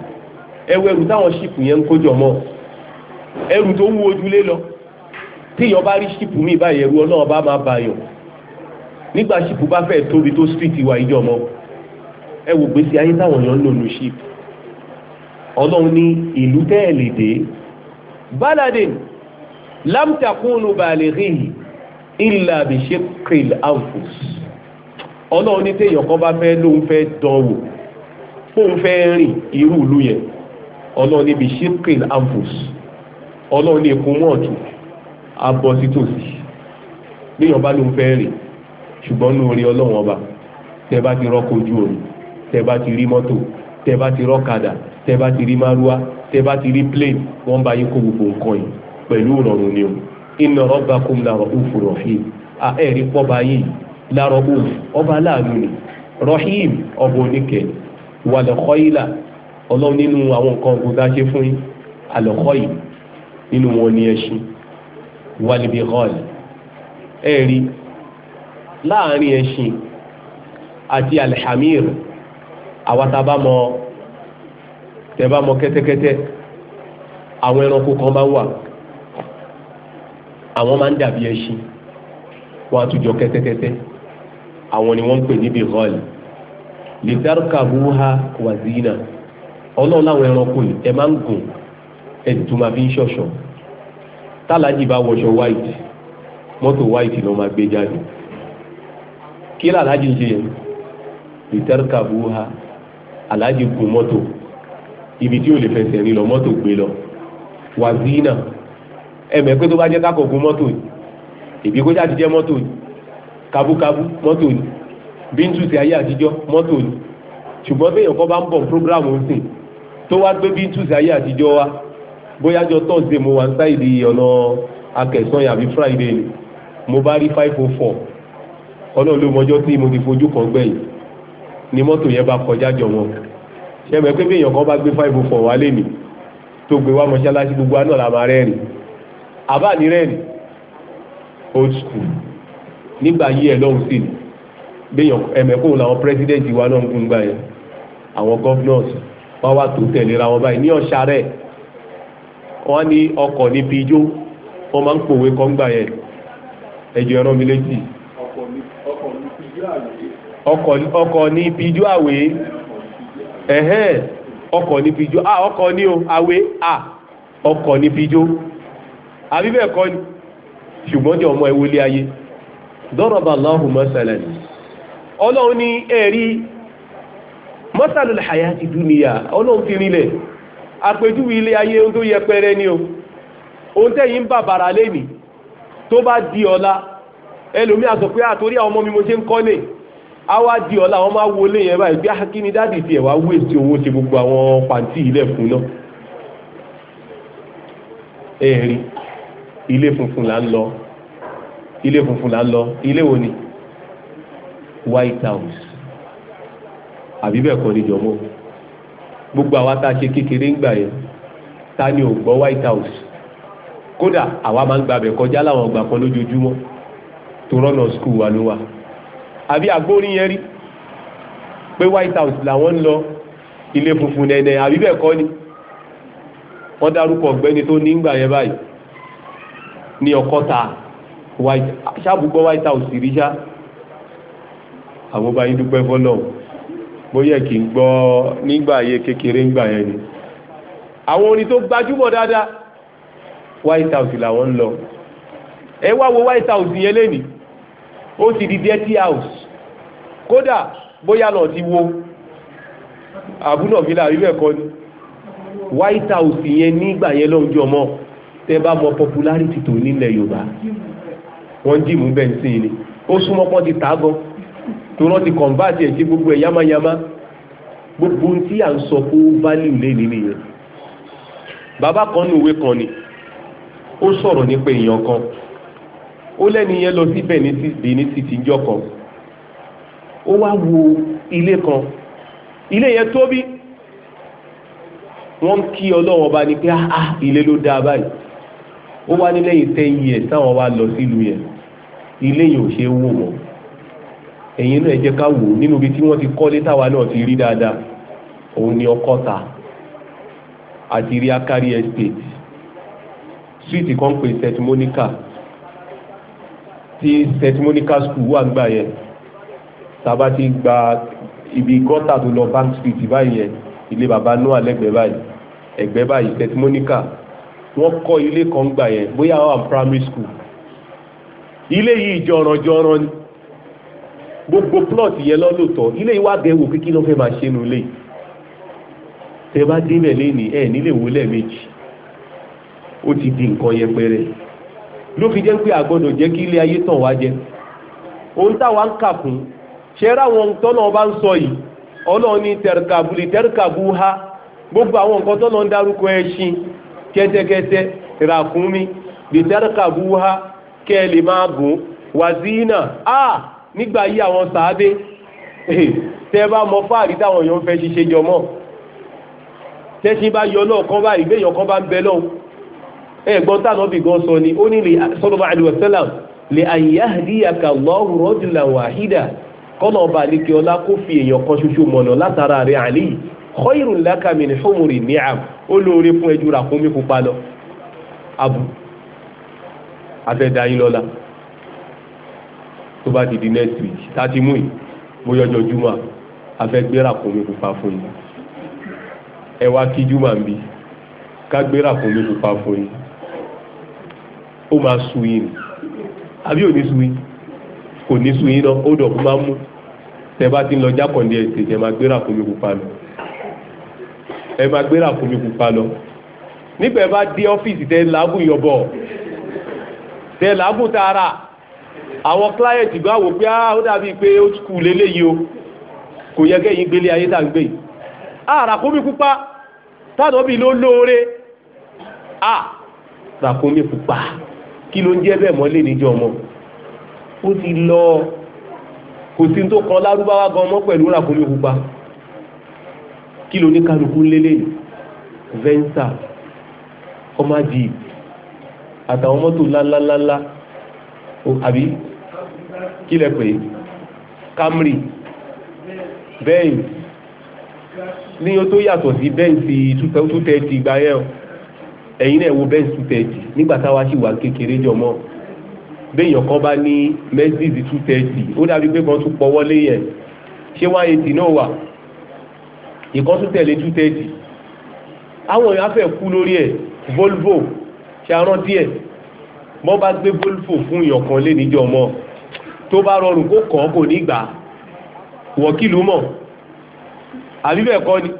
ẹwọ ẹrù táwọn ṣìpù yẹn ń kójọ mọ́ ẹrù tó wú ojúlé lọ tíyàn bá rí ṣìpù mi báyìí ẹrù ọlọ́run bá máa bá nígbà ṣìpù bá fẹ́ tóbi tó street wa ìjọ mọ́ ẹ wò gbèsè ayé táwọn èèyàn ń lò ní ṣìpù ọlọ́run ní ìlú tẹ́ẹ̀lì dé baladen lamtakunu balẹ̀rìhì ilà àbíṣe kìl anfus ọlọ́run ní téèyàn kan bá fẹ́ lóun fẹ́ dán wò fóun fẹ́ rìn irú ìlú yẹn ọlọ́run níbi ṣe kìl anfus ọlọ́run ní ikun mọ́ ọ̀tún abọ́ sí tòsí léèyàn bá lóun fẹ́ rìn ṣùgbọ́n nínú orí ọlọ́run ọba tẹ bá ti rọ́kọ̀ ojú omi tẹ bá ti rí mọ́tò tẹ bá ti rọ́kadà tẹ bá ti rí márúwá tẹ bá ti rí plane wọ́n bá yín kó gbogbo nǹkan yìí pẹ̀lú ìrọ̀rùn ni o inna rabbakum la ra'ufur rahim ẹ̀rí pọ́ba yìí la ra'uf ọba láàánú ni rahim ọba oníkẹ́ wàlẹ̀kọ́ìlà ọlọ́run nínú àwọn nǹkan ọ̀gbọ̀n tá a ṣe fún yín àlọ́kọ́ì nínú wọn ni ẹṣin wàlìbíhọ́ọ̀lì ẹ̀rí láàárín ẹṣin àti alhamir àwa tá a bá mọ tẹ bá mọ kẹ́tẹ́kẹ́tẹ́ àwọn ẹranko kan bá wà àwọn máa ń dàbí ẹṣin wọn àtújọ kẹ́tẹ́kẹ́tẹ́ àwọn ni wọ́n ń pè ní bihol lidarka buha wazina ọlọ́run láwọn ẹranko yìí ẹ máa ń gùn ẹ̀sìn tó máa fi ń ṣọ̀ṣọ̀ tálájì bá wọṣọ white mọ́tò white ló máa gbé jáde kí làlájì ṣe lidarka buha alájì gun mọ́tò ibi tí ò lè fẹsẹ̀ rìn lọ mọ́tò gbé lọ wazina ẹ̀mẹ̀ pé tó bá jẹ́ kákògùn mọ́tò ni ìbí kó jáde jẹ́ mọ́tò ni kábúkábú mọ́tò ni bíntù sí ayé àtijọ́ mọ́tò ni ṣùgbọ́n béèyàn kọ́ bá ń bọ̀ program nsìn tó wá gbé bíntù sí ayé àtijọ́ wa bóyá jọ tọ́sídẹ̀ mo wà ń sáìdì ọ̀nà akẹ̀sán yàbí friday ni mo bá rí five oh four ọlọ́run ló mọjọ́ tí mo ti fojú kan gbẹ̀yìn ni mọ́tò yẹn bá kọjá jọ wọn ṣẹ́mi pé béèyàn kan bá gbé five oh four wálé mi tó gbé wá mọ́ṣáláṣí gbogbo àná làmárẹ́rìn àbá ni rẹ́ẹ̀nì old school nígbà yí ẹ̀ lọ́hùn sí ni béèyàn ẹ̀mẹ̀kùn làwọn president wa náà ń gún gbà yẹn àwọn governors wọ́n wá tó tẹ̀léra wọn báyìí ní ọ̀ṣà rẹ̀ wọ́n ní ọkọ̀ ní pijó wọ́n máa ń pòwe kọ́ngbà yẹn ẹjọ́ ẹran mi létí ọkọ̀ ní pijó àwé ẹ̀hẹ́n ọkọ̀ ní pijó ah ọkọ̀ ní o àwé ah ọkọ̀ ní pijó àbí bẹ́ẹ̀ kọ́ ni ṣùgbọ́n jẹ́ ọmọ ìwọlé ayé dọ́rọ̀bà Allahu masalan ọlọ́run ní ẹ̀rí masalul hayati dunya ọlọ́run fi rinlẹ̀ àpèjúwe ilé ayé ohun tó yẹpẹrẹ ni o ohun tẹ́yìn ń bàbàrà lẹ́nìí tó bá di ọ̀la ẹlòmí àsọ pé àtòrí àwọn ọmọ mi mo ṣe ń kọ́lé àwa di ọ̀la àwọn máa wọlé yẹn báyìí bí ah, akíní dáàdì fi ẹ̀wà wéèsì owó ṣe gbogbo àwọn pàǹtí ilẹ̀ fún náà ẹ̀rí ilé funfun là ń lọ ilé funfun là ń lọ ilé wo ni white house àbí bẹ́ẹ̀ kọ́ ni jọ̀mọ́ gbogbo àwa tá a ṣe kékeré ń gbà yẹn ta ni ò gbọ́ white house kódà àwa máa ń gbàbẹ̀ kọjá láwọn ọgbà kan lójoojúmọ́ tó rọ́nà skul wa ló wà àbí agbórin yẹn rí pé white house làwọn ń lọ ilé funfun nẹ́nẹ́ àbí bẹ́ẹ̀ kọ́ ni wọ́n dárúkọ ọ̀gbẹ́ni tó ní ń gbà yẹn báyìí ní ọkọ́ta ṣáàbùgbọ́ white house rí ṣá àwọn bá yín dúpẹ́ fọ́lọ́ bóyá kì í gbọ́ nígbà ayé kékeré ńgbà yẹn ni àwọn orin tó gbajúmọ̀ dáadáa white house làwọn ń lọ ẹ wá wo white house yẹn lẹ́nìí ó ti di dirty house kódà bóyá náà ti wo àbúnàfíà rí bẹ́ẹ̀ kọ́ ni white house yẹn nígbà yẹn lọ́njọ́ mọ́ tẹ bá mọ popularity tó nílẹ̀ yorùbá wọ́n jí mú bẹ́ẹ̀ sí ni ó súnmọ́ pọ́n ti tàá gan tó rán ti convert ẹ̀ sí gbogbo ẹ̀ yamayama gbogbo tí à ń sọ kó value lé nínú yẹn bàbá kan ní òwe kan ni ó sọ̀rọ̀ nípa èèyàn kan ó lẹ́ni yẹn lọ síbẹ̀ ní Benin City ńjọ́ kan ó wá wo ilé kan ilé yẹn tóbi wọ́n kí ọlọ́wọ́n bá ní pé ah, ah ilé ló dáa báyìí ó wá nílé yìí iye ẹ̀ táwọn wá lọ sílùú yẹn ilé yìí ò ṣe wò mọ́ ẹ̀yin náà ẹ jẹ́ ká wò ó nínú ibi tí wọ́n ti kọ́lé táwa náà ti rí dáadáa òun ni ọkọ́ta àti rí akari estate suwiti kan pè St Monica tí St Monica school wà gbà yẹn sábà ti gba ibi gọ́tà tó lọ Bank Street báyìí yẹn ilé bàbá noah lẹ́gbẹ̀ẹ́ báyìí ẹ̀gbẹ́ báyìí St Monica wọ́n kọ́ ilé kan gbà yẹn bóyá wà primary school ilé yìí jọranjọran ni gbogbo plot yẹn lọ́lọ́tọ̀ ilé yìí wá gẹ̀wò kíkí ló fẹ́ máa ṣe nu lé tẹ bá ti di nǹkan yẹ ló fi jẹ́ pé àgọ́dọ̀ jẹ́ kí ayé tàn wá jẹ ohun táwa ń kà fún ṣe ráwọn yìí ọlọ́ọ̀ni ha gbogbo àwọn nǹkan kẹ́tẹ́kẹ́tẹ́ ràkúnmí lìtẹ́rẹ̀kàbúhá kẹ́ lè máa gùn wàzínà a nígbà yí àwọn sàábé eh, tẹ́ bá mọ fáàrí táwọn èèyàn fẹ́ ṣiṣẹ́ jọmọ́ tẹ́sí bá yọ náà kán báyìí bẹ́ẹ̀ yọkan bá ń bẹ lọ́hùn ẹ̀gbọ́n táwọn bí gan sọ ni ó ní lè sallallahu alaihi wasallam lè àyíyáhìdíyàkà Allahu rajulan wahida kọ́nà ọba àlekè ọlá kó fi èèyàn kan ṣoṣo mọ̀nà látara rẹ̀ àlè khairun laka min humuri ni'am ó lóore fún ẹjú ràkúnmí pupa lọ abu afẹ́dá yín lọ́la tó bá ti di next week tàti mú yìí bóyá ọjọ́ júmọ́ afẹ́ gbé ràkúnmí pupa fún yín ẹ wá kí júmọ́ ń bí ká gbé ràkúnmí pupa fún yín ó máa sú yín àbí ò ní sú kò ní sú yín náà ó dọ̀ máa mú tẹ bá ti lọ jákọ̀ndé ẹ̀ tẹ̀ jẹ́ máa gbé ràkúnmí pupa lọ ẹ máa gbéra fún mi pupa lọ nígbà ẹ bá dé ọ́fíìsì tẹ làágùn yọbọ tẹ làágùn tààrà àwọn kíláyẹ̀tì bá wò pé ah, ó dàbí pé ó kù léléyìí o kò yẹ kẹ́yìn gbélé ayé tá à ń gbé yìí àràkúnmí ah, pupa tádọ́bì ló lóore à ah, ràkúnmí pupa kí ló ń jẹ́ bẹ́ẹ̀ mọ́lé níjọ́ ọmọ ó ti lọ kò sí tó kan lárúbáwá gan mọ́ pẹ̀lú ràkúnmí pupa kí ló ní kálukú lélẹ̀ venza ọmọ adì àtàwọn mọ́tò ńláńláńlá àbí kí lẹ pè é Camry ní o tó yàtọ̀ sí Benz two thirty gba yẹn o ẹ̀yin náà wo Benz two thirty nígbà táwa sì wà kékeré jọmọ béèyàn kan bá ní Mercedes two thirty ó dàbí pé kan tún pọwọ́ lé yẹn ṣé one eighty náà wà ìkan tún tẹ̀lé two thirty àwọn èèyàn á fẹ́ kú lórí ẹ̀ volvo ṣe arán díẹ̀ mọ́ bá gbé volvo fún èèyàn kan lé níjọ́ mọ́ tó bá rọrùn kó kàn án kò ní gbà wọ́kìlú mọ̀ àbí bẹ́ẹ̀ kọ́ ni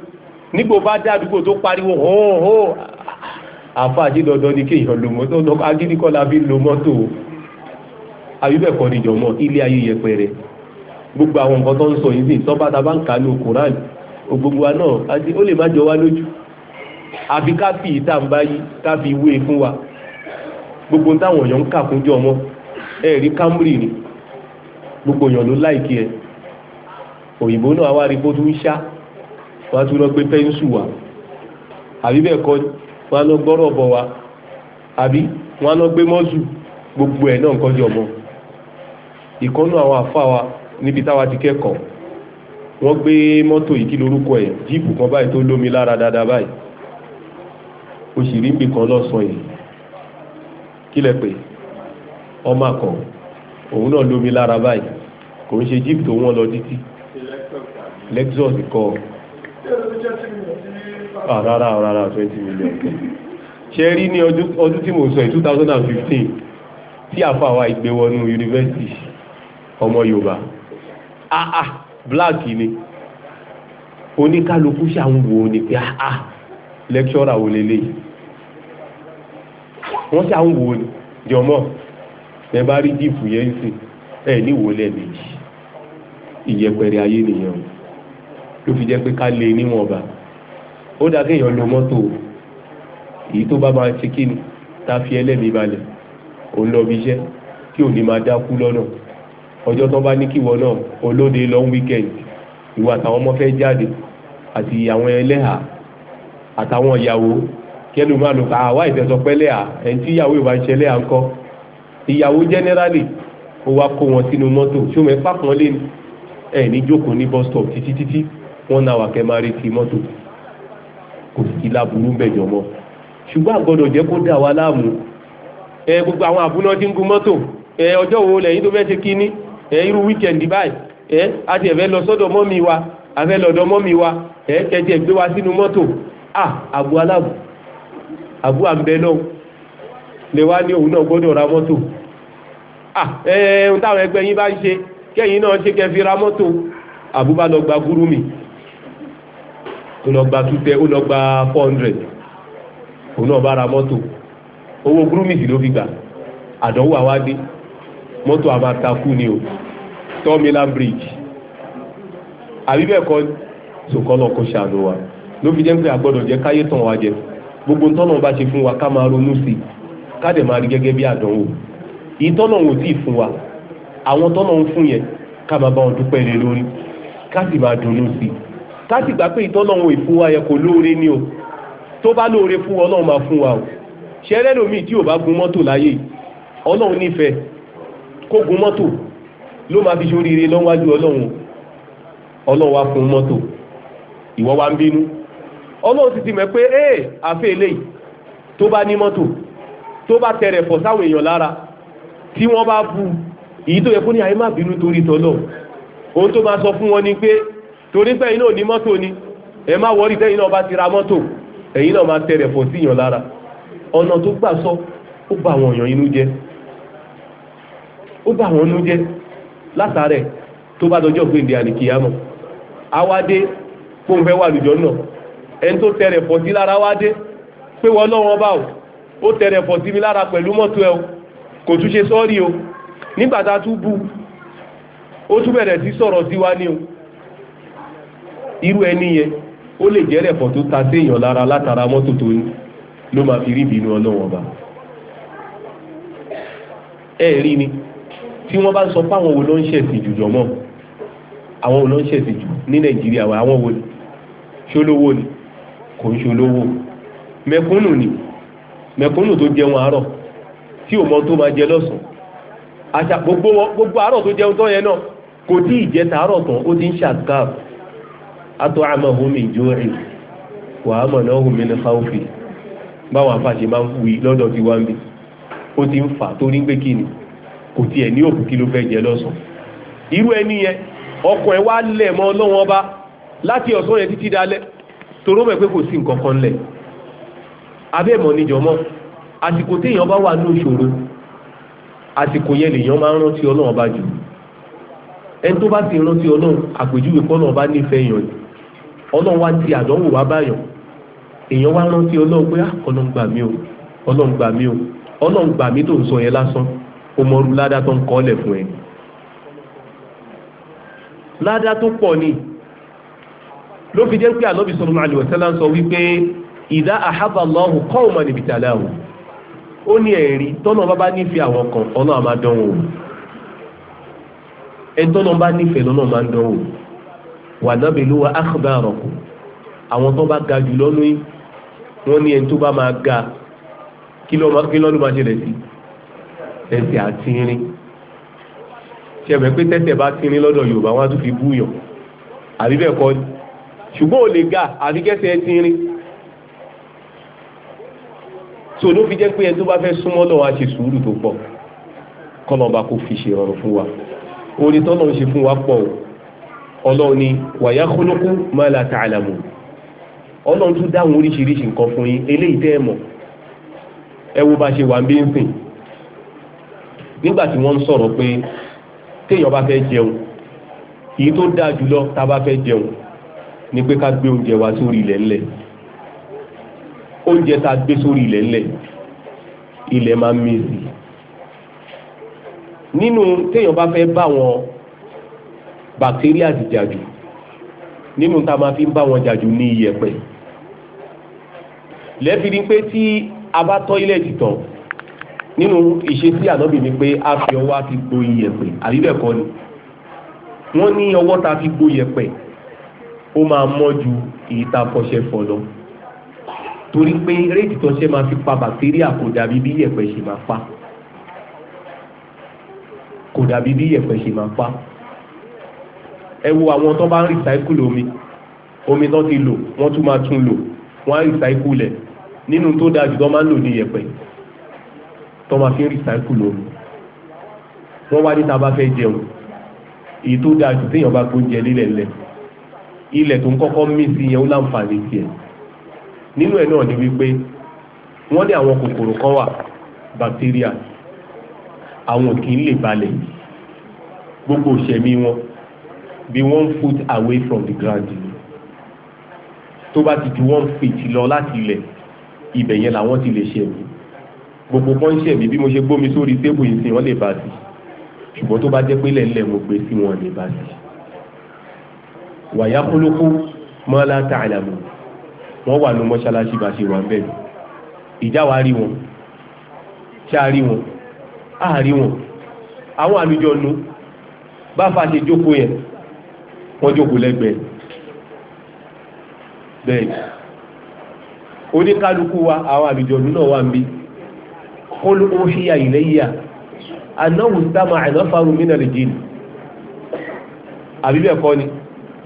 nígbò bá dé àdúgbò tó pariwo hóhó àfáàjí dandan ní kéèyàn lo mọ́tò lọ́kọ́ agídíkọ́lá bí lo mọ́tò àbí bẹ́ẹ̀ kọ́ ni jọ̀mọ́ ilé ayé yẹpẹrẹ gbogbo àwọn nǹkan tó ń sọ yìí sí sọ́bàtà bá ń kà ní Kùránì ògbogbo wa náà àti ó lè má jọ wá lójú àfi ká ìta ń fi e wa gbogbo táwọn èèyàn ń kà fún jọmọ ẹ gbogbo èèyàn ló láìkí ẹ òyìnbó náà wá rí bó ṣá tún lọ gbé pẹ́ńsù wa àbí bẹ́ẹ̀ kọ́ wọn lọ gbọ́rọ̀ wa àbí gbogbo ẹ̀ náà ń ìkọ́nú àwọn àfa wa níbi táwa wọ́n gbé mọ́tò yìí kí lorúkọ ẹ̀ jíìpù kan báyìí tó lómi lára dáadáa báyìí o sì rí nbì kan lọ́sàn yìí kí lẹ pè ọmọ akọ òun náà lómi lára báyìí kò ń ṣe jíìpù tó wọ́n lọ títí lexus kọ ah, rárá rárá twenty million kẹ ṣe rí ní ọdún tí mo sọ yìí two thousand and fifteen tí àfa wa ìgbéwọnú yunifásitì ọmọ yorùbá ah ah black ni oníkálukú ṣà ń wò ó ní pé ah, ah lecturer ò lélẹ̀ yìí wọ́n ṣà ń wò ó ní jọmọ́ ẹ bá rí jíìpù yẹn sí ẹ níwò lẹ́ẹ̀mejì ìyẹpẹrẹ ayé nìyẹn ló fi jẹ́ pé ká lè níwọ̀nba ó dá kéèyàn lo mọ́tò èyí tó bá máa ṣe kí ni tá a fi ẹlẹ́mìí balẹ̀ òun lọ bí iṣẹ́ tí ò máa dákú lọ́nà ọjọ́ tó bá ní kí náà olóde long weekend ìwọ àtàwọn ọmọ fẹ́ jáde àti àwọn ẹlẹ́hà àtàwọn ìyàwó kẹlù máa lò ká àwa ìtẹ̀sọ̀ pẹ́lẹ́hà ẹni tí ìyàwó ìwà ń ṣẹlẹ̀ à ìyàwó generally ó wá kó wọn sínú mọ́tò ṣùgbọ́n ẹ pàpọ̀ lé ẹ̀ ní jókòó ní bus stop títí títí wọ́n náà wà kẹ́ máa retí mọ́tò kò sí láburú bẹ̀jọ̀ mọ́ ṣùgbọ́n àgọ́dọ̀ jẹ́ kó dà wá láàmú ẹ gbogbo àwọn àbúná ti ń gun mọ́tò ẹ ọjọ́ wo lẹ́yìn tó fẹ́ ṣe kínní ẹ eh, irú wíkẹ̀ndì báyìí ẹ eh, àti ẹ̀fẹ́ lọ sọ́dọ̀ mọ́mì wa àfẹ́ lọ́dọ̀ wa ẹ eh, kẹ́tì ẹ̀ gbé wa sínú mọ́tò ah àbú aláàbù àbú àǹbẹ náà lè wá ní òun náà ra mọ́tò Ah ẹ ohun táwọn ẹgbẹ́ yín bá ń ṣe kẹ́yìn náà ṣe fi ra mọ́tò àbú bá lọ gba gúrúmì ó lọ gba two ten ó lọ four hundred òun náà bá ra mọ́tò owó gúrúmì sì ló fi gbà àdánwò mọ́tò ni o. Victor Milan Bridge àbí bẹ́ẹ̀ kọ́ sòkọ́nà kó ṣàánú wa ló fi jẹ́ pé àgbọ́dọ̀ jẹ́ káyé tàn wá jẹ gbogbo tọ́nà bá ṣe fún wa ká máa ronú sí i ká dẹ̀ máa rí gẹ́gẹ́ bí àdánwò ìtọ́nà wò tí ì fún wa àwọn tọ́nà ń fún yẹn ká máa bá wọn dúpẹ́ lé lórí ká sì máa dunnú sí i ká sì gbà pé ìtọ́nà wò ìfún wa yẹn kò lóore ní o tó bá lóore fún wa ọlọ́run máa fún wa o ṣẹ́rẹ́ lómi tí ò bá gun mọ́tò láyé ọlọ́run nífẹ̀ẹ́ kó gun mọ́tò ló máa fi ṣoríire lọ́wájú ọlọ́run ọlọ́run wá fún mọ́tò ìwọ wá ń bínú ọlọ́run ti ti mọ̀ pé ee àfẹ́ eléyìí tó bá ní mọ́tò tó bá tẹrẹ̀ fọ̀ sáwọn èèyàn lára tí wọ́n bá bu èyí tó yẹ kó ní ayé má bínú torí tọ́lọ̀ ohun tó máa sọ fún wọn ni pé torí pé iná ò ní mọ́tò ni ẹ má wọrí tẹ́yìn náà bá ti ra mọ́tò ẹ̀yìn náà máa tẹrẹ̀ fọ̀ sí èèyàn lára ọ̀nà tó gbà sọ ó bá àwọn èèyàn inú jẹ́ ó bá àwọn inú jẹ́ látàrẹ̀ tó bá dọjọ́ pé ìdí àníkìyàmọ̀ awádé kó n fẹ́ wà lùjọ́ náà ẹni tó tẹrẹ̀ fọ́ sí lára wádé pé wọ́n lọ́wọ́ bá o ó tẹrẹ̀ fọ́ sí mi lára pẹ̀lú mọ́tò ẹ o kò tún ṣe sọ́ọ̀rì o nígbà tá a tún bu ó tún bẹ̀rẹ̀ sí sọ̀rọ̀ sí wa ni o irú ẹni yẹn ó lè jẹ́ rẹ̀fọ̀ tó ta séèyàn lára látara mọ́tò tó ní ló máa fi rí ìbínú ọlọ́wọ́n ọba ẹ̀rí ni tí wọ́n bá ń sọ pé àwọn wo ló ń ṣẹ̀sìn jù jọ̀mọ́ àwọn wo ló ń ṣẹ̀sìn jù ní nàìjíríà wa àwọn wo ni ṣolówó ni kò ń ṣolówó mẹ̀kúnnù ni mẹ̀kúnnù tó jẹun àárọ̀ tí ò mọ tó máa jẹ lọ́sàn àṣà gbogbo gbogbo àárọ̀ tó jẹun tán yẹn náà kò tí ì jẹ tàárọ̀ tán ó ti ń ṣàkàf atọ́ àmọ̀hún mi jórí wàá mọ̀ náà hùmí ní káwọ́fì báwọn afáṣe máa ń wí lọ́dọ̀ tí wá ń ó ti ń fà torí ń gbé kíni kò tiẹ̀ ní òkú kí ló fẹ́ jẹ lọ́sàn irú ẹni yẹn ọkọ̀ ẹ̀ wá lẹ̀ mọ́ ọlọ́wọ́n ọba láti ọ̀sán yẹn títí dalẹ̀ toró mẹ́ pé kò sí nǹkan kan lẹ̀ abẹ́ẹ̀mọ̀ níjọmọ́ àsìkò téèyàn bá wà ní òṣòro àsìkò yẹn lèèyàn máa ń rántí ọlọ́wọ́n ọba jù ẹni tó bá ti rántí àpèjúwe ọba nífẹ̀ẹ́ yàn wá ti àdánwò o mọ̀rú ládá tó ń kọ́lẹ̀ fún ẹ ládá tó pọ̀ ni ló fi jẹ́ pé ànábì sallallahu alaihi wasallam sọ wípé ìdá ahabba Allahu qauman ibtalahu ó ní ẹ̀rí tọ́nà bá bá nífẹ̀ẹ́ àwọn kan ọlọ́run máa dán wò tọ́nà bá nífẹ̀ẹ́ lọ́nà máa ń dán wò wa nabluwa akhbarakum àwọn tó bá ga jù lọ́nà yìí wọ́n ní ẹni tó bá máa ga kí lọ́nà máa ṣẹlẹ̀ sí i ẹsẹ̀ àtìrin ṣẹ̀mẹ̀ pé tẹ́tẹ̀ bá tìrin lọ́dọ̀ yorùbá wọn á tún fi búyàn àbí bẹ́ẹ̀ kọ́ ni ṣùgbọ́n ò lè ga àbí kẹ́sẹ̀ ẹ tìrin tó ló fi jẹ́ pé ẹni tó bá fẹ́ súnmọ́ lọ́wọ́ á ṣe sùúrù tó pọ̀ kọ́lọ́ba kò fi ṣe ìrọ̀rùn fún wa orin tọ́lọ́ ń ṣe fún wa pọ̀ ọlọ́run ni wàyà kúlókú má la ta'lamu ọlọ́run tún dáhùn oríṣiríṣi nǹkan fún yín eléyìí tẹ́ ẹ mọ̀ ẹ wo bá ṣe wà ń bí ń sìn nígbà tí wọ́n ń sọ̀rọ̀ pé téèyàn bá fẹ́ jẹun èyí tó dáa jùlọ tá a bá fẹ́ jẹun ni pé ká gbé oúnjẹ wa sórí ilẹ̀ ńlẹ̀ oúnjẹ tá a gbé sórí ilẹ̀ ńlẹ̀ ilẹ̀ máa ń mèsì nínú téèyàn bá fẹ́ bá wọn bàktéríà ti jàjù nínú tá a máa fi ń bá wọn jàjù ní iyẹ̀pẹ̀ lẹ́bi ni pé tí a bá tọ́ ilẹ̀ jì tán nínú ìṣesí ànábì ni pé a fi ọwọ́ a fi gbo iyẹ̀pẹ̀ àbí ni wọ́n ní ọwọ́ ta fi gbo iyẹ̀pẹ̀ ó máa mọ́ ju èyí tá a fọṣẹ fọ lọ torí pé réètì tọ́ṣẹ́ máa fi pa bàtíríà kò dàbí bí iyẹ̀pẹ̀ ṣe máa pa kò dàbí bí iyẹ̀pẹ̀ ṣe máa pa ẹ wo àwọn tó bá ń rìsáíkùlù omi omi tó ti lò wọ́n tún máa tún lò wọ́n á rìsáíkùlù ẹ̀ nínú tó dáa jù tó máa ń lò ní iyẹ̀pẹ̀ tó máa fi ń recycle lómi wọ́n wá ní tá a bá fẹ́ jẹun èyí tó dáa jù téèyàn bá kó jẹ lílẹ̀ lẹ̀ ilẹ̀ tó ń kọ́kọ́ mí sí yẹn ó láǹfààní tiẹ̀ nínú ẹ̀ náà ni wípé wọ́n ní àwọn kòkòrò kan wà bacteria àwọn kì í lè balẹ̀ gbogbo ìṣẹ̀mí wọn bí one foot away from the ground tó bá ti ju one feet lọ láti ilẹ̀ ibẹ̀ yẹn làwọn ti lè ṣẹ̀mí gbogbo kọ́ńṣẹ̀ mi bí mo ṣe gbómi sórí tébù yìí sí wọn lè bá sí ṣùgbọ́n tó bá jẹ́ pé lẹ́ńlẹ̀ mo gbé sí wọn lè bá sí. wàyà kólókó mọ́lá tá àlàmù wọ́n wà ní mọ́ṣáláṣí bá ṣe wà ń bẹ̀rù ìjà wa rí wọn ṣá rí wọn á rí wọn àwọn àlùjọ nu bá fa ṣe jókòó yẹn wọ́n jókòó lẹ́gbẹ̀ẹ́ bẹ́ẹ̀ oníkálukú wa àwọn àlùjọ nu náà wà ń bí. قل óhíyà ìlẹ́yà anáwó sáma ànáfàrú mínà lè jìn àbíbẹ̀ kọ́ ni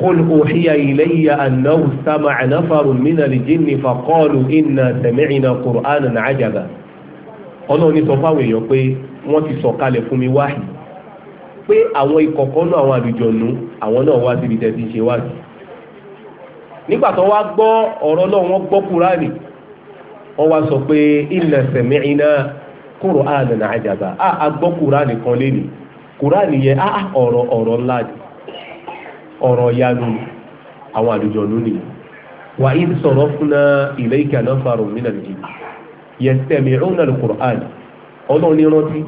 kólú óhíyà ìlẹ́yà anáwó sáma ànáfàrú mínà lè jìn ní fàkọ́ọ̀lù iná sẹ̀mìnà kùránà nà ájàgà ọlọ́run ní sọ fáwọn èèyàn pé wọ́n ti sọ kalẹ̀ fún mi wáhì pé àwọn ìkọ̀kọ́ àwọn àlùjọ̀nù àwọn náà wá síbi tẹ́ ti ṣe wáhì nígbà tó wá gbọ́ ọ̀rọ̀ náà wọ́n gbọ́ kúránì wọ́n wá sọ pé inna sami'na na ajaba ah, a agbọ́ kùránì kan lẹ́nu kùránì yẹ a ah, ah, ọ̀rọ̀ ọ̀rọ̀ ńlá ọ̀rọ̀ yanu àwọn àlùjọ ni wà á sọ̀rọ̀ fúnà ilayka nafarun minal jinn yastami'una al-Qur'an ọlọ́run ní rántí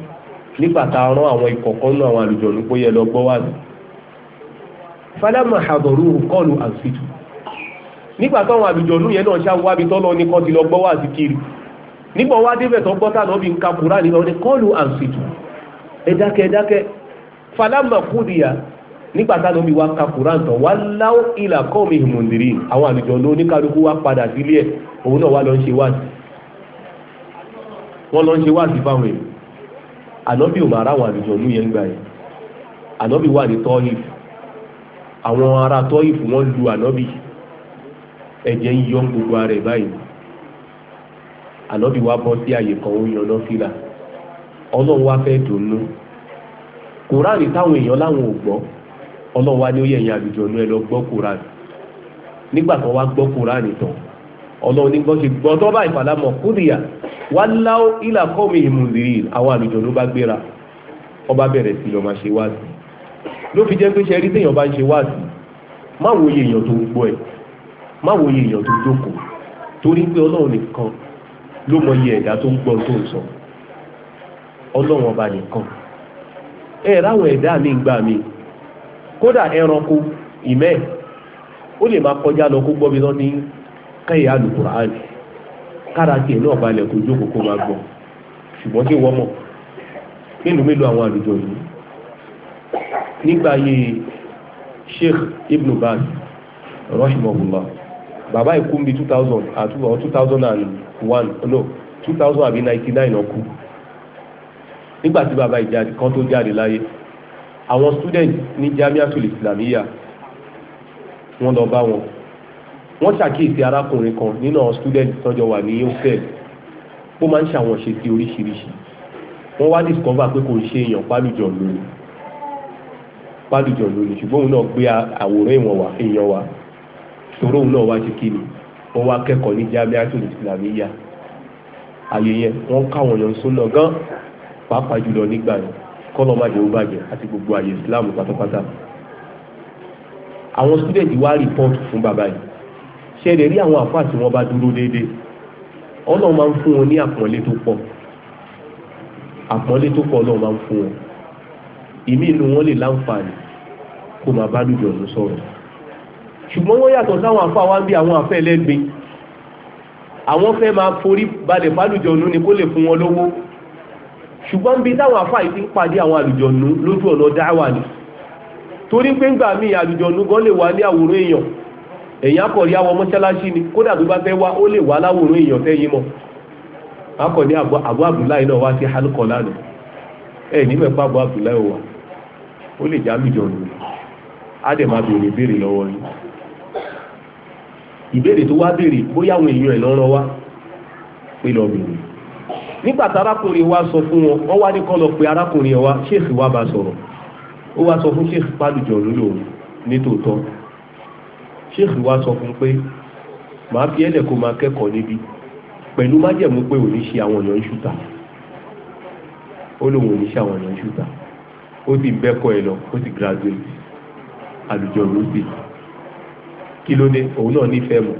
nígbà tá a rán àwọn ìkọ̀kan náà àwọn lọ gbọ́ kiri nígbà wá débẹ̀ tó gbọ́tà lọ́bí ń ka kúrá nígbà wọ́n kọ́ọ̀lù àǹsìtù ẹ̀dákẹ́ ẹ̀dákẹ́ falama kúdìyà nígbà tá lọ́bí wá ka kúrá tán wá láwọ́ ìlà kọ́ọ̀mì ìmùndìrí àwọn àlùjọ ló ní kálukú wá padà sílé ẹ̀ òun náà wá lọ ń ṣe wáàsì wọ́n lọ ń ṣe wáàsì fáwọn èèyàn ànọ́bì ò máa ráwọn àlùjọ ló yẹn gbà yẹn ànọ́bì wà ní ànábì wa bọ́ sí àyè kan ó yan nọ́fìlà ọlọ́run wa fẹ́ dùnú kùránì táwọn èèyàn láwọn ò gbọ́ ọlọ́run wa ní ó yẹ ẹ̀yìn àlùjọ̀nú ẹ lọ gbọ́ kùránì nígbà tó wá gbọ́ kùránì tán ọlọ́run ní gbọ́ ṣe gbọ́ tó bá ìfàlámọ̀ kúdìyà wá láó ìlà kọ́mi ìmùdìrí àwọn àlùjọ̀nú bá gbéra ọba bẹ̀rẹ̀ sí lọ́ọ́ máa ṣe wáàsí ló fi jẹ́ pé ṣe rí téèyàn bá ń ṣe wáàsí má wòye èèyàn tó ń gbọ́ ẹ̀ má wòye èèyàn tó jókòó torí pé ọlọ́run nìkan ló mọ iye ẹ̀dá tó ń gbọ́ tó ń sọ ọlọ́run ọba nìkan ẹ ráwọn ẹ̀dá mi gbà mí kódà ẹranko ìmẹ́ ó lè máa kọjá lọ kó gbọ́ mi lọ ní kẹ́yà àlùkùránì kára tiẹ̀ náà balẹ̀ kó jókòó kó máa gbọ́ ṣùgbọ́n kí wọ́n mọ̀ mélòó mélòó àwọn àlùjọ yìí nígbà yìí Sheikh Ibn bad rahimahullah bàbá ìkú ń bi two thousand ah, or two thousand and one no two thousand àbí ninety nine ọkù nígbà tí bàbá ìjáde kan tó jáde láyé àwọn student ní jamiatul islamiyya wọ́n lọ bá wọn wọ́n ṣàkíyèsí arákùnrin kan nínú àwọn student tọ́jọ wà ní hotel ó máa ń ṣàwọn ṣe sí oríṣiríṣi wọ́n wá discover pé kò ń ṣe èèyàn pálùjọ lónìí pálùjọ lónìí ṣùgbọ́n òun náà gbé àwòrán ìwọ̀n wà èèyàn wà tòró òun náà wá ṣe kíni wọ́n wá kẹ́kọ̀ọ́ ní jamiatul islamiyya àyè yẹn wọ́n káwọn èèyàn súnà gan pàápàá jùlọ nígbà yẹn kọ́lọ́ má jẹ́ ó bàjẹ́ àti gbogbo àyè islam pátápátá àwọn student wá report fún bàbá yìí ṣe lè rí àwọn àfáà tí wọ́n bá dúró déédéé ọlọ́run máa ń fún wọn ní àpọ́nlé tó pọ̀ àpọ́nlé tó pọ̀ ọlọ́run máa ń fún wọn ìmí inú wọn lè láǹfààní kó máa bá lùdì ọ̀run sọ̀rọ̀ ṣùgbọ́n wọ́n yàtọ̀ sáwọn àfa wa ń bí àwọn àfẹ́ ẹlẹ́gbin àwọn fẹ́ máa forí balẹ̀ fálùjọ̀nù ni kó lè fún wọn lówó ṣùgbọ́n bí táwọn àfa yìí ti ń pàdé àwọn àlùjọ̀nù lójú ọ̀nà dáwà ni torí pé ńgbà míì àlùjọ̀nù gan lè wà ní àwòrán èèyàn èèyàn akọ̀rí àwọn mọ́ṣáláṣí ni kódà tó bá fẹ́ wá ó lè wà láwòrán èèyàn fẹ́ yí mọ́ akọ̀ ní àbọ̀ abdullahi náà wá sí halukọ̀ lánàá ẹ̀ ní mẹ́fà àbọ̀ abdullahi wà ó lè já àlùjọ̀nù á dẹ̀ máa béèrè ìbéèrè lọ́wọ́ yìí ìbéèrè tó wá béèrè bóyá àwọn èèyàn ẹ̀ lọ́rọ̀ wá pé lọ bèrè nígbà tí arákùnrin wa sọ fún wọn wọ́n wá ní kọ́ lọ pé arákùnrin wa ṣéèfì wa bá sọ̀rọ̀ ó wá sọ fún ṣéèfì pálùjọ lólò nítòótọ́ ṣéèfì wa sọ fún pé màá fi ẹlẹ̀ kó máa kẹ́kọ̀ọ́ níbi pẹ̀lú májẹ̀mú pé òní ṣe àwọn èèyàn ṣúta ó lóun òní ṣe àwọn èèyàn ṣúta ó sì bẹ́kọ̀ ẹ lọ ó sì graduate àlùjọ ló sì kí ló dé òun náà nífẹ̀ẹ́ mọ̀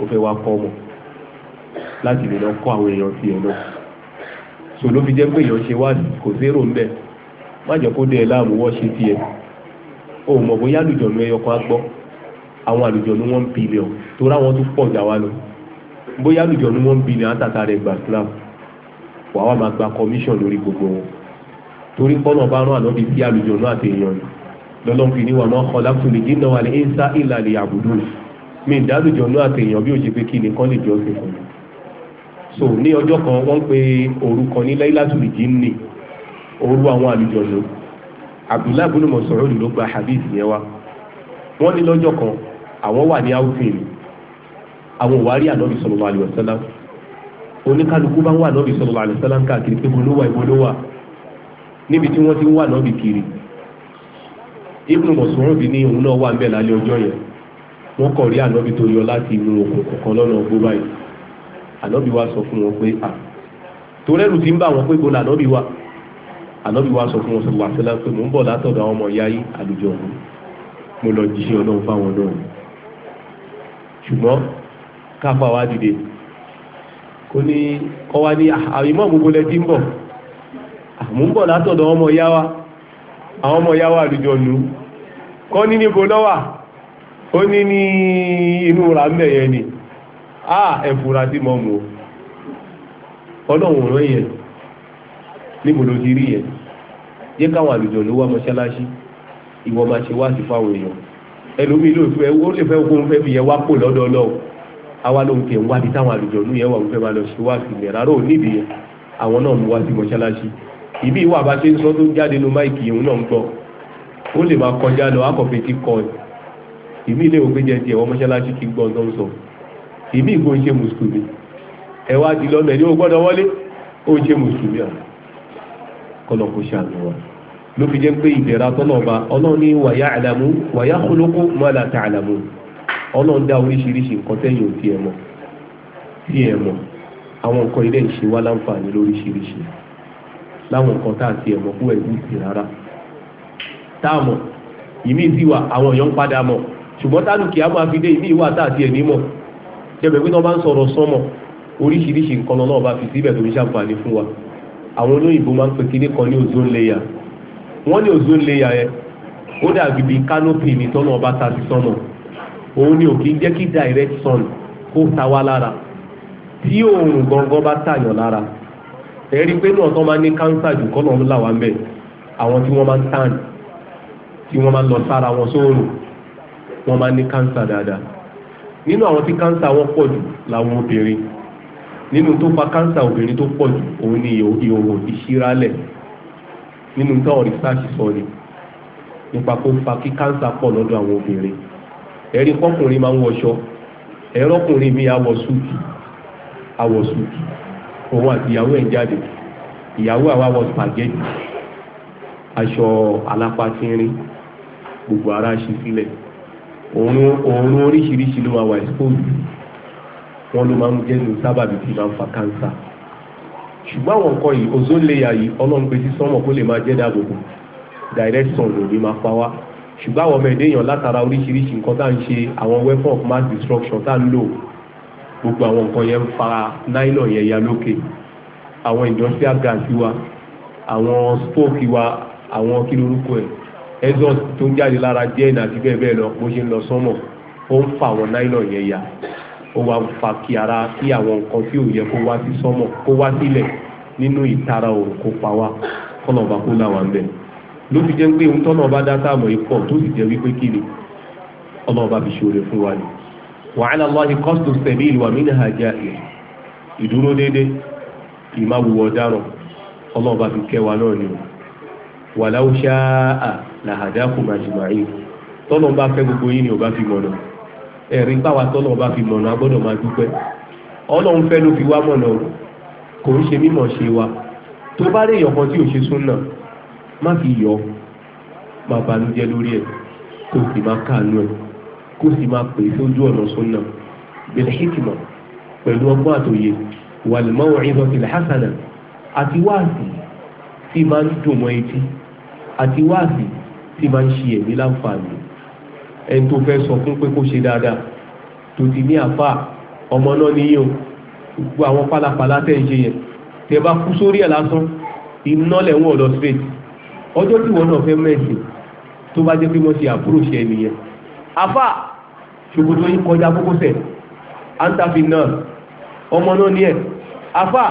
ó fẹ́ wá kọ́ mọ̀ láti lè lọ kọ́ àwọn èèyàn tiẹ̀ náà sò ló fi jẹ́ pé èèyàn ṣe wá kò zérò ń bẹ̀ má jẹ́ kó dé ẹ láàmú wọ́n ṣe tiẹ̀ òun mọ̀ bóyá àlùjọ̀nù ẹyọ kan á gbọ́ àwọn àlùjọ̀nù wọn bílíọ̀n tó ráwọn tó pọ̀ jà wá lọ bóyá àlùjọ̀nù wọn bílíọ̀n átàtà rẹ̀ gbà Islam wàá wà máa gba commission lórí gbogbo wọn torí pọ́nà bá rán ànábi sí àlùjọ̀nù àti èèyàn yìí lọ́lọ́run fi ní wà máa kọ́ láti lè jìnnà wà ní ẹ̀ńsá ìlà lè àbùdù mi ìdálùjọ náà àtẹ̀yàn bí ó ṣe pé kí nìkan lè jọ sí fún mi. so ní ọjọ́ kan wọ́n pe orúkọ ní láìlátùlì jìnnì orú àwọn àlùjọ lò Abdullahi ibn Mas'ud ló gba hadith yẹn wa wọ́n ní lọ́jọ́ kan àwọn wà ní outing àwọn wàá rí ànábì sallallahu alaihi wasallam oníkálukú bá ń wà ànábì sallallahu alaihi wà ìbò ló níbi tí wọ́n ti ń wà ànábì kiri ibùdó mọ̀sùnrùn bí ní òun náà wà ń bẹ̀ lálẹ́ ọjọ́ yẹn wọ́n kọ̀ rí ànábì tó yọ láti inú okùn kọ̀ọ̀kan lọ́nà ọgbó báyìí ànábì wa sọ fún wọn pé à torẹ́rù ti ń bá wọn pé bó la ànábì wa ànábì wa sọ fún wọn sọ̀rọ̀ àṣẹlá pé mò ń bọ̀ látọ̀dọ̀ àwọn ọmọ ìyá yìí àlùjọ ọ̀hún mo lọ jíṣẹ́ ọlọ́run fáwọn náà ṣùgbọ́n káfà wá dìde kò ní kọ́ wá ní àmì mọ́ gbogbo lẹ́ ti ń bọ̀ àmú ń bọ̀ látọ̀dọ̀ ọmọ ìyá wa àwọn ọmọ yáwà àdújọ nù kọ́ ní níbo lọ́wà ó ní ní inú ra mẹ́yẹ ni a ẹ̀fùra tí mọ́ mú ọlọ́run rán yẹn níbo ló ti rí yẹn jẹ́ káwọn àlùjọ ló wá mọ́ṣáláṣí ìwọ máa ṣe wá sí fáwọn èèyàn ẹlòmíì ló fẹ́ ó lè fẹ́ fi yẹ wá pò lọ́dọ̀ ìbí ìwà bá ṣe ń sọ tó jáde nu máìkì ìhun náà ń gbọ́ ó lè máa kọjá lọ akọ̀fẹ́ ti kọ́ ẹ̀ ìmí ilé òpin jẹ ti ẹ̀wọ̀n mọ́ṣáláṣí kí gbọ́n tó ń sọ ìmí ìgbó ń ṣe mùsùlùmí ẹ̀wà ti lọ́nà ẹ̀ní ó gbọ́dọ̀ wọlé ó ń ṣe mùsùlùmí ọ̀hún kọ́lọ̀ kó ṣàánú wa ló fi jẹ́ pé ìbẹ̀rẹ̀ atọ́nàba ọlọ́run ní wàyà àlàmú wàyà láwọn nǹkan tá à ti ẹ̀mọ́ fún ẹ̀kú sí rárá táàmọ̀ ìmí sì wà àwọn èèyàn ń padà mọ̀ ṣùgbọ́n kí á máa fi dé ìmí ìwà ẹ̀ nímọ̀ jẹ́bẹ̀ pé bá ń sọ̀rọ̀ oríṣiríṣi nǹkan náà bá fi fún wa àwọn olóyìnbó máa ń kíní kan ní ni jẹ́ kí direct sun kó ẹ̀rí pé náà tó máa ní kánsà jù kọ́ lọ́n láwa ń bẹ̀ àwọn tí wọ́n máa ń tàn tí wọ́n máa ń lọ sára wọn sóòrùn wọ́n máa ní kánsà dáadáa nínú àwọn tí kánsà wọn pọ̀ jù làwọn obìnrin nínú tó fa kánsà obìnrin tó pọ̀ jù òun ni ìhòòhò ìṣíralẹ̀ nínú táwọn rìsáàsì sọ ni nípa kó fa kí kánsà pọ̀ lọ́dọ̀ àwọn obìnrin ẹ̀rí kọ́kùnrin máa ń wọṣọ ẹ̀rọ́kùnrin mi àwọ̀ súùtù àwọ̀ súùtù òun àti ìyàwó ẹ̀ ń jáde ìyàwó àwa wọ spaghetti aṣọ alápatínrín gbogbo ara ṣe sílẹ̀ òórùn oríṣiríṣi ló máa wà expose wọn ló máa ń jẹ́nu sábàbí tí máa ń fa cancer ṣùgbọ́n àwọn nǹkan yìí ozone layer yìí ọlọ́run pé sí sọ́mọ̀ kó lè máa jẹ́ dáàbòbò direct sun ló lè máa pa wá ṣùgbọ́n àwọn ọmọ ẹ̀dẹ́ látara oríṣiríṣi nǹkan tá à ń ṣe àwọn weapon of mass destruction tá à ń lò gbogbo àwọn nǹkan yẹn ń fa nylon yẹn ya lókè àwọn industrial gas wa àwọn spoke wa àwọn kí lórúkọ ẹ̀ exhaust tó ń jáde lára díẹ̀ àti bẹ́ẹ̀ bẹ́ẹ̀ lọ bó ṣe ń lọ sọ́mọ̀ ó ń fa àwọn nylon yẹn ya ó wá ń fa kí ara kí àwọn nǹkan tí ò yẹ kó wá sí sọ́mọ̀ kó wá sílẹ̀ nínú ìtara òun kó pa wá kọ́nà ọba kó làwọn ń bẹ̀ ló fi jẹ́ pé ohun tọ́nà ọba dá sáàmù ikọ̀ tó sì jẹ́ wípé kí ni ọlọ́ọ̀ba fi ṣe oore fún wa ni. wàhálà lọ́hìn kọ́sù sẹ̀mí ìwà mí náà jẹ́ ìdúró déédé ìmáwùwọ̀ ọ̀daràn ọlọ́ọ̀bá fi kẹwàá náà ni wàláwù ṣáà làhàdákù màjìmáì tọ́lọ̀ fẹ́ gbogbo yìí ni ọba fi mọ̀nà ẹ̀rí báwa fi mọ̀nà agbọ́dọ̀ máa dúpẹ́ ọlọ́run fẹ́ fi wa kó sì máa pè é sójú ọ̀nà sunna bil hikma pẹ̀lú ọgbọ́n àtòyè wal maw'izatil hasana àti wáàsì tí máa ń dùn mọ́ etí àti wáàsì tí máa ń ṣe ẹ̀mí láǹfààní ẹni tó fẹ́ sọ fún pé kó ṣe dáadáa tó ti ní àfà ọmọ náà níyàn gbogbo àwọn pálapàla tẹ̀ ń ṣe yẹn tẹ́ bá kú sórí ẹ̀ lásán iná lẹ́wọ̀n lọ straight ọjọ́ tí wọn náà fẹ́ mẹ́sìn tó bá jẹ́ pé wọ́n ṣe àbúrò ṣe ẹnìyẹn àfà ṣòkòtò yìí kọjá kókósẹ̀ antafi náà ọmọ náà ní ẹ̀ afá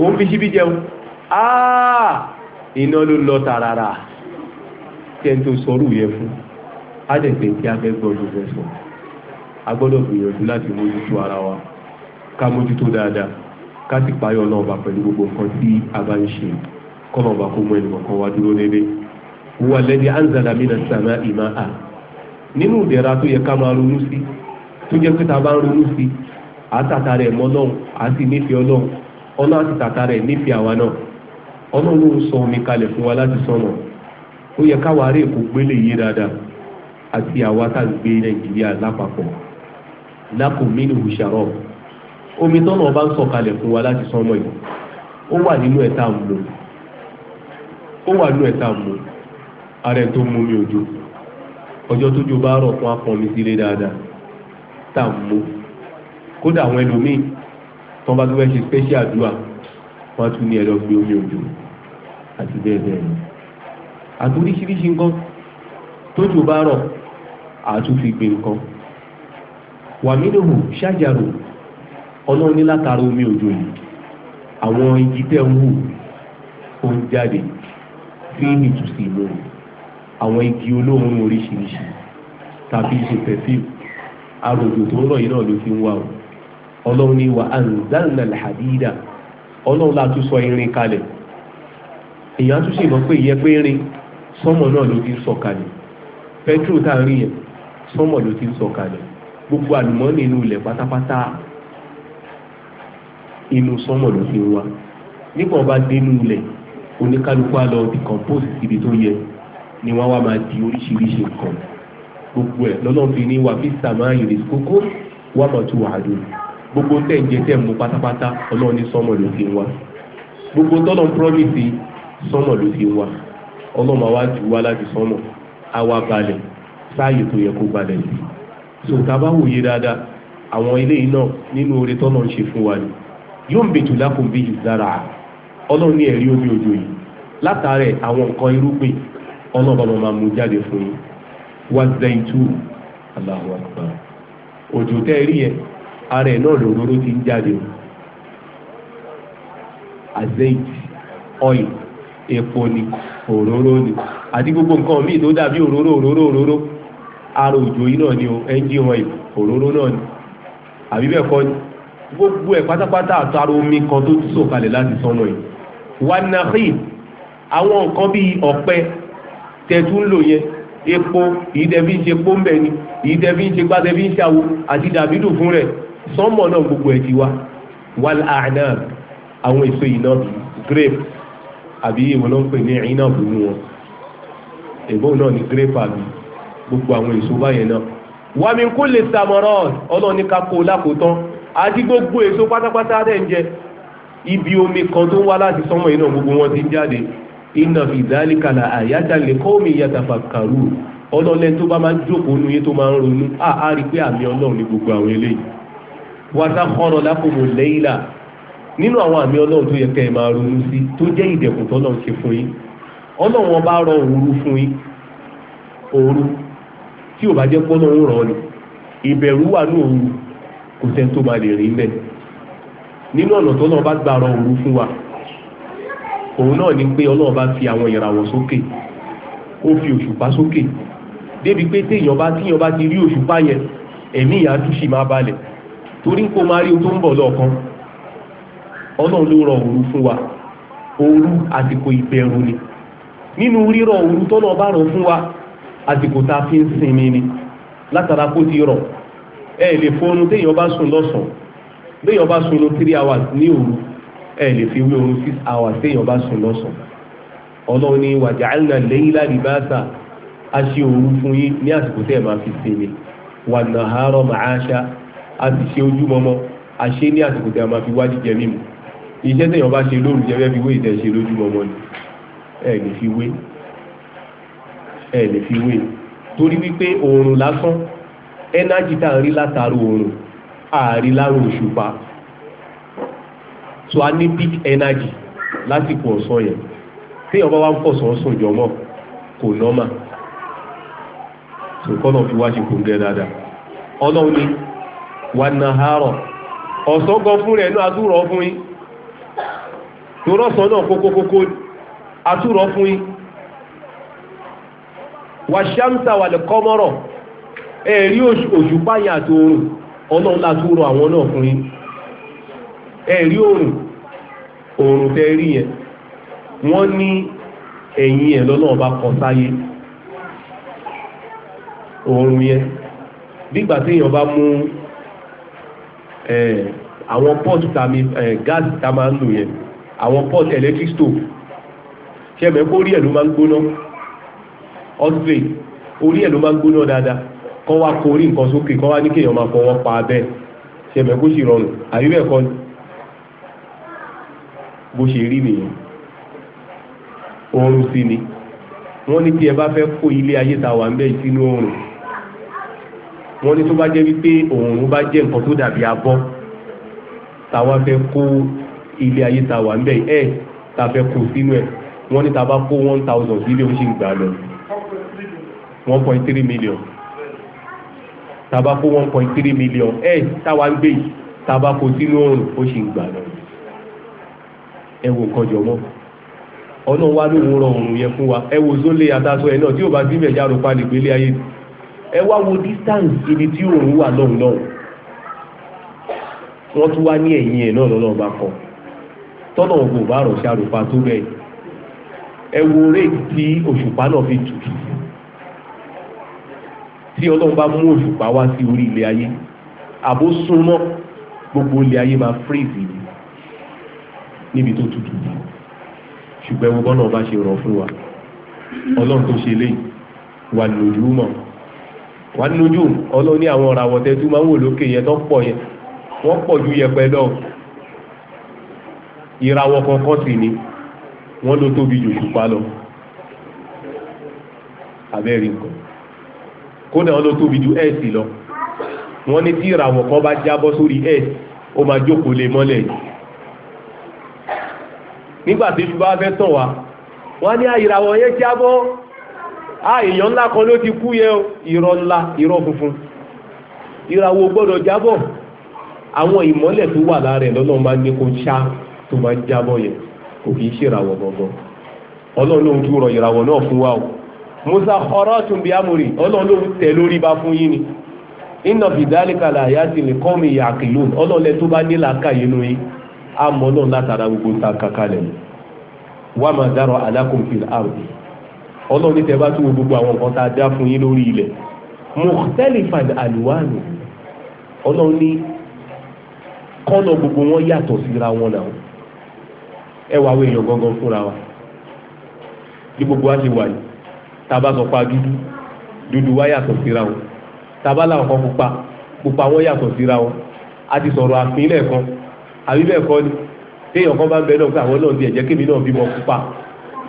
òun fi ṣíbí jẹun áà iná ló lọ tààràrà tẹ́ni tó sọrú yẹ fún ádẹ̀gbẹ̀ tí a fẹ́ gbọ́dọ̀ fẹ́ sọ a gbọ́dọ̀ gbìyànjú láti mójútó ara wa ká mójútó dáadáa ká sì páyọ̀ náà bá pẹ̀lú gbogbo nǹkan tí a bá ń ṣe kọ́nà bá kó mú ẹnì kọ̀ọ̀kan wá dúró dédé wọ́n lẹ́ni anzala mina sama nínú ìdẹ̀ra tó yẹ ká máa ronú sí tó jẹ́ pé ta bá ń ronú sí àtàtà rẹ̀ mọ́ àti nífẹ̀ẹ́ ọlọ́hùn ọlọ́hùn àti tàtà rẹ̀ nífẹ̀ẹ́ àwa náà ọlọ́hùn sọ omi kalẹ̀ fún wa láti sọ̀nà ó yẹ káwa aré èkó gbélé yé dáadáa àti àwa tá gbé nàìjíríà lápapọ̀ omi tọ́nà ba ń sọ kalẹ̀ fún wa láti sọ̀nà yìí ó wà nínú ẹ̀ta ọjọ́ tójú bá rọ̀ fún apọ̀nmi sílé dáadáa tá à ń mú kódà àwọn ẹlòmíì tó bá tó fẹ́ ṣe special dua wọ́n á tún ní ẹ̀rọ gbé omi òjò àti bẹ́ẹ̀ bẹ́ẹ̀ lọ àti oríṣiríṣi nǹkan tójú bá rọ̀ àtúnfi gbé nǹkan wàmínúhù ṣájàrò ọlọ́run ní látara omi òjò yìí àwọn igi tẹ́ ń hù ó ń jáde fi ìtùsí lórí àwọn igi olóòórùn oríṣiríṣi tàbí ṣe pẹ̀fíù aròjò tó ń rọ̀ yìí náà ló fi ń wá o ọlọ́run ní wa anzalna alhadida ọlọ́run la tún sọ irin kalẹ̀ èèyàn tún ṣe mọ̀ pé ìyẹn pé irin sọ́mọ̀ náà ló ti ń sọ kalẹ̀ petrol tá a rí yẹn sọ́mọ̀ ló ti ń sọ kalẹ̀ gbogbo àlùmọ́ọ́nì inú ilẹ̀ pátápátá inú sọ́mọ̀ ló ti ń wá nígbà wọn bá dé inú ilẹ̀ oníkálukú á lọ decompose síbi tó yẹ ni wọ́n wá máa di oríṣiríṣi nǹkan gbogbo ẹ̀ lọ́lọ́run fi ní wà fi sàmà ìrèsì kókó wà máa tún wà á dùn gbogbo tẹ̀ ń jẹ tẹ̀ mú pátápátá ọlọ́run ní sọ́mọ̀ ló fi wá gbogbo tọ́lọ́n promise sọ́mọ̀ ló fi wá ọlọ́run àwa jù wá láti sọ́mọ̀ àwa balẹ̀ sáàyè tó yẹ kó balẹ̀ sí so tá a bá wòye dáadáa àwọn eléyìí náà nínú oore tọ́lọ́run ń ṣe fún wa ni yóò ń bètò lákòó bí ìzára ní ẹ̀rí omi òjò yìí látàrẹ àwọn nǹkan irúgbìn ọlọ́ọ̀bá máa mú jáde fún yín wá zaitu Allahu akbar òjò tẹ́ ẹ rí yẹn ara ẹ̀ náà lòróró ti ń jáde o azeit oil epo ni òróró ni àti gbogbo nǹkan míì tó dàbí òróró òróró òróró ara òjò yìí náà ni o engine oil òróró náà ni àbí bẹ́ẹ̀ kọ́ ni gbogbo ẹ̀ pátápátá àtàrà omi kan tó ti sọ̀kalẹ̀ láti sọ́nà yìí wà nàkì àwọn nǹkan bíi ọ̀pẹ tẹ̀tú ń lò yẹn epo èyí ń ṣe pọ́ńbẹ́ ni èyí tẹ̀bí ń ṣe gbàtẹ̀bí ń ṣàwo àti dàbídù fún rẹ̀ sọ́mọ̀ náà gbogbo ẹ̀ ti wá wal anab àwọn èso ìnàbì grape àbí ìwọ̀n ló ń pè ní ìnàbì nù wọn èbó náà ni grape àbí gbogbo àwọn èso báyẹn náà wa min kulli samarat ọlọ́run ní ká kó o lákòótán àti gbogbo èso pátápátá rẹ̀ ń jẹ ibi omi kan tó wá láti sánmọ̀ yìí iná fi dhalika la ayatan li qawmi yatafakkaru ọlọ́lẹ́ tó bá máa ń jókòó nu yé tó máa ń ronú á rí pé àmì ọlọ́run ní gbogbo àwọn eléyìí wa sakhkhara lakumul layla nínú àwọn àmì ọlọ́run tó yẹ kẹ́ ẹ máa ronú sí tó jẹ́ ìdẹ̀kùn tọ́lọ́run ṣe fún yín ọlọ́run ọba rọ òru fún yín òru tí ò bá jẹ́ pọ́lọ́run rọ̀ ni ìbẹ̀rù wà ní òru kò sẹ́ni tó máa lè rí mẹ́ nínú ọ̀nà tọ́lọ́run òun náà ni pé ọlọ́run bá fi àwọn ìràwọ̀ sókè ó fi òṣùpá sókè débi pé téèyàn bá tíyàn bá ti rí òṣùpá yẹn ẹ̀mí ìyájú sì máa balẹ̀ torí kó máa rí tó ń bọ̀ lọ́ọ̀kan ọlọ́run ló rọ òru fún wa òru àsìkò ìbẹ̀rù ni nínú rírọ òru tọ́nà bá rọ fún wa àsìkò ta fi ń sinmi ni látara kó ti rọ ẹ lè fọnu téèyàn bá sùn lọ́sàn-án téèyàn bá three hours ní ẹ lè fi wí oorun six hours téèyàn bá sùn lọ́sàn ọlọ́run ní waja'alna al-layla libasa a ṣe òru fún yín ní àsìkò tẹ́ ẹ̀ máa fi sinmi wan-nahara ma'asha a sì ṣe ojúmọmọ a ṣe ní àsìkò tẹ́ ẹ̀ máa fi wá jíjẹ mímu iṣẹ́ téèyàn bá ṣe lóru jẹ́ fẹ́ fi wé ìtẹ́ ṣe lójúmọmọ ni ẹ lè fi wé ẹ lè fi wé torí wípé oorun lásán ẹnájì tá à ń rí látara oorun àárí lára òṣùpá to a ní peak energy lásìkò ọ̀sán yẹn téèyàn bá wá ń fọ̀sán sùn jọ mọ́ kò nọ́mà so kọ́nà fi wá ṣe kò ń gẹ dáadáa ọlọ́run ni wà nà àárọ̀ ọ̀sán gan fún rẹ̀ inú àtúrọ̀ fún yín náà ẹ̀rí òrùn òrùn tẹ́ rí yẹn wọ́n ní ẹ̀yìn ẹ̀ lọ́nà ọba kọ sáyé òrùn yẹn nígbà tí èèyàn bá mú àwọn pot tàbí gáàsì tá máa ń lò yẹn àwọn electric stove ṣẹ́mẹ̀ kó rí ẹ̀ ló máa ń gbóná ori orí ẹ̀ ló máa ń gbóná dáadáa kọ́ wá kó orí nǹkan sókè kọ́ wá ní kéèyàn máa fọwọ́ pa abẹ́ ṣẹ́mẹ̀ kó sì rọrùn bó ṣe rí nìyẹn oorun sí ni wọ́n ní tí ẹ bá fẹ́ kó ilé ayé ta wà ń bẹ sínú oorun wọ́n ní tó bá jẹ́ wípé oorun bá jẹ́ nǹkan tó dàbí abọ́ táwa fẹ́ kó ilé ayé ta wà ń bẹ ẹ̀ ta fẹ́ kó sínú ẹ̀ wọ́n ní ta bá kó one thousand sílé ó sì gbà lọ one point three million tabako one point three million ẹ táwa ń gbé yìí tabako sínú oòrùn ó gbà lọ ẹwò kọjọ mọ́ ọlọ́run wá ló wúrọ̀ òrùn yẹn fún wa ẹwò sólè àtàṣọ ẹ̀ náà tí ò bá sí mẹ̀já ló pa nìgbélé ayé ẹ wá wo distance ibi tí òrùn wà lọ́hùn náà wọ́n tún wá ní ẹ̀yìn ẹ̀ náà lọ́nà bá kọ tọ́nà ògùn bá rọ̀ ṣàrùpá tó bẹ́ẹ̀ ẹ wo rate tí òṣùpá náà fi tutù tí ọlọ́run bá mú òṣùpá wá sí orí ilé ayé àbó súnmọ́ gbogbo ilé ayé máa freeze ni níbi tó tutù dé ṣùgbọ́n ẹwọ bọ́nà ọba ṣe rọ̀ fún wa ọlọ́run tó ṣe léyìí wà lójú mọ̀ wà lójú ọlọ́run ní àwọn ọ̀rọ̀ àwọ̀tẹ́ tó máa ń wò lókè yẹn tó pọ̀ yẹn wọ́n pọ̀ ju yẹpẹ lọ ìràwọ̀ kọ̀ọ̀kan sì ni wọ́n ló tóbi jù ṣùpá lọ abẹ́rì nǹkan kódà wọ́n ló tóbi ju ẹ̀ẹ́sì lọ wọ́n ní tí ìràwọ̀ kan bá jábọ́ sórí ẹ̀ẹ́sì ó máa jókòó lé mọ́lẹ̀ yìí nígbà tí ìjùbá fẹ́ tàn wá wọ́n ní jábọ́ a èèyàn ńlá kan ló ti kú yẹn irọ́ ńlá irọ́ funfun ìràwọ̀ gbọ́dọ̀ jábọ́ àwọn ìmọ́lẹ̀ tó wà lára ẹ̀ lọ́nà máa ń ní tó máa jábọ́ kò kì í gbọ̀ngàn ọlọ́run ló ń ìràwọ̀ náà fún wa o musa ọ̀rọ̀ tún bí ọlọ́run tẹ̀ lórí bá fún yín ni àmọ́ náà látara gbogbo ta kàkálẹ̀ ni wà máa dárọ alákùn fil ardi ọlọ́run ní tẹ́bá tún gbogbo àwọn nǹkan tá a dá fún yín lórí ilẹ̀ mukhtalifan alwanu ọlọ́run ní kọ́nà gbogbo wọn yàtọ̀ síra wọn náà ẹ wà wọ èèyàn gangan fúnra wa bí gbogbo wa ṣe wà yìí tába sọ pa dúdú dúdú wa yàtọ̀ síra wọn tába làwọn kan pupa pupa wọn yàtọ̀ síra wọn a ti sọ̀rọ̀ àfin lẹ́ẹ̀kan àbí bẹ́ẹ̀ kọ́ ni téèyàn kan bá ń bẹ náà pé àwọn náà ti ẹ̀jẹ̀ kémi náà bímọ pupa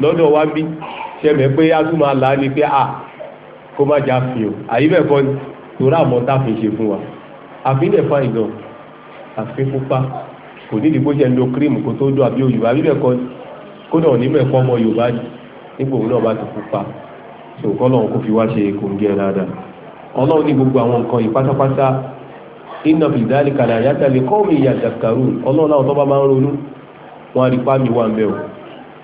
lọ́dọ̀ wa bí ṣẹmẹ̀ pé a tún máa là á pé a kó má jà fi o àbí bẹ́ẹ̀ kọ́ ni torí àmọ́ tá a fi ṣe fún wa àfi ń dẹ̀ fa ìgàn àfi pupa kò nídìí bó ṣe ń lo kírímù kó tó dùn àbí òyìnbó àbí bẹ́ẹ̀ kọ́ ni kó náà onímọ̀ ẹ̀kọ́ ọmọ Yorùbá ni nígbà òun náà bá ti pupa ṣòkọ́ náà kó fi wá ṣe kòǹgẹ́ dáadáa ọlọ́run ní gbogbo àwọn nǹkan yìí pátápátá iná fìdálì kàlà àyàtà lè kọ́ mi ìyá dàkàrú ọlọ́run àwọn tó bá máa ń ronú wọn àrí pa mi wà ń bẹ̀ o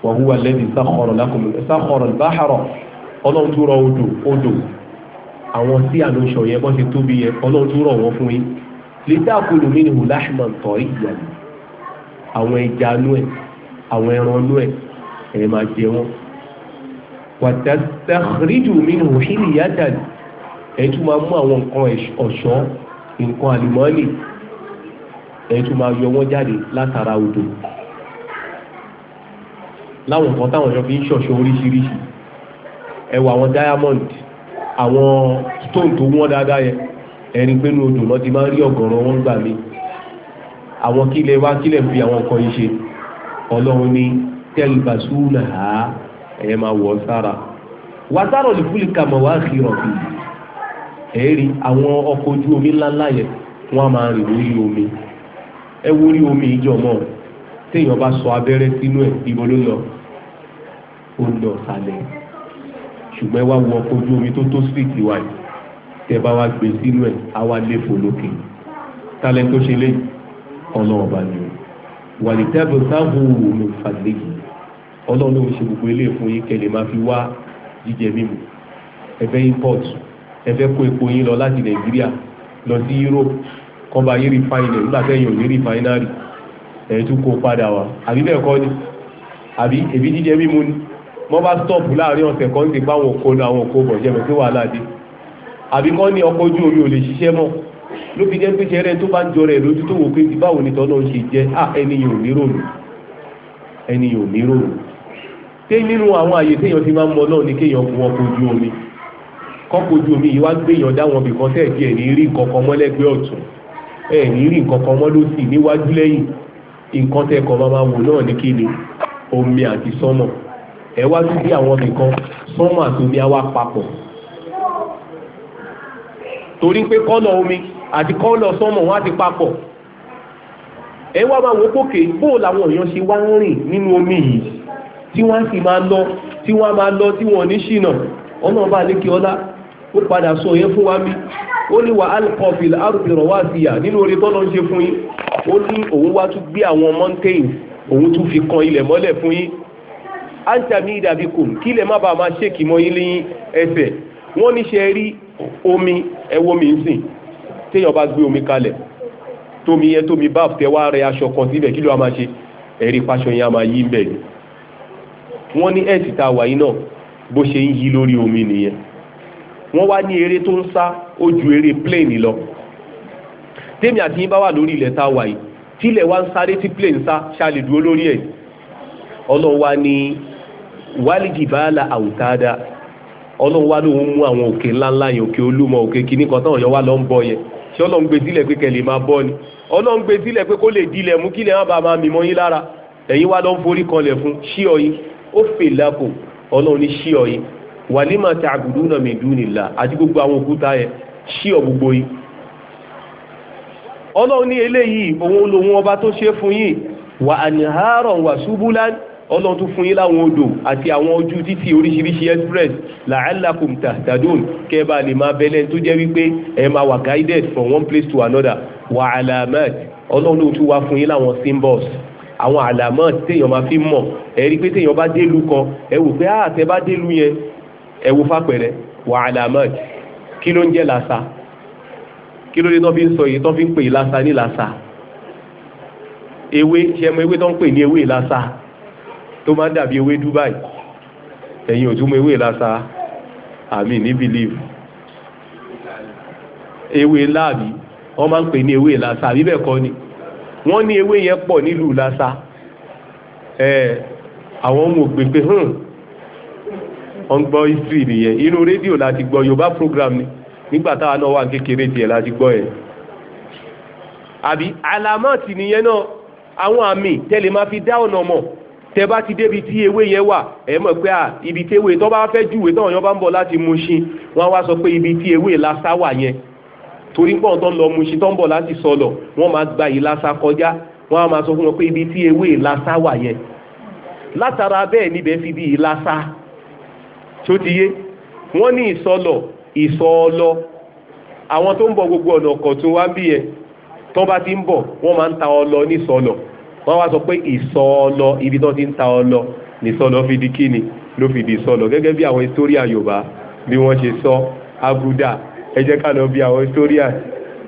wọ́n hu wà lẹ́bi sáxọ̀rọ̀ lákòmù sáxọ̀rọ̀ báhàrọ̀ ọlọ́run tó rọ odò odò àwọn tí àlóṣọ yẹn bọ́n ti tóbi yẹn ọlọ́run tó rọ wọn fún yín lè dá àkọlù mí ni hù láṣìmọ̀ tọ̀ ìyá àwọn ẹja nú ẹ̀ àwọn ẹran nú ẹ̀ ẹ̀ máa jẹ wọn wàtàtàkìrìjù mi ni hù hìlì nǹkan àlùmọ́ọ́nì ẹ̀ tún máa yọ wọ́n jáde látara odò láwọn nǹkan táwọn èèyàn fi ń ṣọ̀ṣọ́ oríṣiríṣi ẹ àwọn diamond àwọn stone tó wọ́n dáadáa yẹn ẹ̀rí pé inú odò náà ti máa ń rí ọ̀gọ̀rọ̀ wọn gbà mí àwọn kílẹ̀ wá kílẹ̀ fi àwọn nǹkan yìí ṣe ọlọ́run ní tẹ́lifásúnà ẹ̀ máa wọ̀ sára wàtárọ̀ lè fúlikà mọ̀ wá kírọ̀ fìlì ẹ̀ẹ́rì àwọn ọkọ̀ ojú omi ńláńlá yẹn wọ́n á máa rìn lórí omi ẹ wo rí omi ìjọmọ́ téèyàn bá sọ abẹ́rẹ́ sínú ẹ̀ ibo ló lọ ó lọ sálẹ̀ ṣùgbọ́n ẹ wá wo ọkọ̀ ojú omi tó tó síìtì wa yìí tẹ bá wá gbé sínú ẹ̀ á wá léfò lókè tálẹ̀ tó ṣe lé ọlọ́run bá ní wàlítẹ́bù sáhùn òun fàdéjì ọlọ́run ló ń ṣe gbogbo ilé fún yín kẹlẹ̀ máa fi wá jíjẹ mímu ẹ̀fẹ́ import ẹ fẹ́ kó epo yín lọ láti nàìjíríà lọ sí europe kọ́ bá yé rìfáìnẹ̀ nígbà tẹ́yìn ò ní rìfáìnárì ẹ̀ tún kó padà wá àbí bẹ́ẹ̀ kọ́ ni àbí èbí jíjẹ mímu ni wọ́n bá stọ́ọ̀pù láàrin ọ̀sẹ̀ kan ti pa àwọn òkò lọ àwọn òkò bọ̀ jẹ́mọ̀ sí wàhálà dé àbí kọ́ ni ọkọ̀ ojú omi ò lè ṣiṣẹ́ mọ́ ló fi jẹ́ pé ṣẹ́rẹ́ tó bá ń jọrọ ẹ̀ lójú tó wò pé ti báwo ni tọ́nà ṣe jẹ́ à ẹni yóò ní ròrùn ẹni yóò ní ròrùn ṣé nínú àwọn àyè téèyàn ti máa ń mọ náà ni kéèyàn gun ọkọ̀ ojú omi kọ́kọ́jú omi yìí wá gbé yàn dáwọn bìkan tẹ̀sí ẹ̀ ní rí nǹkan kan mọ́ lẹ́gbẹ̀ẹ́ ọ̀tún ẹ̀ ní rí nǹkan kan mọ́ lósì níwájú lẹ́yìn nǹkan tẹ̀kọ̀ máa wò náà ní kí ni omi àti sọ́mọ̀ ẹ wá tún sí àwọn bìkan sọ́mọ̀ àti omi á wá papọ̀ torí pé kọ́nà omi àti kọ́nà sọ́mọ̀ wọ́n á ti papọ̀ ẹ wá máa wo kókè bóò làwọn èèyàn ṣe wá ń rìn nínú omi yìí tí wọ́n á sì máa lọ tí wọ́n á máa lọ tí wọ́n ò ní ṣìnà ọlọ́ọ̀bá lékè ọlá ó padà sọ yẹn fún wa mi ó ní wà alkọfil arúgbìrọ̀ wá sí yà nínú orí tọ́lọ́ ń ṣe fún yín ó ní òun wá tún gbé àwọn mountains òun tún fi kan ilẹ̀ mọ́lẹ̀ fún yín ántàmì ìdàbíkùn kí ilẹ̀ má bàa máa ṣèkì mọ́ yín ẹsẹ̀ wọ́n ní ṣe rí omi ẹwọ́ mi ń sìn téèyàn bá gbé omi kalẹ̀ tómi yẹn tómi báf tẹ wá rẹ aṣọ kan síbẹ̀ kí ló wá máa ṣe ẹ̀rí paṣọ yẹn á máa yí ń bẹ̀ ni wọ́n ní ẹ̀sì tá náà bó ṣe ń yí lórí omi nìyẹn wọ́n wá ní eré tó ń sá ó ju eré plane lọ tèmi àti yín bá wà lórí ilẹ̀ tá a wà yìí tílẹ̀ wá ń sáré tí plane sá ṣáàlì dúró lórí ẹ̀ ọlọ́run wá ní wálìjì báàlà àwùtáàdá ọlọ́run wá lóun mú àwọn òkè ńláńlá yẹn òkè olúmọ òkè kìíní kan táwọn yẹn wá lọ ń bọ yẹn ṣé ọlọ́run gbé sílẹ̀ pé kẹlẹ̀ máa bọ́ ni ọlọ́run gbé sílẹ̀ pé kó lè dilẹ̀ mú kílẹ̀ má bàa máa mìmọ́ yín lára ẹ̀yin wá lọ ń forí kanlẹ̀ fún ṣí ọyìn ó fè lákò ọlọ́run ní ṣí ọyìn wàlímà ta'buduna min dunillah àti gbogbo àwọn òkúta yẹn ṣí ọ gbogbo yìí ọlọ́run ní eléyìí òun lòun ọba tó ṣe fún yín wà àníhàárọ̀ wà ṣubúlán ọlọ́run tó fún yín láwọn odò àti àwọn ojú títí oríṣiríṣi express la'allakum tahtadun kẹba lè máa bẹ̀lẹ̀ tó jẹ́ wípé ẹ máa wà guided from one place to another wà alamat ọlọ́run ló tún wá fún yín láwọn symbols àwọn alamat téèyàn máa fi mọ̀ ẹ rí pé téèyàn bá délùú kan ẹ wò pé àtẹ ah, bá délùú yẹn ẹ wo fàpẹ̀rẹ̀ wà alamat kí ló ń jẹ́ làṣà kí ló dé tó fi ń sọ èyí tó fi ń pè làṣà ní làṣà ewé ṣẹmọ ewé tó ń pè ní ewé làṣà tó máa ń dàbí ewé Dubai ẹ̀yin òtúmọ̀ ewé làṣà àmì ní believe ewé láàbí wọ́n máa ń pè ní ewé làṣà àbí bẹ́ẹ̀ kọ́ ni wọ́n ní ewé yẹn pọ̀ nílùú làṣà ẹ̀ àwọn ọmọ òpèpè hàn hmm, wọ́n gbọ́ history nìyẹn inú rédíò láti gbọ́ yorùbá program ni nígbà táwa náà wà kékeré tiẹ̀ láti gbọ́ ẹ̀ àbí àlàmọ́ọ̀tì nìyẹn náà àwọn àmì tẹ́lẹ̀ máa fi dá ọ̀nà mọ̀ tẹ bá ti débi tí ewé yẹn wà ẹ mọ̀ pé à ibi tí ewé tó bá fẹ́ júwe tó ọ̀yàn bá ń bọ̀ láti Mushin wọ́n wá sọ pé ibi tí ewé lásà wà yẹn torí pọ̀ tó ń lọ Mushin tó ń bọ̀ láti sọlọ̀ wọ́n máa gba yìí lásà kọjá wọ́n á máa sọ fún wọn pé ibi tí ewé lásà wà yẹn látara bẹ́ẹ̀ níbẹ̀ fi bí yìí lásà tó ti yé wọ́n ní ìsọlọ̀ ìsọọlọ àwọn tó ń bọ̀ gbogbo ọ̀nà kọ̀tún wá bí ẹ tó bá ti ń bọ̀ wọ́n máa ń ta ọlọ ní ìsọlọ̀ wọ́n wá sọ pé ìsọọlọ ibi tó ti ń ta ọlọ ní ìsọlọ fi di kíni ló fi di ìsọlọ gẹ́gẹ́ bí àwọn historia Yorùbá bí wọ́n ṣe sọ aguda ẹ jẹ́ ká lọ bí àwọn historia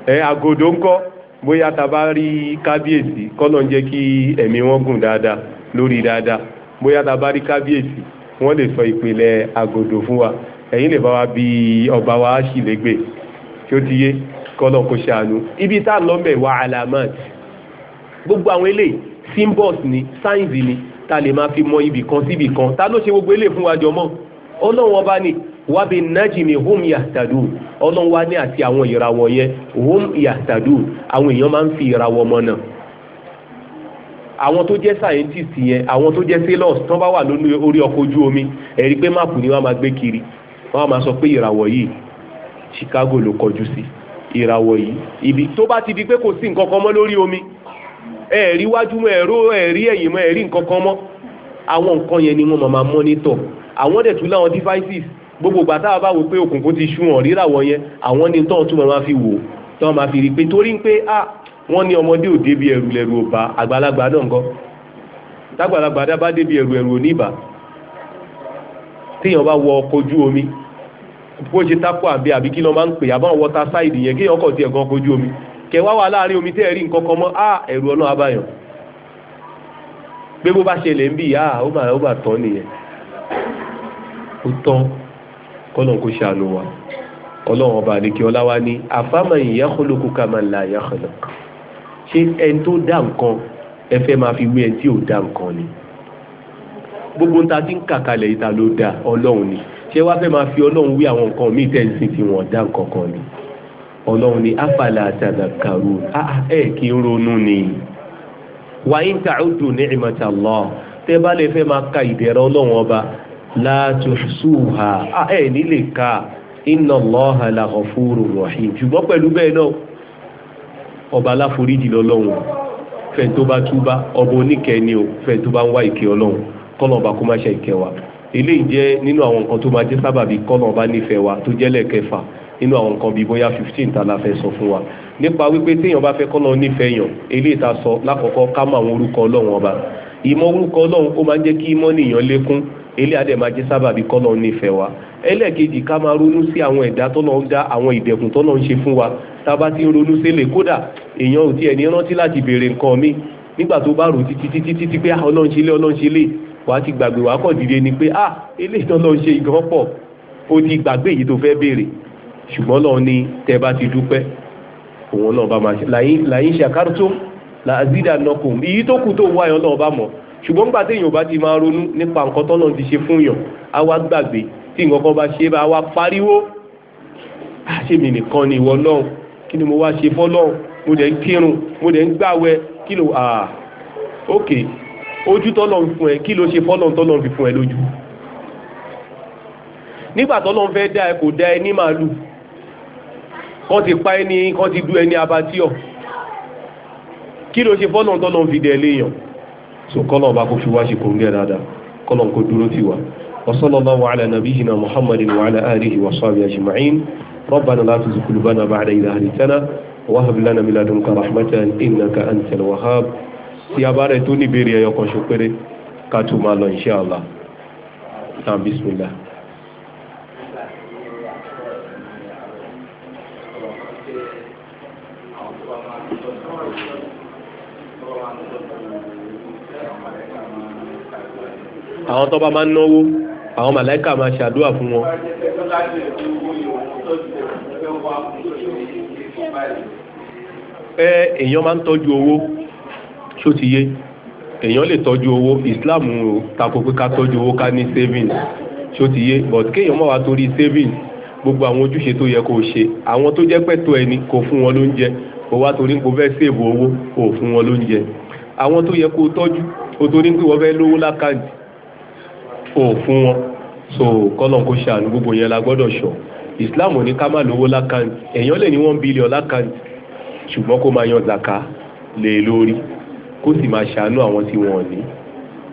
ẹ agodo ńkọ́ bóyá taba bá rí kábíyèsí kọ́nà ń jẹ́ kí ẹ̀mí wọn gùn dáadáa lórí dáadáa bóyá taba bá rí kábíyèsí wọ́n lè sọ ìpìlẹ̀ àgòdò fún wa ẹ̀yin lè bá wa bí ọba wa ṣì lẹ́gbẹ̀ tí ó ti yé kọ́lọ̀ kó ṣàánú ibi tá a wa alamat gbogbo àwọn eléyìí symbols ni signs ni tá a lè máa fi mọ ibì kan síbì kan ta ló ṣe gbogbo eléyìí fún wa jọ mọ́ ọlọ́run ọba ni wábi nájìmí hum yahtadun ọlọ́run wa ní àti àwọn ìràwọ̀ yẹn hum yahtadun àwọn èèyàn máa ń fi ìràwọ̀ mọ̀ náà àwọn tó jẹ́ scientist yẹn àwọn tó jẹ́ sailors tó bá wà lórí orí ọkọ̀ ojú omi ẹ̀rí pé máàpù ni wọ́n máa gbé kiri wọ́n máa sọ pé ìràwọ̀ yìí Chicago ló kọjú sí ìràwọ̀ yìí ibi tó bá ti di pé kò sí nǹkan kan mọ́ lórí omi ẹ̀rí wájú mọ́ ẹ̀rọ ẹ̀rí ẹ̀yìn mọ́ ẹ̀rí nǹkan kan mọ́ àwọn nǹkan yẹn ni wọ́n máa mọ́nítọ̀ àwọn dẹ̀ tún láwọn devices gbogbo ìgbà tá a bá wò pé òkùnkùn ti ṣú hàn yẹn àwọn ni tọ́ọ̀ tún máa fi wò tọ́ọ̀ máa fi rí pé torí pé ah wọ́n ní ọmọdé ò débi ẹrù lẹrù ò bá àgbàlagbà náà ńkọ́ tágbàlagbà dá bá débi ẹrù ẹrù ò ní ìbá téèyàn bá wọ ọkọ̀ ojú omi bó ṣe tápò àbí àbí kí ló máa ń pè àbáwọn wọta sáìdì yẹn kéèyàn kàn sí ẹ̀kan ọkọ̀ ojú omi kẹwàá wà láàrin omi tẹ́ ẹ̀ rí nǹkan kan mọ́ á ah, ẹ̀rù ọ̀nà abáyàn pé bó bá ṣẹlẹ̀ ń bì á ah, ó mà ó mà tán nìyẹn ó tán kọ́lọ́n kó ṣàánú wa ọlọ́run ọba àdékè ọlá wa ní àfàmà ìyá kọlọ́kù ká máa ṣé ẹni tó dá nǹkan ẹ fẹ́ máa fi wé ẹni tí ò dá nǹkan ni gbogbo ta ti ń kàkalẹ̀ ìta ló dá ọlọ́run ni ṣé wàá fẹ́ máa fi ọlọ́run wé àwọn nǹkan míì tẹ́ ń sìn tí wọ́n dá nǹkan kan ni ọlọ́run ni afala tadhakkaru ah, ah, ẹ kì í ronú ni wa in ta'uddu ni'mata Allah tẹ́ bá lè fẹ́ máa ka ìdẹ̀rẹ̀ ọlọ́run ọba la tuhsuha ah, ẹ nílè ka inna Allaha la ghafurur rahim ṣùgbọ́n pẹ̀lú bẹ́ẹ̀ náà ọba aláforíjì lọ́lọ́run fẹ́ni tó bá túbá ọba oníkẹ́ ni o fẹ́ni tó bá ń wá ìkẹ́ ọlọ́run kọ́lọ̀ ọba kó má ṣe ìkẹ́ wa eléyìí jẹ́ nínú àwọn nǹkan tó máa jẹ́ sábàbí kọ́lọ̀ ọba nífẹ̀ẹ́ wa tó jẹ́ lẹ́ẹ̀kẹfà nínú àwọn nǹkan bíi bóyá fifteen ta la fẹ́ sọ fún wa nípa wípé téèyàn bá fẹ́ kọ́lọ̀ nífẹ̀ẹ́ yàn eléyìí ta sọ lákọ̀ọ́kọ́ ká mọ àwọn orúkọ ọlọ́run ọba ìmọ̀ orúkọ ọlọ́run ó máa ń jẹ́ kí ìmọ̀ nìyàn lékún eléyìí dẹ̀ máa jẹ́ sábàbí kọ́lọ̀ nífẹ̀ẹ́ wa ẹlẹ́ẹ̀kejì ká máa ronú sí àwọn ẹ̀dá tọ́lọ́ ń dá àwọn ìdẹ̀kùn tọ́lọ́ ń ṣe fún wa tá a bá ti ń ronú sílẹ̀ kódà èèyàn ò tiẹ̀ ní rántí láti béèrè nǹkan mi nígbà tó bá rò títí títí títí pé ah, ọlọ́run ṣe lé wà á ti gbàgbé wà á kọ̀ dìde ni pé ah eléyìí tọ́lọ́run ṣe ìgbọ́n pọ̀ ó ti gbàgbé èyí tó fẹ́ béèrè ṣùgbọ́n lọ́ọ̀ ni tẹ́ bá ti dúpẹ́ òun náà bá máa ṣe làyín ṣàkárùtò làzídà nọkùn èyí tó kù tó wá yọ náà bá mọ̀ ṣùgbọ́n gbà téèyàn bá ti máa ronú nípa nǹkan tọ́lọ́run ti ṣe fún yàn á wá gbàgbé tí nǹkan kan bá ṣe bá wa pariwo àṣèmi nìkan ni ìwọ náà kí ni mo wá ṣe fọ́lọ́run mo dẹ̀ ń kírun mo dẹ̀ ń gbàwẹ̀ kí ló à ok ojú tọ́lọ̀ ń fún ẹ kí ló ṣe fọ́lọ́run tọ́lọ̀ fi fún ẹ lójú nígbà tọ́lọ́run fẹ́ dá ẹ kò dá ẹ ní màálù kán ti pa ẹni kán ti du ẹni abatíọ̀ kí ló ṣe fọ́lọ́run tọ́lọ̀ fi dẹ̀ léèyàn so kọ́lọ̀ ọba kò fi wá ṣe kò ń gẹ̀ dáadáa kọ́lọ̀ kò dúró tì wá. وصلى الله على نبينا محمد وعلى آله وصحبه أجمعين ربنا لا تزغ قلوبنا بعد إذ هديتنا وهب لنا من لدنك رحمة إنك أنت الوهاب tí a bá rẹ̀ tó níbèrè ẹyọ kan ṣo péré ká tó máa àwọn tó máa ń náwó àwọn màláìka máa ṣàdúrà fún wọn. ẹ èèyàn máa ń tọ́jú owó ṣó ti yé èèyàn lè tọ́jú owó Islam tako pé ká tọ́jú owó ká ní savings ṣó ti yé but kéèyàn máa wá torí savings gbogbo àwọn ojúṣe tó yẹ kó o ṣe àwọn tó jẹ́ pẹ̀tọ́ ẹni kò fún wọn lóúnjẹ kò wá torí kò fẹ́ sèbù owó kò fún wọn lóúnjẹ àwọn tó yẹ kó o tọ́jú o torí pé wọ́n fẹ́ lówó lákàntì o wọn so kọ́lọ̀ kó ṣàánú gbogbo yẹn la gbọ́dọ̀ ṣọ islam ní ká má lówó lákàntì èèyàn lè ní one billion lákàntì ṣùgbọ́n kó máa yan zaka lé e lórí kó sì máa ṣàánú àwọn tí wọ́n ní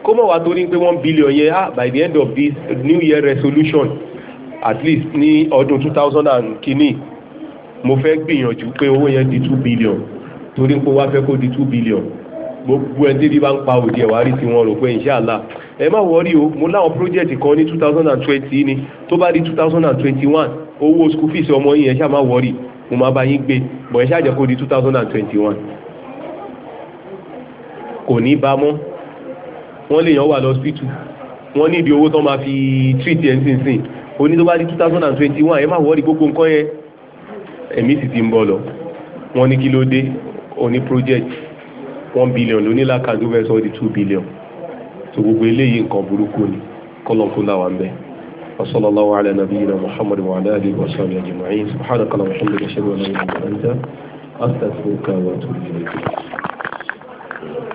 kó mọ̀ wá torí pé one billion yẹn ah by the end of this new year resolution at least ní ọdún two thousand and kìíní mo fẹ́ gbìyànjú pé owó yẹn di two billion torí pé wá fẹ́ kó di two billion gbogbo ẹ̀ débi bá ń pa òdì ẹ̀wà rí tí wọ́n rò pé inshallah ẹ má wọ́rí o mo láwọn project kan ní two ni tó bá di two thousand and twenty one owó school fees ọmọ yín ẹ ṣá má wọ́rí mo máa bá yín gbé bọ̀ ẹ jẹ́ kó di two kò ní bá mọ́ wọ́n lè yàn wà lọ́sítù wọ́n ní ìdí owó tó máa fi treat ẹ̀ nísinsìnyí oní tó bá di two thousand and twenty one ẹ má wọ́rí gbogbo nǹkan yẹn ẹ̀mí sì ti ń bọ̀ lọ wọ́n ní kí ló dé oní project one billion ló ní làkàndó fẹ́ sọ di two billion tó gbogbo eléyìí nǹkan burúkú ni kọ́lọ̀ fún làwọn bẹ́ẹ̀ وصلى الله على نبينا محمد وعلى اله وصحبه اجمعين سبحانك اللهم وبحمدك اشهد ان لا اله الا انت استغفرك واتوب اليك